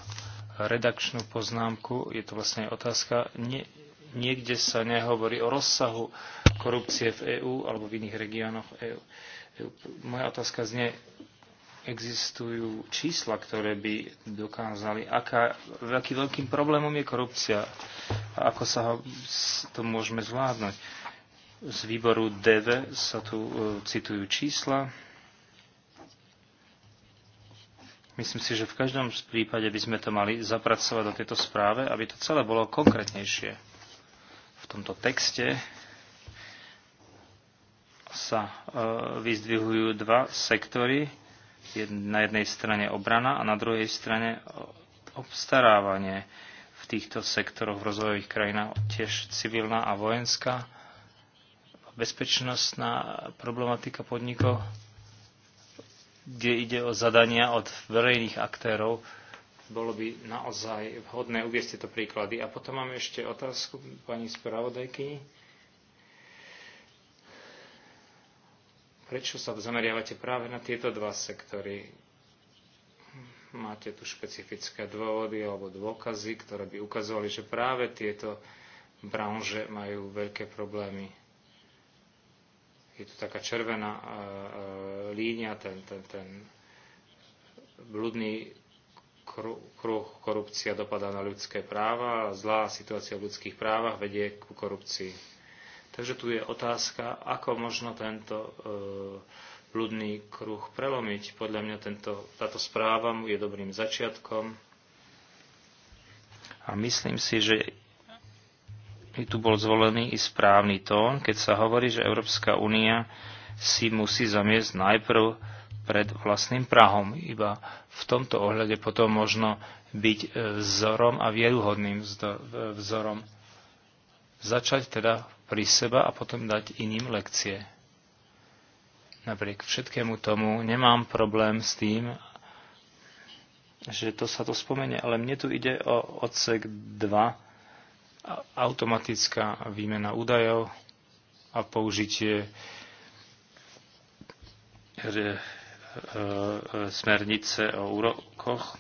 [SPEAKER 4] redakčnú poznámku, je to vlastne otázka, nie, niekde sa nehovorí o rozsahu korupcie v EÚ alebo v iných regiónoch EÚ. E Moja otázka znie, existujú čísla, ktoré by dokázali, aká, aký veľkým problémom je korupcia a ako sa ho, to môžeme zvládnuť. Z výboru DV sa tu uh, citujú čísla. Myslím si, že v každom prípade by sme to mali zapracovať do tejto správe, aby to celé bolo konkrétnejšie. V tomto texte sa uh, vyzdvihujú dva sektory, na jednej strane obrana a na druhej strane obstarávanie v týchto sektoroch v rozvojových krajinách, tiež civilná a vojenská, bezpečnostná problematika podnikov, kde ide o zadania od verejných aktérov, bolo by naozaj vhodné uviesť tieto príklady. A potom mám ešte otázku pani spravodajky Prečo sa zameriavate práve na tieto dva sektory? Máte tu špecifické dôvody alebo dôkazy, ktoré by ukazovali, že práve tieto branže majú veľké problémy. Je tu taká červená e, e, línia, ten, ten, ten blúdny kruh korupcia dopadá na ľudské práva a zlá situácia v ľudských právach vedie ku korupcii. Takže tu je otázka, ako možno tento e, ľudný kruh prelomiť. Podľa mňa tento, táto správa je dobrým začiatkom. A myslím si, že by tu bol zvolený i správny tón, keď sa hovorí, že Európska únia si musí zamiesť najprv pred vlastným Prahom. Iba v tomto ohľade potom možno byť e, vzorom a vieruhodným e, vzorom. Začať teda pri seba a potom dať iným lekcie. Napriek všetkému tomu nemám problém s tým, že to sa to spomenie, ale mne tu ide o odsek 2, automatická výmena údajov a použitie e, e, smernice o úrokoch.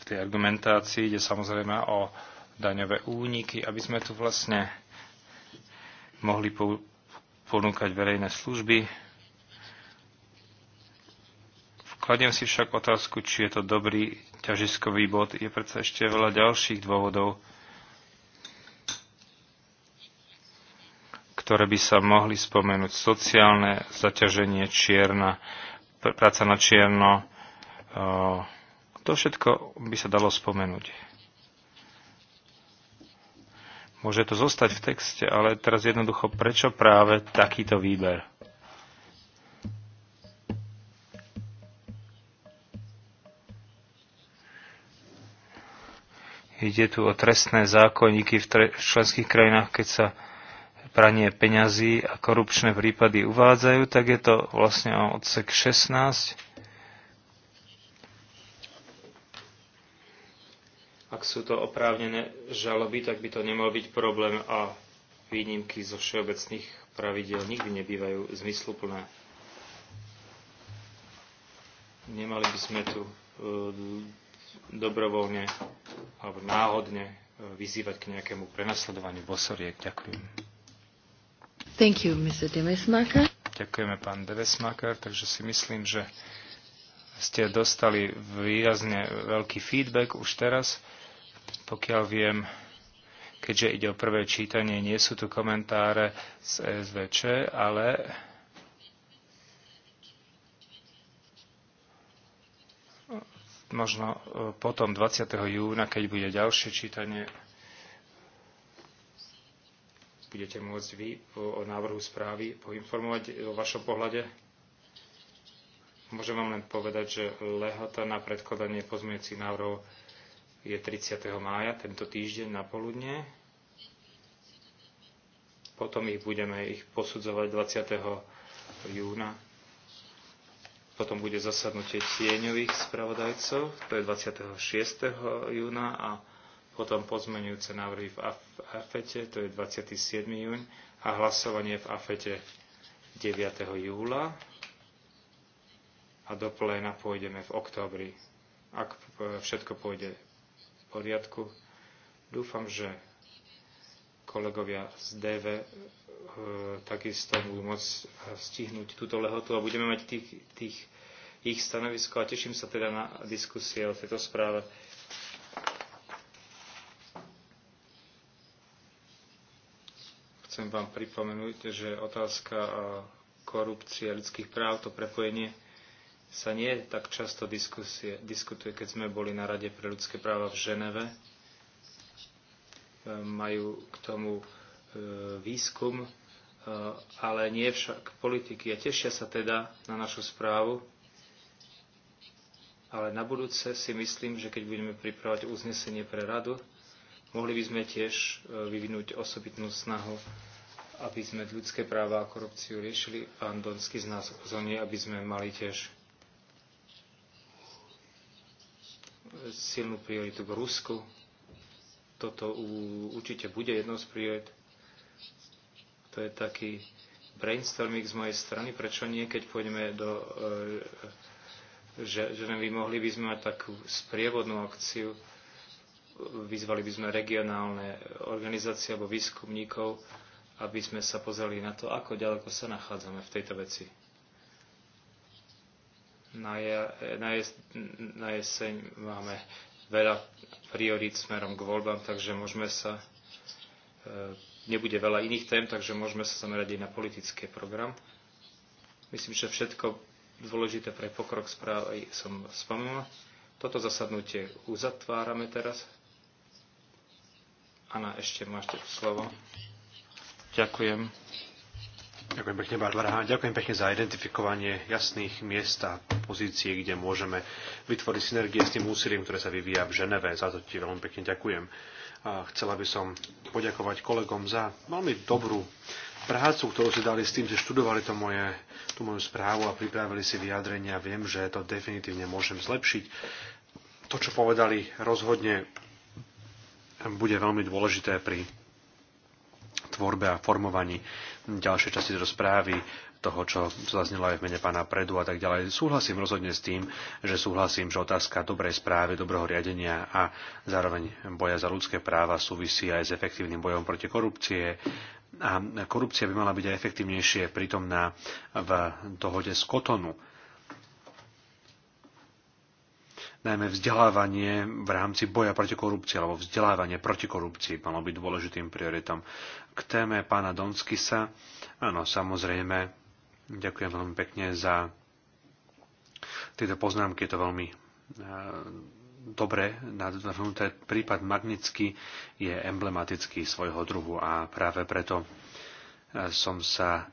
[SPEAKER 4] V tej argumentácii ide samozrejme o daňové úniky, aby sme tu vlastne mohli ponúkať verejné služby. Kladiem si však otázku, či je to dobrý ťažiskový bod. Je predsa ešte veľa ďalších dôvodov, ktoré by sa mohli spomenúť. Sociálne zaťaženie čierna, pr práca na čierno, eh, to všetko by sa dalo spomenúť. Môže to zostať v texte, ale teraz jednoducho, prečo práve takýto výber? Ide tu o trestné zákonníky v, tre- v členských krajinách, keď sa pranie peňazí a korupčné prípady uvádzajú, tak je to vlastne odsek 16 Ak sú to oprávnené žaloby, tak by to nemal byť problém a výnimky zo všeobecných pravidel nikdy nebývajú zmysluplné. Nemali by sme tu e, dobrovoľne alebo náhodne e, vyzývať k nejakému prenasledovaniu bosoriek. Ďakujem.
[SPEAKER 2] Thank you, Mr. Demesmaker.
[SPEAKER 4] Ďakujeme, pán Demesmaker. Takže si myslím, že ste dostali výrazne veľký feedback už teraz. Pokiaľ viem, keďže ide o prvé čítanie, nie sú tu komentáre z SVČ, ale možno e, potom 20. júna, keď bude ďalšie čítanie, budete môcť vy o návrhu správy poinformovať e, o vašom pohľade. Môžem vám len povedať, že lehota na predkladanie pozmiecí návrhov je 30. mája, tento týždeň na poludne. Potom ich budeme ich posudzovať 20. júna. Potom bude zasadnutie tieňových spravodajcov, to je 26. júna a potom pozmenujúce návrhy v AFETE, to je 27. júň a hlasovanie v AFETE 9. júla a do pléna pôjdeme v oktobri, ak všetko pôjde poriadku. Dúfam, že kolegovia z DV e, takisto budú môcť e, stihnúť túto lehotu a budeme mať tých, tých, ich stanovisko a teším sa teda na diskusie o tejto správe. Chcem vám pripomenúť, že otázka korupcie ľudských práv, to prepojenie sa nie tak často diskusie, diskutuje, keď sme boli na Rade pre ľudské práva v Ženeve. E, majú k tomu e, výskum, e, ale nie však politiky. A tešia sa teda na našu správu. Ale na budúce si myslím, že keď budeme pripravať uznesenie pre radu, mohli by sme tiež vyvinúť osobitnú snahu aby sme ľudské práva a korupciu riešili. Pán Donsky z nás upozorní, aby sme mali tiež silnú prioritu v Rusku. Toto určite bude jednou z priorit. To je taký brainstorming z mojej strany, prečo nie, keď pôjdeme do e, že, že by mohli by sme mať takú sprievodnú akciu, vyzvali by sme regionálne organizácie alebo výskumníkov, aby sme sa pozreli na to, ako ďaleko sa nachádzame v tejto veci. Na, na, na jeseň máme veľa priorít smerom k voľbám, takže môžeme sa e, nebude veľa iných tém, takže môžeme sa zamerať aj na politický program. Myslím, že všetko dôležité pre pokrok správy som spomenul. Toto zasadnutie uzatvárame teraz. Ana, ešte máte slovo.
[SPEAKER 3] Ďakujem. Ďakujem pekne, Barbara. Ďakujem pekne za identifikovanie jasných miest a pozícií, kde môžeme vytvoriť synergie s tým úsilím, ktoré sa vyvíja v Ženeve. Za to ti veľmi pekne ďakujem. A chcela by som poďakovať kolegom za veľmi dobrú prácu, ktorú si dali s tým, že študovali to moje, tú moju správu a pripravili si vyjadrenia. Viem, že to definitívne môžem zlepšiť. To, čo povedali, rozhodne bude veľmi dôležité pri tvorbe a formovaní ďalšej časti do správy, toho, čo zaznelo aj v mene pána Predu a tak ďalej. Súhlasím rozhodne s tým, že súhlasím, že otázka dobrej správy, dobrého riadenia a zároveň boja za ľudské práva súvisí aj s efektívnym bojom proti korupcie, a korupcia by mala byť aj efektívnejšie prítomná v dohode z Kotonu. Najmä vzdelávanie v rámci boja proti korupcii alebo vzdelávanie proti korupcii malo byť dôležitým prioritom. K téme pána Donskisa, áno, samozrejme, ďakujem veľmi pekne za tieto poznámky, je to veľmi eh, dobre nadvrhnuté. Prípad Magnický je emblematický svojho druhu a práve preto eh, som sa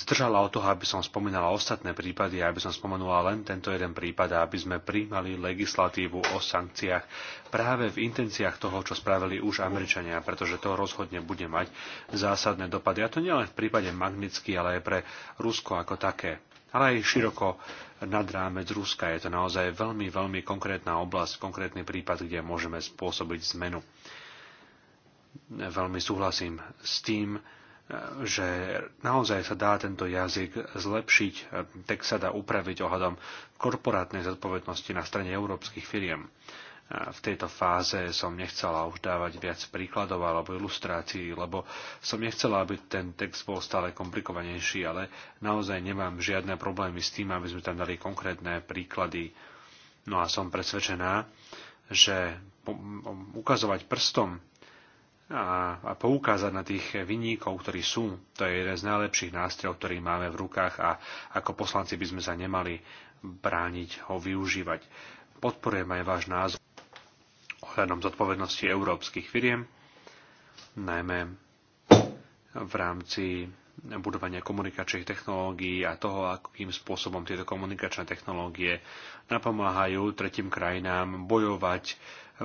[SPEAKER 3] zdržala od toho, aby som spomínala ostatné prípady, aby som spomenula len tento jeden prípad aby sme príjmali legislatívu o sankciách práve v intenciách toho, čo spravili už Američania, pretože to rozhodne bude mať zásadné dopady. A to nielen v prípade Magnitsky, ale aj pre Rusko ako také ale aj široko nad rámec Ruska. Je to naozaj veľmi, veľmi konkrétna oblasť, konkrétny prípad, kde môžeme spôsobiť zmenu. Veľmi súhlasím s tým, že naozaj sa dá tento jazyk zlepšiť, text sa dá upraviť ohľadom korporátnej zodpovednosti na strane európskych firiem. V tejto fáze som nechcela už dávať viac príkladov alebo ilustrácií, lebo som nechcela, aby ten text bol stále komplikovanejší, ale naozaj nemám žiadne problémy s tým, aby sme tam dali konkrétne príklady. No a som presvedčená, že ukazovať prstom a, a poukázať na tých vyníkov, ktorí sú. To je jeden z najlepších nástrojov, ktorý máme v rukách a ako poslanci by sme sa nemali brániť ho využívať. Podporujem aj váš názor ohľadom zodpovednosti európskych firiem, najmä v rámci budovania komunikačných technológií a toho, akým spôsobom tieto komunikačné technológie napomáhajú tretím krajinám bojovať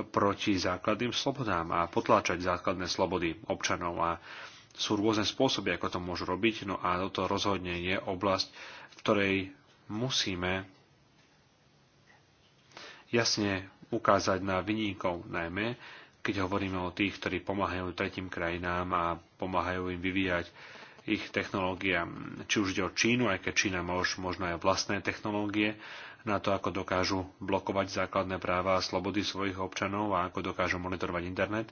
[SPEAKER 3] proti základným slobodám a potláčať základné slobody občanov a sú rôzne spôsoby, ako to môžu robiť, no a toto rozhodne je oblasť, v ktorej musíme jasne ukázať na vyníkov, najmä keď hovoríme o tých, ktorí pomáhajú tretím krajinám a pomáhajú im vyvíjať ich technológia, či už ide o Čínu, aj keď Čína má už možno aj vlastné technológie, na to, ako dokážu blokovať základné práva a slobody svojich občanov a ako dokážu monitorovať internet,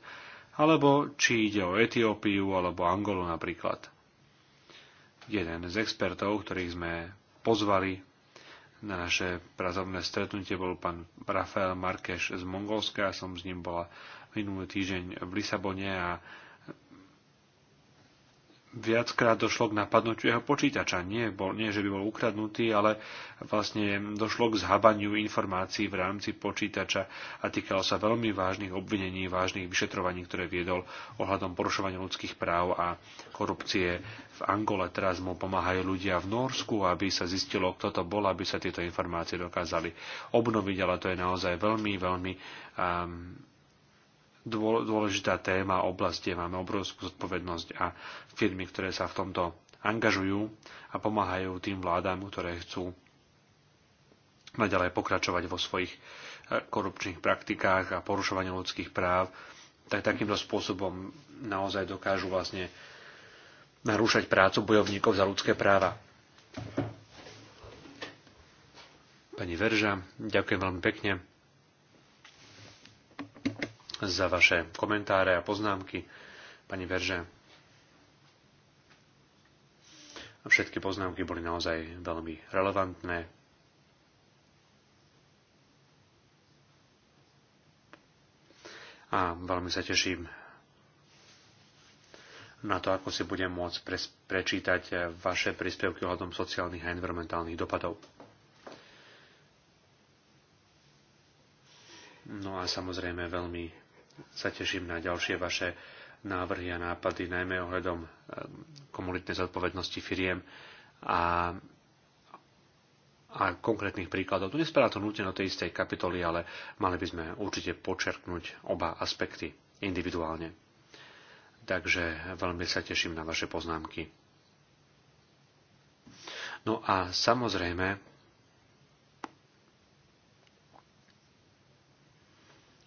[SPEAKER 3] alebo či ide o Etiópiu alebo Angolu napríklad. Jeden z expertov, ktorých sme pozvali na naše pracovné stretnutie, bol pán Rafael Markeš z Mongolska. Som s ním bola minulý týždeň v Lisabone a viackrát došlo k napadnutiu jeho počítača. Nie, bol, nie, že by bol ukradnutý, ale vlastne došlo k zhabaniu informácií v rámci počítača a týkalo sa veľmi vážnych obvinení, vážnych vyšetrovaní, ktoré viedol ohľadom porušovania ľudských práv a korupcie v Angole. Teraz mu pomáhajú ľudia v Norsku, aby sa zistilo, kto to bol, aby sa tieto informácie dokázali obnoviť, ale to je naozaj veľmi, veľmi um, dôležitá téma, oblasť, kde máme obrovskú zodpovednosť a firmy, ktoré sa v tomto angažujú a pomáhajú tým vládám, ktoré chcú naďalej pokračovať vo svojich eh, korupčných praktikách a porušovaní ľudských práv, tak takýmto spôsobom naozaj dokážu vlastne narúšať prácu bojovníkov za ľudské práva. Pani Verža, ďakujem veľmi pekne za vaše komentáre a poznámky. Pani Verže, všetky poznámky boli naozaj veľmi relevantné. A veľmi sa teším na to, ako si budem môcť prečítať vaše príspevky ohľadom sociálnych a environmentálnych dopadov. No a samozrejme veľmi sa teším na ďalšie vaše návrhy a nápady, najmä ohľadom eh, komunitnej zodpovednosti firiem a, a konkrétnych príkladov. Tu nespadá to nutne do tej istej kapitoly, ale mali by sme určite počerknúť oba aspekty individuálne. Takže veľmi sa teším na vaše poznámky. No a samozrejme,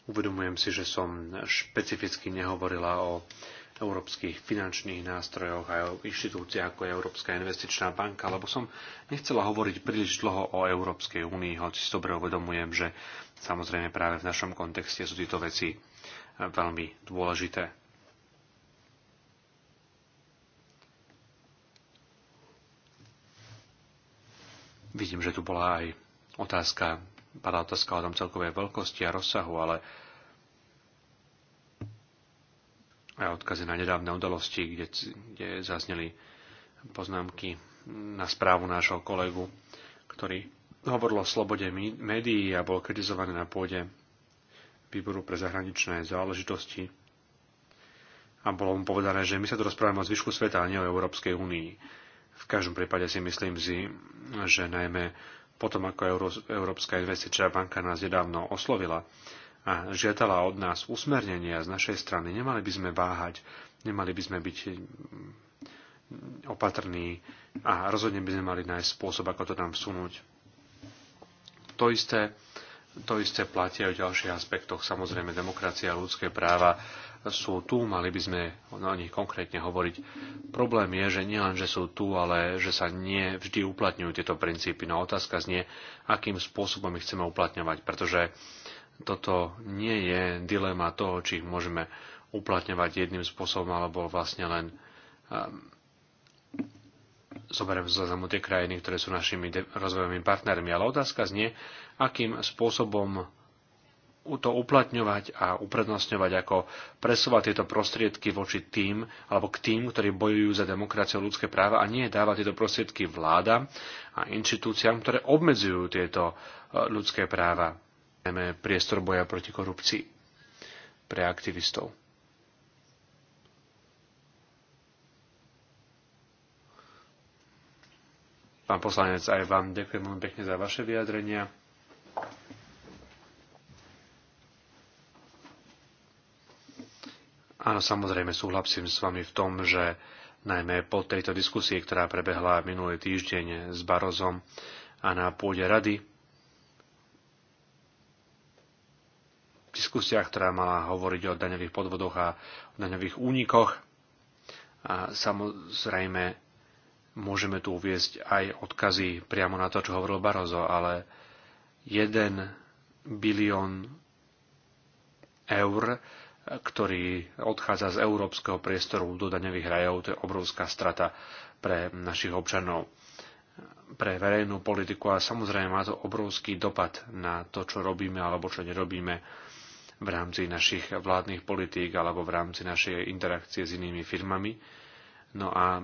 [SPEAKER 3] Uvedomujem si, že som špecificky nehovorila o európskych finančných nástrojoch a inštitúcii ako je Európska investičná banka, lebo som nechcela hovoriť príliš dlho o Európskej únii, hoci si dobre uvedomujem, že samozrejme práve v našom kontexte sú tieto veci eh, veľmi dôležité. Vidím, že tu bola aj otázka padá otázka o tom celkovej veľkosti a rozsahu, ale aj odkazy na nedávne udalosti, kde, kde zazneli poznámky na správu nášho kolegu, ktorý hovoril o slobode médií a bol kritizovaný na pôde výboru pre zahraničné záležitosti. A bolo mu povedané, že my sa tu rozprávame o zvyšku sveta, a nie o Európskej únii. V každom prípade si myslím si, že najmä potom ako Európska investičná banka nás nedávno oslovila a žiadala od nás usmernenia z našej strany, nemali by sme váhať, nemali by sme byť mm, opatrní a rozhodne by sme mali nájsť spôsob, ako to tam vsunúť. To isté, to isté platí aj o ďalších aspektoch. Samozrejme, demokracia a ľudské práva sú tu, mali by sme o nich konkrétne hovoriť. Problém je, že nielen, že sú tu, ale že sa nie vždy uplatňujú tieto princípy. No otázka znie, akým spôsobom ich chceme uplatňovať, pretože toto nie je dilema toho, či ich môžeme uplatňovať jedným spôsobom, alebo vlastne len um, zoberiem za zamu tie krajiny, ktoré sú našimi rozvojovými partnermi. Ale otázka znie, akým spôsobom to uplatňovať a uprednostňovať, ako presúvať tieto prostriedky voči tým, alebo k tým, ktorí bojujú za demokraciu a ľudské práva a nie dávať tieto prostriedky vláda a inštitúciám, ktoré obmedzujú tieto e, ľudské práva, najmä priestor boja proti korupcii pre aktivistov. Pán poslanec, aj vám ďakujem veľmi pekne za vaše vyjadrenia. Áno, samozrejme súhlasím s vami v tom, že najmä po tejto diskusii, ktorá prebehla minulý týždeň s Barozom a na pôde rady, diskusia, ktorá mala hovoriť o daňových podvodoch a o daňových únikoch. A samozrejme, môžeme tu uviezť aj odkazy priamo na to, čo hovoril Barozo, ale 1 bilión eur ktorý odchádza z európskeho priestoru do daňových rajov. To je obrovská strata pre našich občanov, pre verejnú politiku a samozrejme má to obrovský dopad na to, čo robíme alebo čo nerobíme v rámci našich vládnych politík alebo v rámci našej interakcie s inými firmami. No a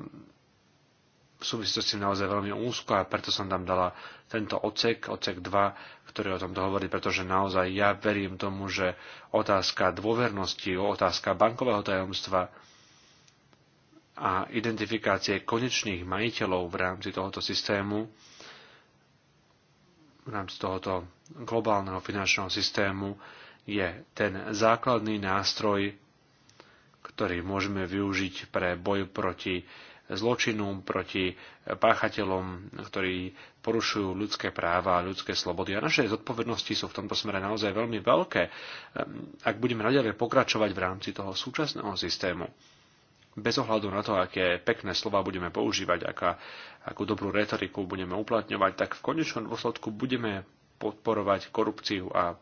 [SPEAKER 3] súvisí to s tým naozaj veľmi úzko a preto som tam dala tento ocek, ocek 2, ktorý o tomto hovorí, pretože naozaj ja verím tomu, že otázka dôvernosti, otázka bankového tajomstva a identifikácie konečných majiteľov v rámci tohoto systému, v rámci tohoto globálneho finančného systému je ten základný nástroj, ktorý môžeme využiť pre boj proti zločinu, proti eh, páchateľom, ktorí porušujú ľudské práva a ľudské slobody. A naše zodpovednosti sú v tomto smere naozaj veľmi veľké, eh, ak budeme naďalej pokračovať v rámci toho súčasného systému. Bez ohľadu na to, aké pekné slova budeme používať, aká, akú dobrú retoriku budeme uplatňovať, tak v konečnom dôsledku budeme podporovať korupciu a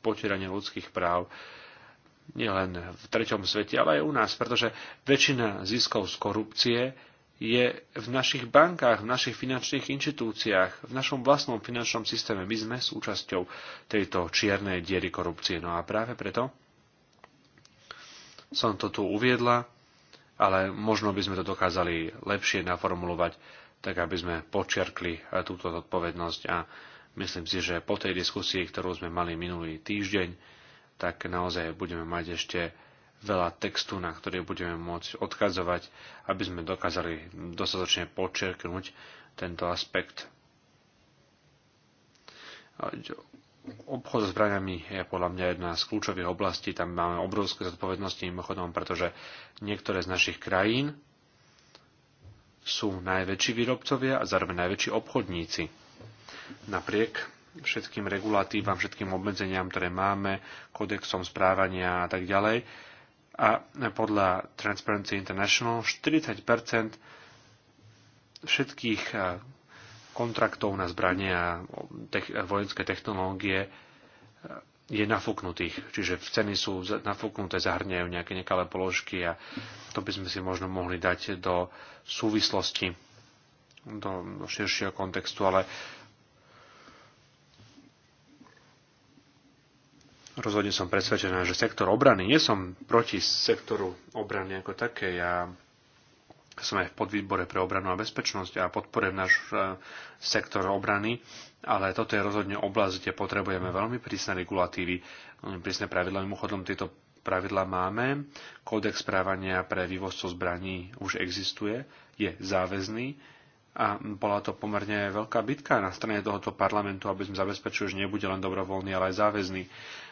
[SPEAKER 3] potieranie ľudských práv nielen v treťom svete, ale aj u nás, pretože väčšina ziskov z korupcie je v našich bankách, v našich finančných inštitúciách, v našom vlastnom finančnom systéme. My sme súčasťou tejto čiernej diery korupcie. No a práve preto som to tu uviedla, ale možno by sme to dokázali lepšie naformulovať, tak aby sme počiarkli eh, túto zodpovednosť a myslím si, že po tej diskusii, ktorú sme mali minulý týždeň, tak naozaj budeme mať ešte veľa textu, na ktorý budeme môcť odkazovať, aby sme dokázali dostatočne počerknúť tento aspekt. Obchod s zbraniami je podľa mňa jedna z kľúčových oblastí, tam máme obrovské zodpovednosti mimochodom, pretože niektoré z našich krajín sú najväčší výrobcovia a zároveň najväčší obchodníci. Napriek všetkým regulatívam, všetkým obmedzeniam, ktoré máme, kodexom správania a tak ďalej, a podľa Transparency International 40 všetkých eh, kontraktov na zbranie a vojenské technológie eh, je nafúknutých, čiže v ceny sú nafúknuté, zahrňajú nejaké nekalé položky a to by sme si možno mohli dať do súvislosti, do širšieho kontextu, ale Rozhodne som presvedčená, že sektor obrany, nie som proti sektoru obrany ako také, ja som aj v podvýbore pre obranu a bezpečnosť a podporujem náš e, sektor obrany, ale toto je rozhodne oblasť, kde potrebujeme veľmi prísne regulatívy, prísne pravidla. Mimochodom, tieto pravidla máme. Kódex správania pre vývozcov zbraní už existuje, je záväzný, a bola to pomerne veľká bitka na strane tohoto parlamentu, aby sme zabezpečili, že nebude len dobrovoľný, ale aj záväzný.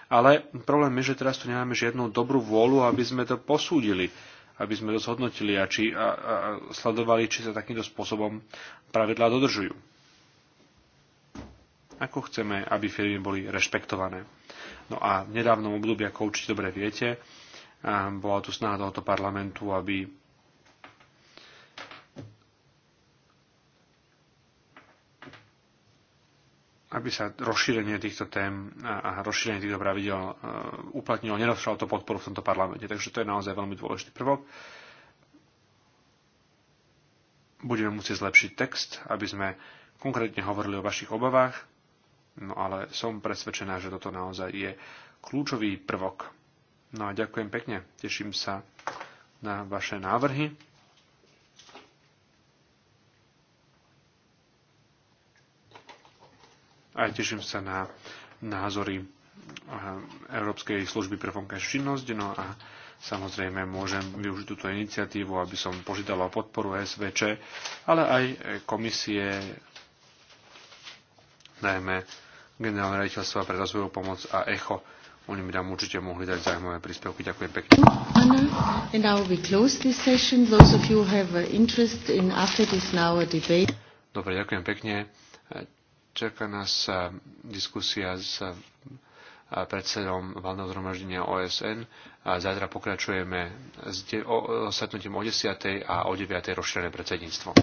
[SPEAKER 3] Ale problém je, že teraz tu nemáme žiadnu dobrú vôľu, aby sme to posúdili aby sme to zhodnotili a, či, a, a sledovali, či sa takýmto spôsobom pravidlá dodržujú. Ako chceme, aby firmy boli rešpektované. No a v nedávnom období, ako určite dobre viete, bola tu snaha tohoto parlamentu, aby aby sa rozšírenie týchto tém a rozšírenie týchto pravidel e, uplatnilo, nedošlo to podporu v tomto parlamente. Takže to je naozaj veľmi dôležitý prvok. Budeme musieť zlepšiť text, aby sme konkrétne hovorili o vašich obavách, no ale som presvedčená, že toto naozaj je kľúčový prvok. No a ďakujem pekne, teším sa na vaše návrhy a teším sa na názory eh, Európskej služby pre vonkajšiu činnosť. No a samozrejme môžem využiť túto iniciatívu, aby som požiadal o podporu SVČ, ale aj komisie, najmä generálne rejiteľstva pre rozvojovú pomoc a ECHO. Oni by nám určite mohli dať zaujímavé príspevky. Ďakujem pekne.
[SPEAKER 2] And now we close this session. Those of you have interest in after this now a debate.
[SPEAKER 3] Dobre, ďakujem pekne. Čaká nás diskusia s predsedom valného zhromaždenia OSN. zajtra pokračujeme s de- o, o, o 10. a o 9. rozšírené
[SPEAKER 1] predsedníctvo.